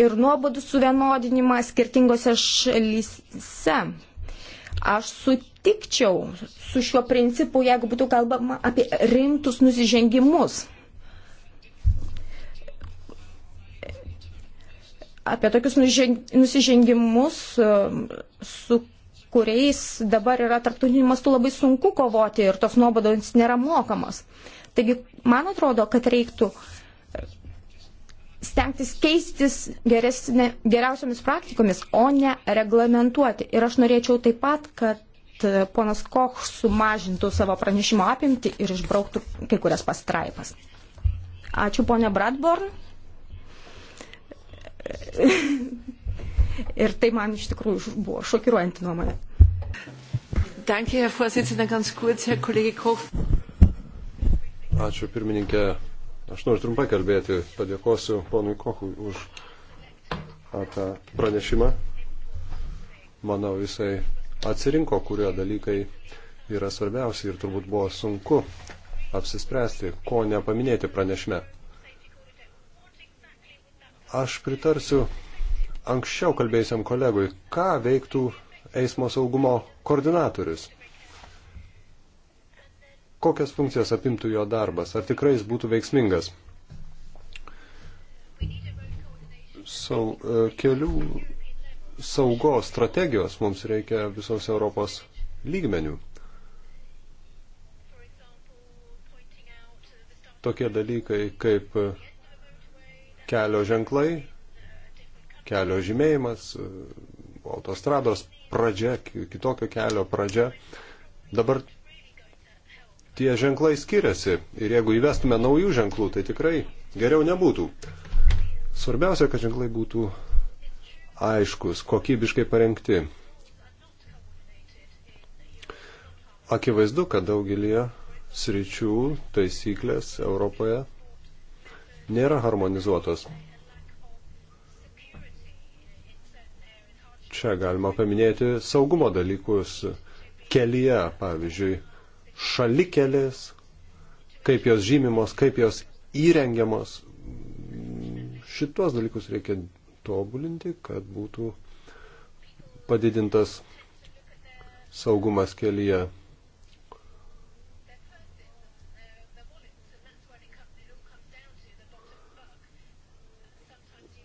ir nuobodų suvienodinimą skirtingose šalyse. Aš sutikčiau su šiuo principu, jeigu būtų kalbama apie rimtus nusižengimus. Apie tokius nusižengimus, um, su kuriais dabar yra tarptautiniu mastu labai sunku kovoti ir tos nuobodos nėra mokamos. Taigi, man atrodo, kad reiktų uh, stengtis keistis geresnė, geriausiamis praktikomis, o ne reglamentuoti. Ir aš norėčiau taip pat, kad e, ponas Koch sumažintų savo pranešimo apimti ir išbrauktų kai kurias pastraipas. Ačiū, ponė Bradborn. *laughs* ir tai man iš tikrųjų buvo šokiruojanti nuomonė. Danke, Herr Vorsitzender, ganz kurz, Herr Kollege Koch. Ačiū, pirmininkė. Aš noriu trumpai kalbėti. Padėkosiu ponui Kokui už tą pranešimą. Manau, jisai atsirinko, kurie dalykai yra svarbiausi ir turbūt buvo sunku apsispręsti, ko nepaminėti pranešime. Aš pritarsiu anksčiau kalbėjusiam kolegui, ką veiktų eismo saugumo koordinatorius kokias funkcijas apimtų jo darbas, ar tikrai jis būtų veiksmingas. Sau, e, kelių saugos strategijos mums reikia visos Europos lygmenių. Tokie dalykai kaip e, kelio ženklai, kelio žymėjimas, e, autostrados pradžia, kitokio kelio pradžia. Dabar tie ženklai skiriasi ir jeigu įvestume naujų ženklų, tai tikrai geriau nebūtų. Svarbiausia, kad ženklai būtų aiškus, kokybiškai parengti. Akivaizdu, kad daugelie sričių taisyklės Europoje nėra harmonizuotos. Čia galima paminėti saugumo dalykus kelyje, pavyzdžiui, šalikelės, kaip jos žymimos, kaip jos įrengiamos. Šitos dalykus reikia tobulinti, kad būtų padidintas saugumas kelyje.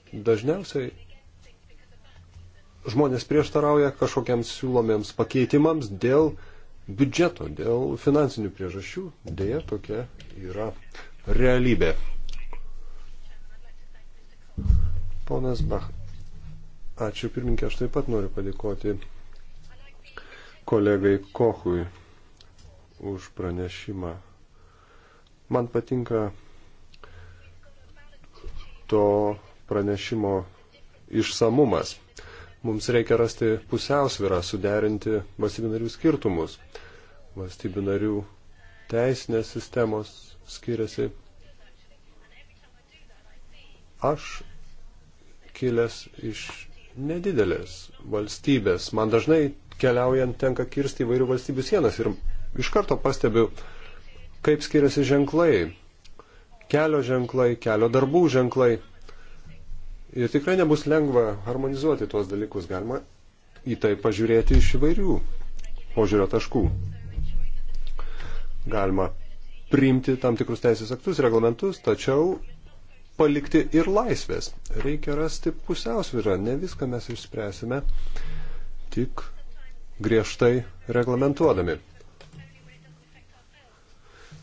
Dažniausiai žmonės prieštarauja kažkokiems siūlomiems pakeitimams dėl biudžeto, dėl finansinių priežasčių. Deja, tokia yra realybė. Ponas Bach. Ačiū pirminkė, aš taip pat noriu padėkoti kolegai Kohui už pranešimą. Man patinka to pranešimo išsamumas. Mums reikia rasti pusiausvyrą, suderinti valstybių narių skirtumus. Valstybių narių teisinės sistemos skiriasi. Aš kilęs iš nedidelės valstybės. Man dažnai keliaujant tenka kirsti įvairių valstybių sienas ir iš karto pastebiu, kaip skiriasi ženklai. Kelio ženklai, kelio darbų ženklai. Ir tikrai nebus lengva harmonizuoti tuos dalykus. Galima į tai pažiūrėti iš įvairių požiūrio taškų. Galima priimti tam tikrus teisės aktus, reglamentus, tačiau palikti ir laisvės. Reikia rasti pusiausvyrą. Ne viską mes išspręsime tik griežtai reglamentuodami.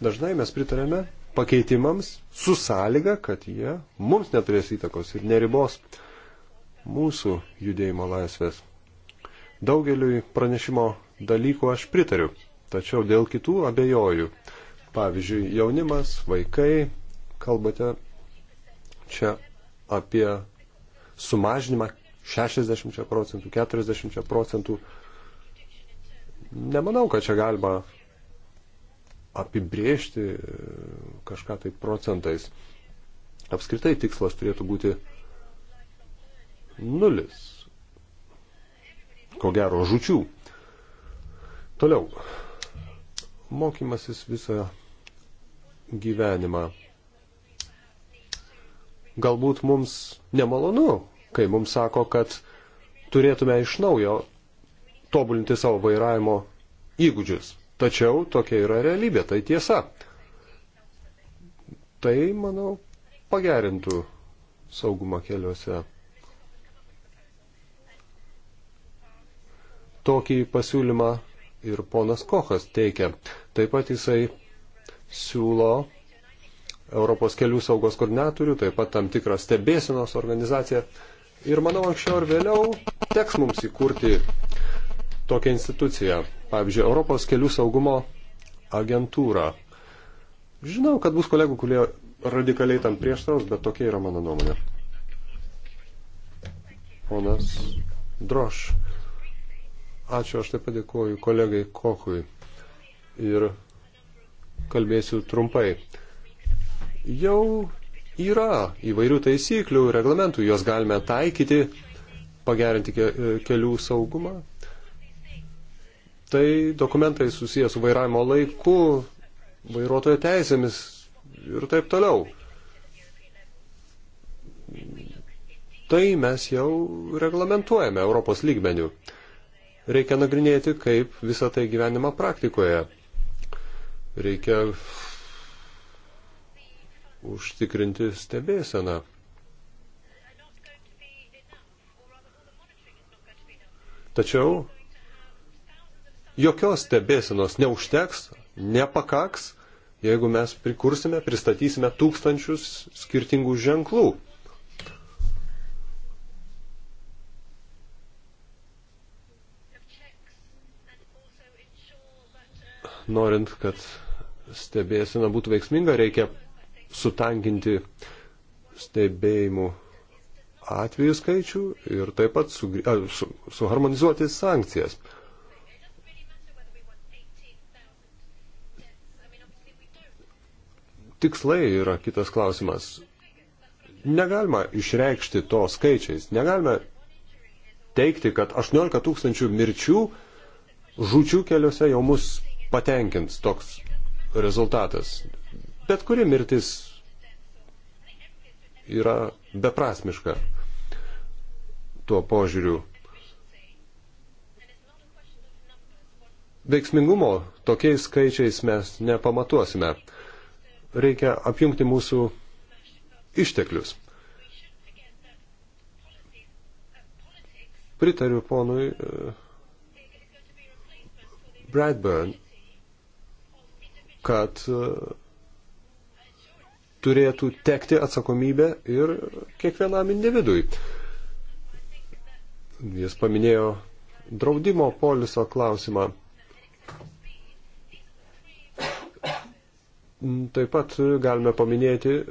Dažnai mes pritarėme pakeitimams su sąlyga, kad jie mums neturės įtakos ir neribos mūsų judėjimo laisvės. Daugeliui pranešimo dalykų aš pritariu, tačiau dėl kitų abejoju. Pavyzdžiui, jaunimas, vaikai, kalbate čia apie sumažinimą 60 procentų, 40 procentų. Nemanau, kad čia galima apibriežti kažką tai procentais. Apskritai tikslas turėtų būti nulis. Ko gero, žučių. Toliau. Mokymasis visą gyvenimą. Galbūt mums nemalonu, kai mums sako, kad turėtume iš naujo tobulinti savo vairavimo įgūdžius. Tačiau tokia yra realybė, tai tiesa. Tai, manau, pagerintų saugumą keliuose. Tokį pasiūlymą ir ponas Kochas teikia. Taip pat jisai siūlo Europos kelių saugos koordinatorių, taip pat tam tikrą stebėsinos organizaciją. Ir manau, anksčiau ar vėliau teks mums įkurti tokią instituciją. Pavyzdžiui, Europos kelių saugumo agentūrą. Žinau, kad bus kolegų, kurie radikaliai tam prieštaraus, bet tokia yra mano nuomonė. Ponas Droš. Ačiū, aš taip padėkoju kolegai Kokui ir kalbėsiu trumpai. Jau yra įvairių taisyklių, reglamentų, juos galime taikyti, pagerinti kelių saugumą, tai dokumentai susijęs su vairavimo laiku, vairuotojo teisėmis ir taip toliau. Tai mes jau reglamentuojame Europos lygmenių. Reikia nagrinėti, kaip visą tai gyvenimą praktikoje. Reikia užtikrinti stebėseną. Tačiau Jokios stebėsinos neužteks, nepakaks, jeigu mes prikursime, pristatysime tūkstančius skirtingų ženklų. norint, kad stebėsena būtų veiksminga, reikia sutankinti stebėjimų atvejų skaičių ir taip pat su, a, su, suharmonizuoti sankcijas. tikslai yra kitas klausimas. Negalima išreikšti to skaičiais. Negalima teikti, kad 18 tūkstančių mirčių žučių keliuose jau mus patenkins toks rezultatas. Bet kuri mirtis yra beprasmiška tuo požiūriu. Veiksmingumo tokiais skaičiais mes nepamatuosime reikia apjungti mūsų išteklius. Pritariu ponui e, Bradburn, kad e, turėtų tekti atsakomybė ir kiekvienam individui. Jis paminėjo draudimo poliso klausimą. Mm, taip pat galime paminėti e,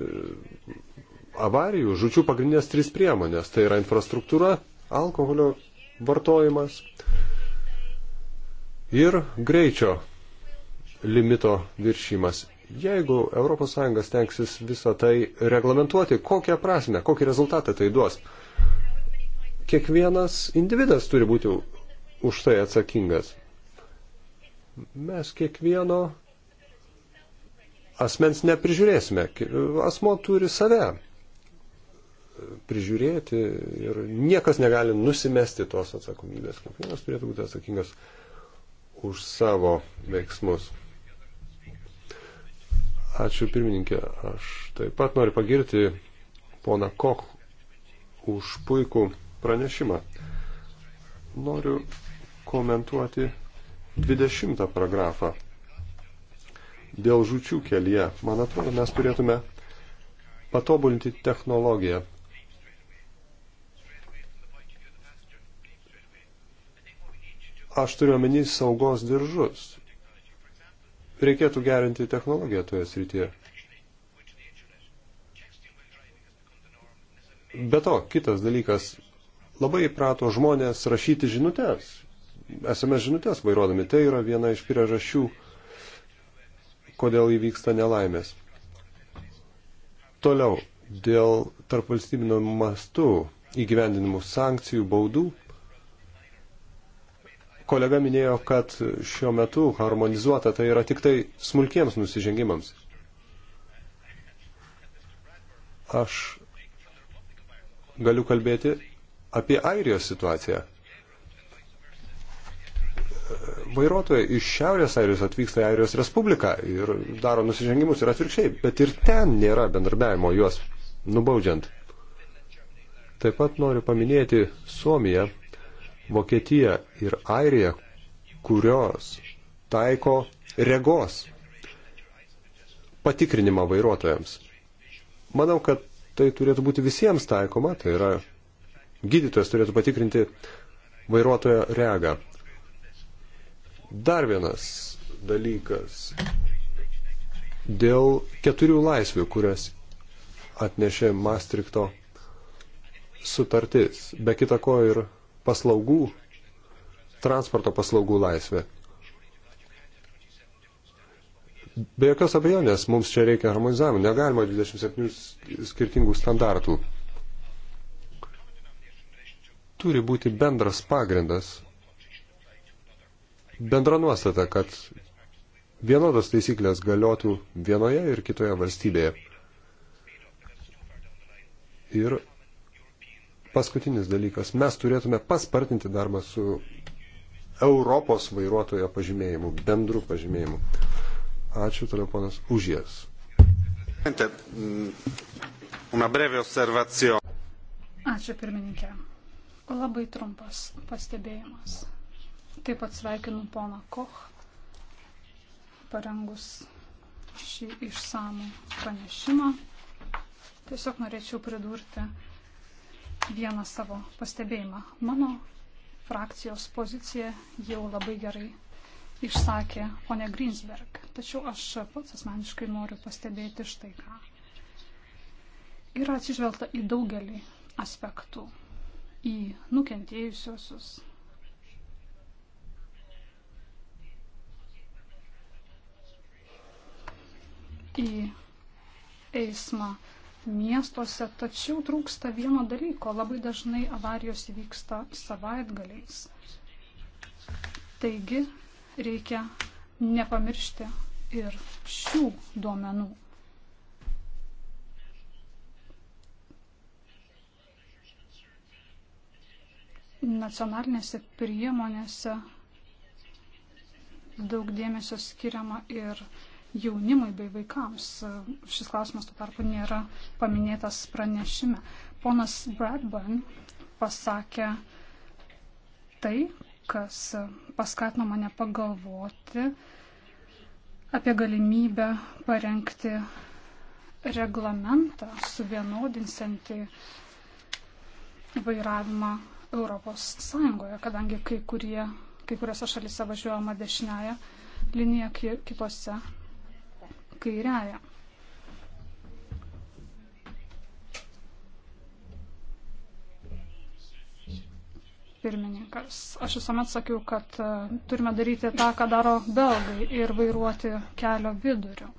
avarijų, žučių pagrindinės trys priemonės. Tai yra infrastruktūra, alkoholio vartojimas ir greičio limito viršymas. Jeigu ES tenksis visą tai reglamentuoti, kokią prasme, kokį rezultatą tai duos? Kiekvienas individas turi būti už tai atsakingas. Mes kiekvieno asmens neprižiūrėsime. Asmo turi save prižiūrėti ir niekas negali nusimesti tos atsakomybės. Kiekvienas turėtų būti atsakingas už savo veiksmus. Ačiū pirmininkė. Aš taip pat noriu pagirti poną Koch už puikų pranešimą. Noriu komentuoti 20 paragrafą dėl žučių kelyje. Man atrodo, mes turėtume patobulinti technologiją. Aš turiu omeny saugos diržus. Reikėtų gerinti technologiją toje srityje. Be to, kitas dalykas, labai įprato žmonės rašyti žinutės, SMS žinutės vairuodami. Tai yra viena iš priežasčių, kodėl įvyksta nelaimės. Toliau, dėl tarpvalstybinio mastų įgyvendinimų sankcijų, baudų. Kolega minėjo, kad šiuo metu harmonizuota tai yra tik tai smulkiems nusižengimams. Aš galiu kalbėti apie Airijos situaciją vairuotojai iš Šiaurės Airijos atvyksta į Airijos Respubliką ir daro nusižengimus ir atvirkščiai, bet ir ten nėra bendarbiavimo juos nubaudžiant. Taip pat noriu paminėti Suomiją, Vokietiją ir Airiją, kurios taiko regos patikrinimą vairuotojams. Manau, kad tai turėtų būti visiems taikoma, tai yra gydytojas turėtų patikrinti vairuotojo regą. Dar vienas dalykas. Dėl keturių laisvių, kurias atnešė Maastrichto sutartis, be kita ko ir paslaugų, transporto paslaugų laisvė. Be jokios abejonės, mums čia reikia harmonizavimo, negalima 27 skirtingų standartų. Turi būti bendras pagrindas bendra nuostata, kad vienodas taisyklės galiotų vienoje ir kitoje valstybėje. Ir paskutinis dalykas, mes turėtume paspartinti darbą su Europos vairuotojo pažymėjimu, bendru pažymėjimu. Ačiū, toliau ponas Užijas. Ačiū pirmininkė. Labai trumpas pastebėjimas. Taip pat sveikinu poną Koch, parengus šį išsamų pranešimą. Tiesiog norėčiau pridurti vieną savo pastebėjimą. Mano frakcijos poziciją jau labai gerai išsakė ponė Greensberg. Tačiau aš pats asmeniškai noriu pastebėti štai ką. Yra atsižvelgta į daugelį aspektų. Į nukentėjusiosius, į eismą miestuose, tačiau trūksta vieno dalyko. Labai dažnai avarijos įvyksta savaitgaliais. Taigi reikia nepamiršti ir šių duomenų. Nacionalinėse priemonėse daug dėmesio skiriama ir jaunimui bei vaikams. Šis klausimas tuo tarpu nėra paminėtas pranešime. Ponas Bradburn pasakė tai, kas paskatino mane pagalvoti apie galimybę parengti reglamentą suvienodinsiantį vairavimą Europos Sąjungoje, kadangi kai, kurie, kai kuriuose šalise važiuojama dešinėje linija, kitose kairiaja. Pirmininkas. Aš visuomet sakiau, kad e, turime daryti tą, ką daro belgai ir vairuoti kelio viduriu.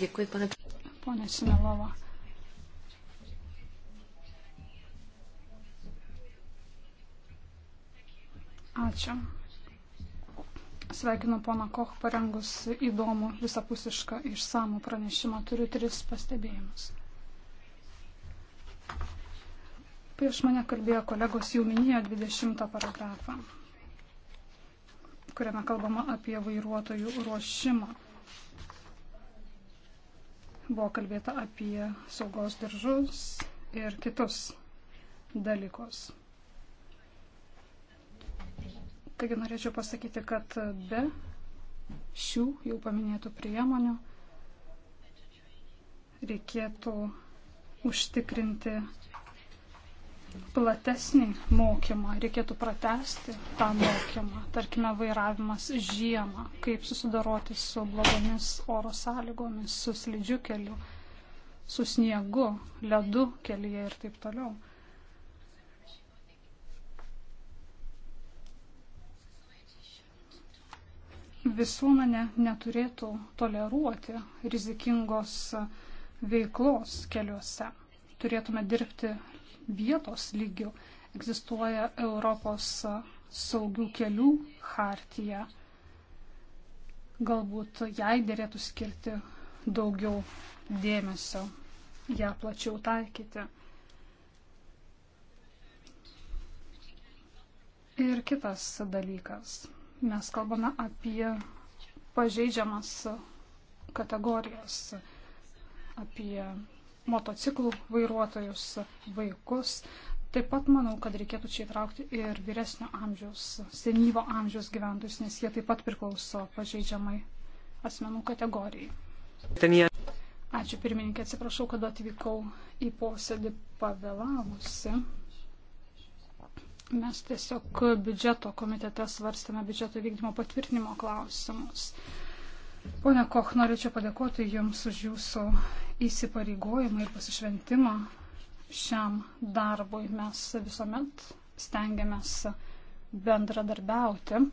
Děkuji, pane. Pane Sinelova. Ačiū. Sveikinu poną Koch parengus įdomų, visapusišką, išsamų pranešimą. Turiu tris pastebėjimus. Prieš mane kalbėjo kolegos jau minėjo 20 paragrafą, kuriame kalbama apie vairuotojų ruošimą. Buvo kalbėta apie saugos diržus ir kitus dalykus. Taigi norėčiau pasakyti, kad be šių jau paminėtų priemonių reikėtų užtikrinti platesnį mokymą, reikėtų pratesti tą mokymą, tarkime, vairavimas žiemą, kaip susidaroti su blogomis oro sąlygomis, su slidžiu keliu, su sniegu, ledu kelyje ir taip toliau. visuomenė neturėtų toleruoti rizikingos veiklos keliuose. Turėtume dirbti vietos lygių. Egzistuoja Europos saugių kelių hartija. Galbūt jai dėlėtų skirti daugiau dėmesio, ją plačiau taikyti. Ir kitas dalykas mes kalbame apie pažeidžiamas kategorijas, apie motociklų vairuotojus, vaikus. Taip pat manau, kad reikėtų čia įtraukti ir vyresnio amžiaus, senyvo amžiaus gyventojus, nes jie taip pat priklauso pažeidžiamai asmenų kategorijai. Ačiū pirmininkė, atsiprašau, kad atvykau į posėdį pavėlavusi. Mes tiesiog biudžeto komitete svarstame biudžeto vykdymo patvirtinimo klausimus. Pone Koch, norėčiau padėkoti Jums už Jūsų įsipareigojimą ir pasišventimą šiam darbui. Mes visuomet stengiamės bendradarbiauti.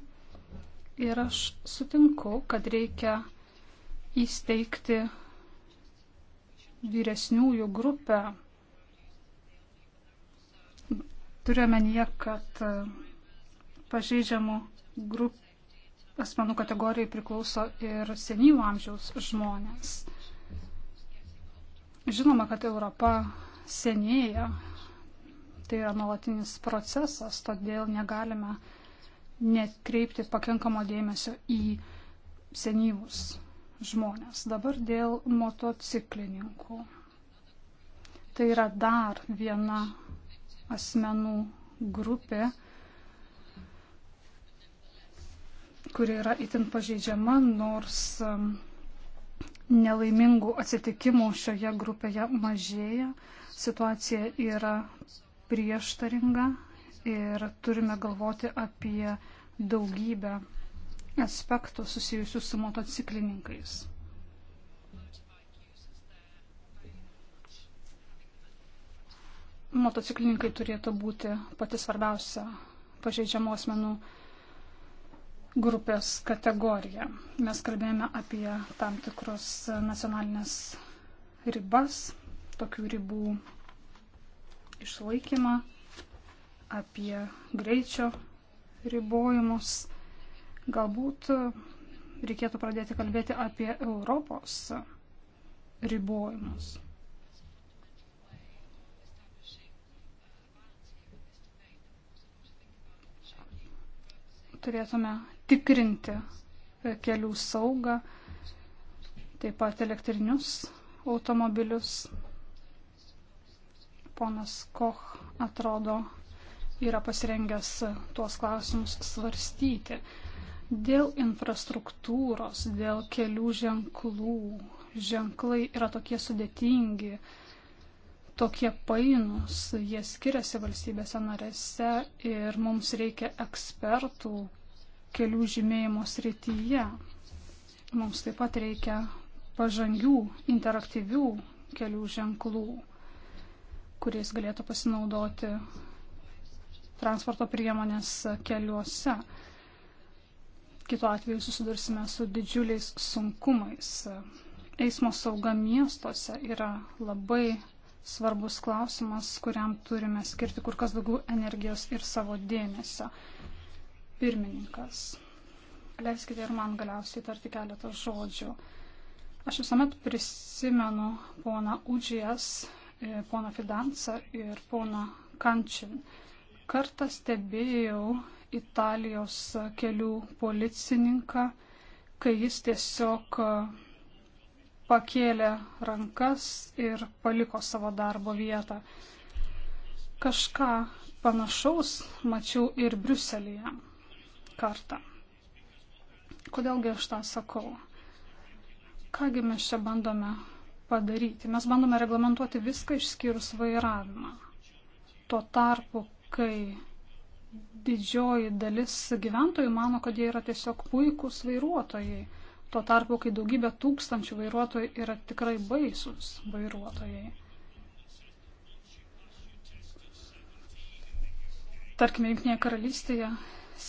Ir aš sutinku, kad reikia įsteigti vyresniųjų grupę Turiu menyje, kad e, pažeidžiamų grup, asmenų kategorijai priklauso ir senyvo amžiaus žmonės. Žinoma, kad Europa senėja, tai yra nuolatinis procesas, todėl negalime netkreipti pakankamo dėmesio į senyvus žmonės. Dabar dėl motociklininkų. Tai yra dar viena asmenų grupė, kuri yra itin pažeidžiama, nors um, nelaimingų atsitikimų šioje grupėje mažėja. Situacija yra prieštaringa ir turime galvoti apie daugybę aspektų susijusių su motociklininkais. motociklininkai turėtų būti pati svarbiausia pažeidžiamų asmenų grupės kategorija. Mes kalbėjome apie tam tikrus nacionalinės ribas, tokių ribų išlaikymą, apie greičio ribojimus. Galbūt reikėtų pradėti kalbėti apie Europos ribojimus. turėtume tikrinti kelių saugą, taip pat elektrinius automobilius. Ponas Koch atrodo yra pasirengęs tuos klausimus svarstyti. Dėl infrastruktūros, dėl kelių ženklų. Ženklai yra tokie sudėtingi, tokie painus, jie skiriasi valstybėse narėse ir mums reikia ekspertų kelių žymėjimo srityje. Mums taip pat reikia pažangių, interaktyvių kelių ženklų, kuriais galėtų pasinaudoti transporto priemonės keliuose. Kitu atveju susidursime su didžiuliais sunkumais. Eismo sauga miestuose yra labai svarbus klausimas, kuriam turime skirti kur kas daugiau energijos ir savo dėmesio. Pirmininkas, leiskite ir man galiausiai tarti keletą žodžių. Aš visuomet prisimenu poną Udžijas, e, poną Fidansą ir poną Kančin. Kartą stebėjau Italijos kelių policininką, kai jis tiesiog pakėlė rankas ir paliko savo darbo vietą. Kažką panašaus mačiau ir Briuselėje kartą. Kodėlgi aš tą sakau? Kągi mes čia bandome padaryti? Mes bandome reglamentuoti viską išskyrus vairavimą. Tuo tarpu, kai didžioji dalis gyventojų mano, kad jie yra tiesiog puikūs vairuotojai. Tuo tarpu, kai daugybė tūkstančių vairuotojų yra tikrai baisus vairuotojai. Tarkime, Junktinėje karalystėje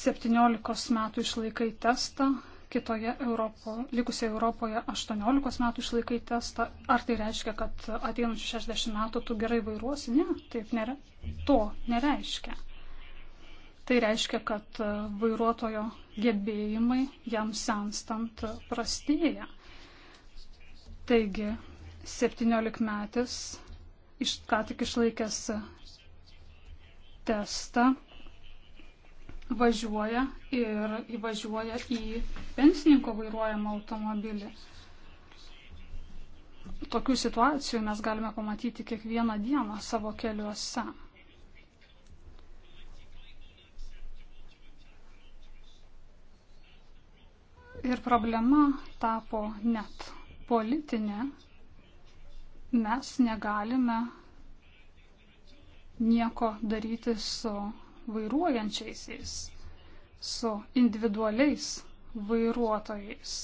17 metų išlaikai testą, kitoje Europo, likusioje Europoje 18 metų išlaikai testą. Ar tai reiškia, kad ateinančių 60 metų tu gerai vairuosi? Ne, taip nėra. To nereiškia. Tai reiškia, kad e, vairuotojo gebėjimai jam senstant prastėja. Taigi, 17-metis, iš ką tik išlaikęs testą, važiuoja ir įvažiuoja į pensininko vairuojamą automobilį. Tokių situacijų mes galime pamatyti kiekvieną dieną savo keliuose. ir problema tapo net politinė, mes negalime nieko daryti su vairuojančiaisiais, su individualiais vairuotojais.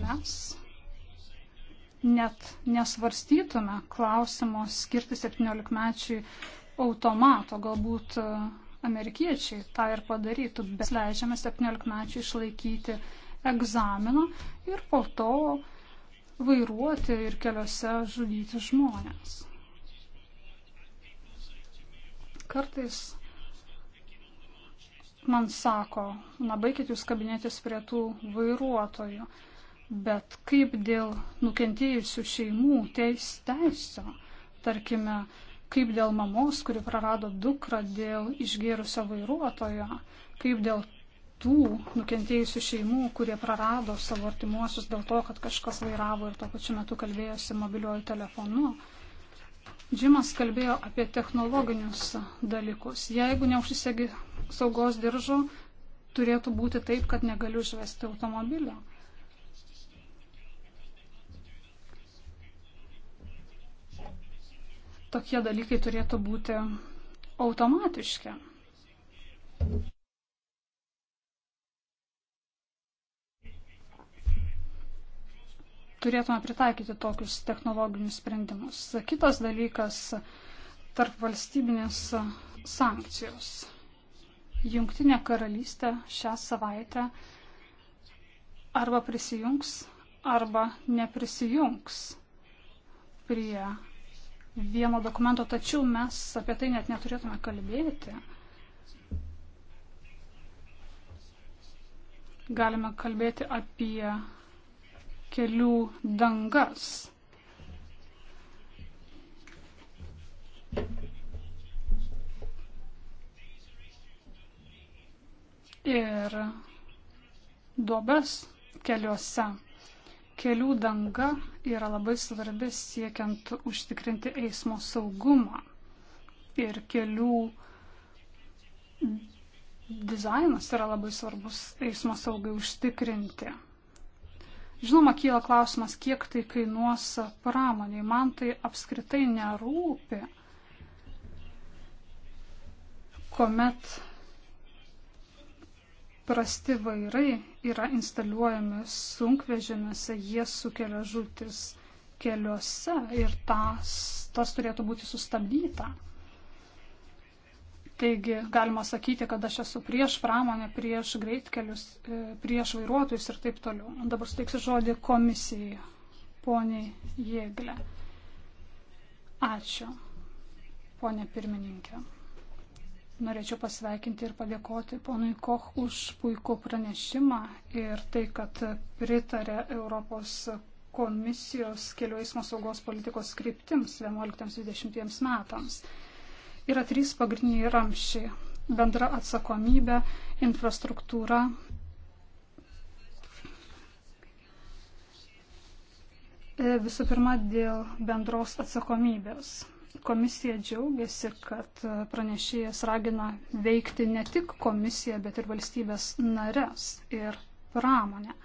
Mes net nesvarstytume klausimo skirti 17-mečiui automato, galbūt amerikiečiai tą ir padarytų, bet leidžiame 17-mečiui išlaikyti egzaminą ir po to vairuoti ir keliuose žudyti žmonės. Kartais man sako, na baikit jūs kabinėtis prie tų vairuotojų, bet kaip dėl nukentėjusių šeimų teis teisio, tarkime, kaip dėl mamos, kuri prarado dukrą dėl išgėrusio vairuotojo, kaip dėl tų nukentėjusių šeimų, kurie prarado savo artimuosius dėl to, kad kažkas vairavo ir tuo pačiu metu kalbėjosi mobiliuoju telefonu. Džimas kalbėjo apie technologinius dalykus. Jeigu neužsisegi saugos diržo, turėtų būti taip, kad negaliu žvesti automobilio. tokie dalykai turėtų būti automatiški. Turėtume pritaikyti tokius technologinius sprendimus. Kitas dalykas - tarp valstybinės sankcijos. Jungtinė karalystė šią savaitę arba prisijungs, arba neprisijungs prie vieno dokumento, tačiau mes apie tai net neturėtume kalbėti. Galime kalbėti apie kelių dangas. Ir duobes keliuose. Kelių danga yra labai svarbi siekiant užtikrinti eismo saugumą. Ir kelių dizainas yra labai svarbus eismo saugai užtikrinti. Žinoma, kyla klausimas, kiek tai kainuos pramoniai. Man tai apskritai nerūpi, kuomet prasti vairai yra instaliuojami sunkvežimiuose, jie sukelia žūtis keliuose ir tas, tas turėtų būti sustabdyta. Taigi galima sakyti, kad aš esu prieš pramonę, prieš greitkelius, e, prieš vairuotojus ir taip toliau. Dabar suteiksiu žodį komisijai, poniai Jėglė. Ačiū, ponė pirmininkė norėčiau pasveikinti ir padėkoti ponui Koch už puikų pranešimą ir tai, kad pritarė Europos komisijos kelių eismo saugos politikos kryptims 11-20 metams. Yra trys pagrindiniai ramšiai - bendra atsakomybė, infrastruktūra. E, visų pirma, dėl bendros atsakomybės. Komisija džiaugiasi, kad pranešėjas ragina veikti ne tik komisiją, bet ir valstybės nares ir pramonę.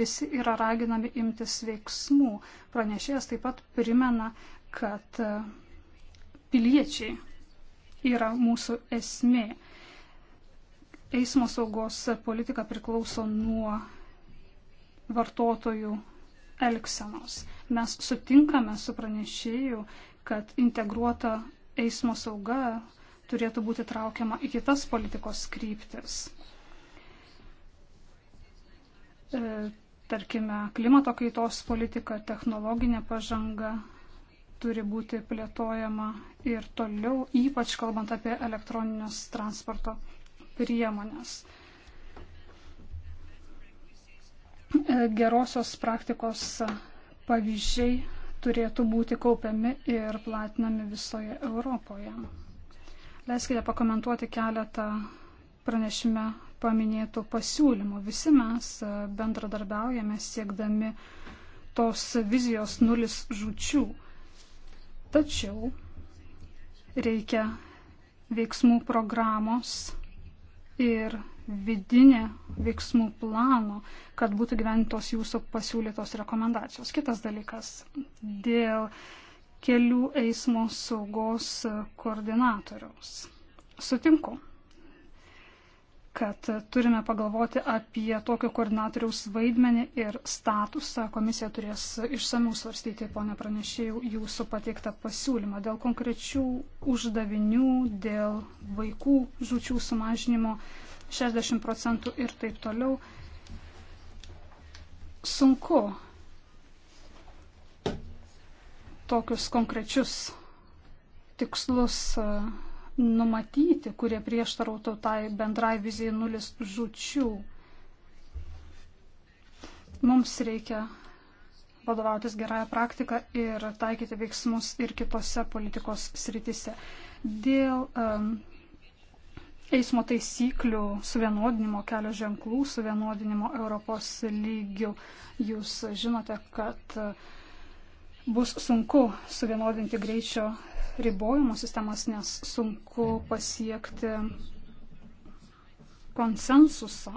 Visi yra raginami imtis veiksmų. Pranešėjas taip pat primena, kad e, piliečiai yra mūsų esmė. Eismo saugos politika priklauso nuo vartotojų elgsenos. Mes sutinkame su pranešėju, kad integruota eismo sauga turėtų būti traukiama į kitas politikos kryptis. E, tarkime, klimato kaitos politika, technologinė pažanga turi būti plėtojama ir toliau, ypač kalbant apie elektroninės transporto priemonės. E, gerosios praktikos pavyzdžiai turėtų būti kaupiami ir platinami visoje Europoje. Leiskite pakomentuoti keletą pranešime paminėtų pasiūlymų. Visi mes e, bendradarbiaujame siekdami tos vizijos nulis žučių. Tačiau reikia veiksmų programos ir vidinį veiksmų plano, kad būtų gyventos jūsų pasiūlytos rekomendacijos. Kitas dalykas - dėl kelių eismo saugos koordinatoriaus. Sutinku, kad turime pagalvoti apie tokio koordinatoriaus vaidmenį ir statusą. Komisija turės išsamiau svarstyti, ponė pranešėjų, jūsų pateiktą pasiūlymą dėl konkrečių uždavinių, dėl vaikų žučių sumažinimo 60 procentų ir taip toliau. Sunku tokius konkrečius tikslus numatyti, kurie prieštarautų tai bendrai vizijai nulis žučių. Mums reikia vadovautis gerąją praktiką ir taikyti veiksmus ir kitose politikos sritise. Dėl um, eismo taisyklių suvienodinimo, kelio ženklų suvienodinimo Europos lygių, jūs žinote, kad bus sunku suvienodinti greičio ribojimų sistemas, nes sunku pasiekti konsensuso.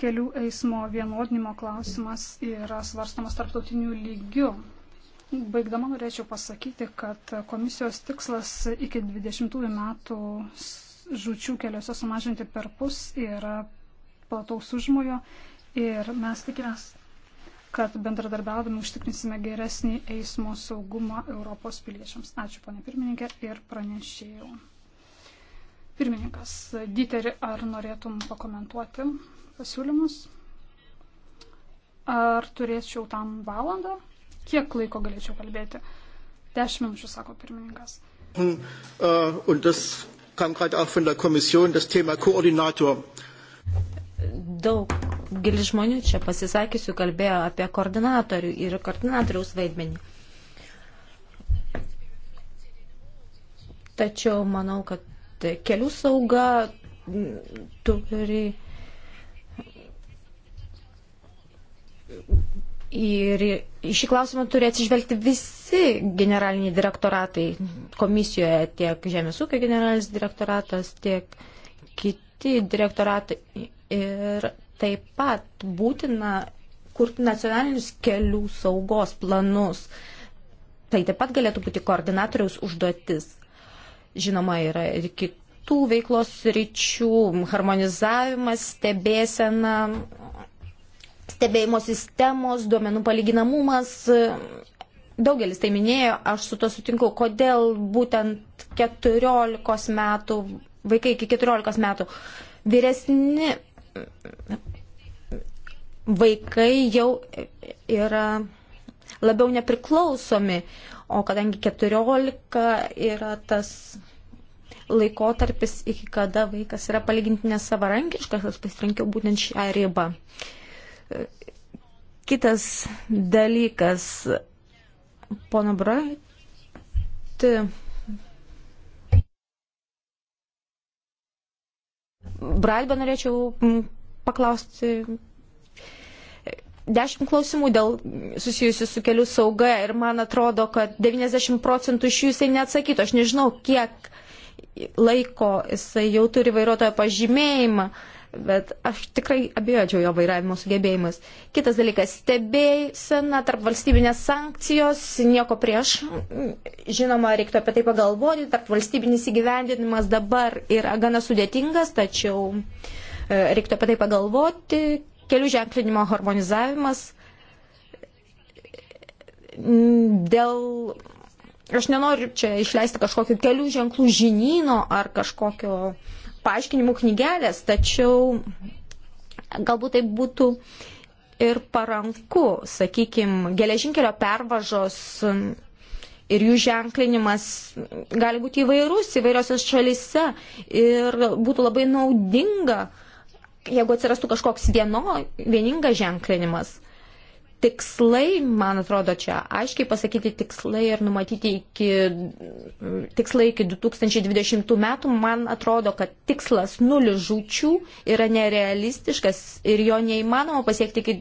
Kelių eismo vienodinimo klausimas yra svarstamas tarptautiniu lygiu. Baigdama norėčiau pasakyti, kad komisijos tikslas iki 20 metų žučių keliuose sumažinti per pus yra plataus užmojo ir mes tikimės kad bendradarbiavimą užtikrinsime geresnį eismo saugumą Europos piliečiams. Ačiū, ponė pirmininkė, ir pranešėjau. Pirmininkas, Diteri, ar norėtum pakomentuoti pasiūlymus? Ar turėčiau tam valandą? Kiek laiko galėčiau kalbėti? Dešimt minučių, sako pirmininkas. Mm, uh, und das kam gerade auch von der Kommission, das Thema Koordinator. Daug daugelis žmonių čia pasisakysiu kalbėjo apie koordinatorių ir koordinatoriaus vaidmenį. Tačiau manau, kad kelių sauga turi Ir į šį klausimą turi atsižvelgti visi generaliniai direktoratai komisijoje, tiek Žemės ūkio generalinis direktoratas, tiek kiti direktoratai. Ir Taip pat būtina kurti nacionalinius kelių saugos planus. Tai taip pat galėtų būti koordinatoriaus užduotis. Žinoma, yra ir kitų veiklos ryčių, harmonizavimas, stebėsena, stebėjimo sistemos, duomenų palyginamumas. Daugelis tai minėjo, aš su to sutinku, kodėl būtent 14 metų, vaikai iki 14 metų, vyresni vaikai jau yra labiau nepriklausomi, o kadangi 14 yra tas laikotarpis, iki kada vaikas yra palyginti nesavarankiškas, aš pasirinkiau būtent šią ribą. Kitas dalykas, pono Brait, Brailbę norėčiau mm, paklausti dešimt klausimų dėl susijusių su kelių sauga ir man atrodo, kad 90 procentų iš jų jisai neatsakytų. Aš nežinau, kiek laiko jisai jau turi vairuotojo pažymėjimą. Uh, bet aš tikrai abejočiau jo vairavimo sugebėjimus. Kitas dalykas - stebėjsena tarp valstybinės sankcijos, nieko prieš. Žinoma, reiktų apie tai pagalvoti, tarp valstybinis įgyvendinimas dabar yra gana sudėtingas, tačiau e, reiktų apie tai pagalvoti. Kelių ženklinimo harmonizavimas dėl. Aš nenoriu čia išleisti kažkokio kelių ženklų žinyno ar kažkokio uh, paaiškinimų knygelės, tačiau galbūt tai būtų ir paranku, sakykime, geležinkelio pervažos ir jų ženklinimas gali būti įvairus įvairiose šalise ir būtų labai naudinga, jeigu atsirastų kažkoks vieno, vieningas ženklinimas tikslai, man atrodo, čia aiškiai pasakyti tikslai ir numatyti iki, tikslai iki 2020 metų, man atrodo, kad tikslas nulis žučių yra nerealistiškas ir jo neįmanoma pasiekti iki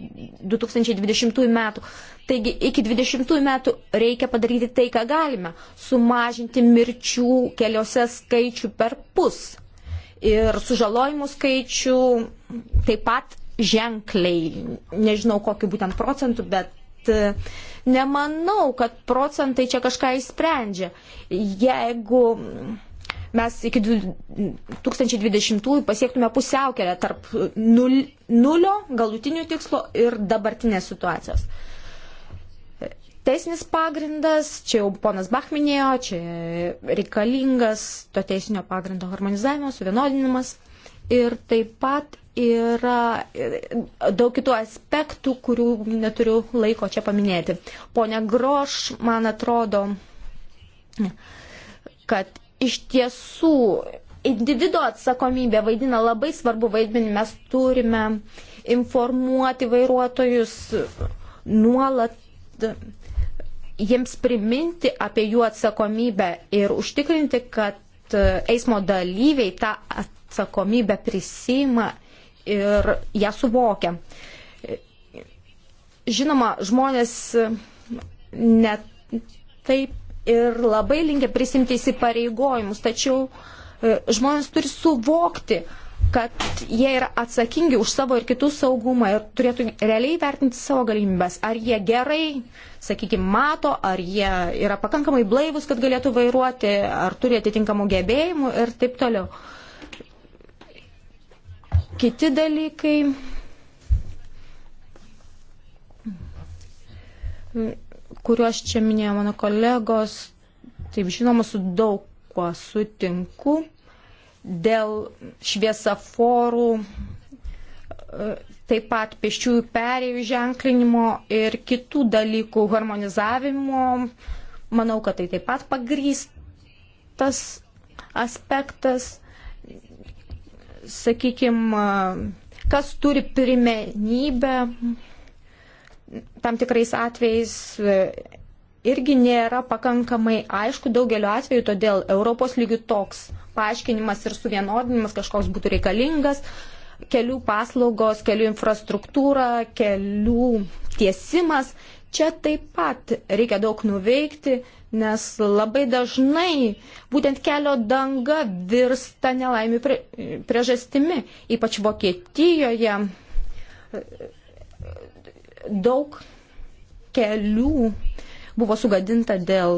2020 metų. Taigi iki 2020 metų reikia padaryti tai, ką galime - sumažinti mirčių keliuose skaičių per pus ir sužalojimų skaičių taip pat ženkliai, nežinau kokiu būtent procentu, bet e, nemanau, kad procentai čia kažką įsprendžia. Jeigu mes iki 2020 pasiektume pusiaukelę tarp nul, nulio galutinių tikslo ir dabartinės situacijos. Teisinis pagrindas, čia jau ponas Bach minėjo, čia reikalingas to teisinio pagrindo harmonizavimas, suvienodinimas ir taip pat yra daug kitų aspektų, kurių neturiu laiko čia paminėti. Pone Groš, man atrodo, kad iš tiesų individuo atsakomybė vaidina labai svarbu vaidmenį. Mes turime informuoti vairuotojus nuolat jiems priminti apie jų atsakomybę ir užtikrinti, kad eismo dalyviai tą atsakomybę prisima ir ją suvokia. Žinoma, žmonės net taip ir labai linkia prisimti įsipareigojimus, tačiau e, žmonės turi suvokti, kad jie yra atsakingi už savo ir kitų saugumą ir turėtų realiai vertinti savo galimybės. Ar jie gerai, sakykime, mato, ar jie yra pakankamai blaivus, kad galėtų vairuoti, ar turi atitinkamų gebėjimų ir taip toliau. Uh, Kiti dalykai. kuriuos čia minėjo mano kolegos, taip žinoma, su daug kuo sutinku dėl šviesaforų, taip pat pešiųjų perėjų ženklinimo ir kitų dalykų harmonizavimo. Manau, kad tai taip pat pagrystas aspektas sakykime, kas turi pirmenybę tam tikrais atvejais e, irgi nėra pakankamai aišku daugeliu atveju, todėl Europos lygių toks paaiškinimas ir suvienodinimas kažkoks būtų reikalingas. Kelių paslaugos, kelių infrastruktūra, kelių tiesimas. Čia taip pat reikia daug nuveikti, nes labai dažnai būtent kelio danga virsta nelaimių priežastimi, ypač Vokietijoje. E, daug kelių buvo sugadinta dėl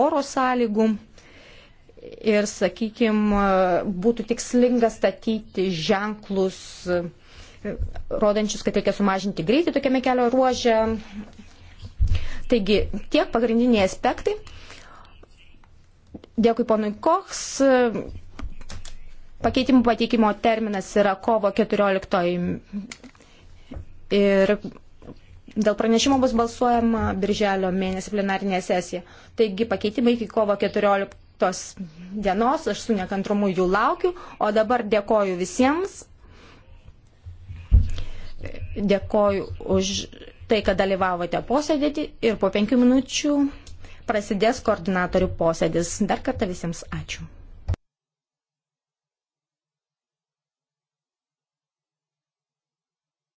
oro sąlygų ir, sakykime, būtų tikslinga statyti ženklus e, rodančius, kad reikia sumažinti greitį tokiame kelio ruože, Taigi tiek pagrindiniai aspektai. Dėkui ponui Koks. Pakeitimų pateikimo terminas yra kovo 14. Ir dėl pranešimo bus balsuojama birželio mėnesį plenarinė sesija. Taigi pakeitimai iki kovo 14 dienos. Aš su nekantrumu jų laukiu. O dabar dėkoju visiems. Dėkoju už tai, kad dalyvavote posėdėti ir po penkių minučių prasidės koordinatorių posėdis. Dar kartą visiems ačiū.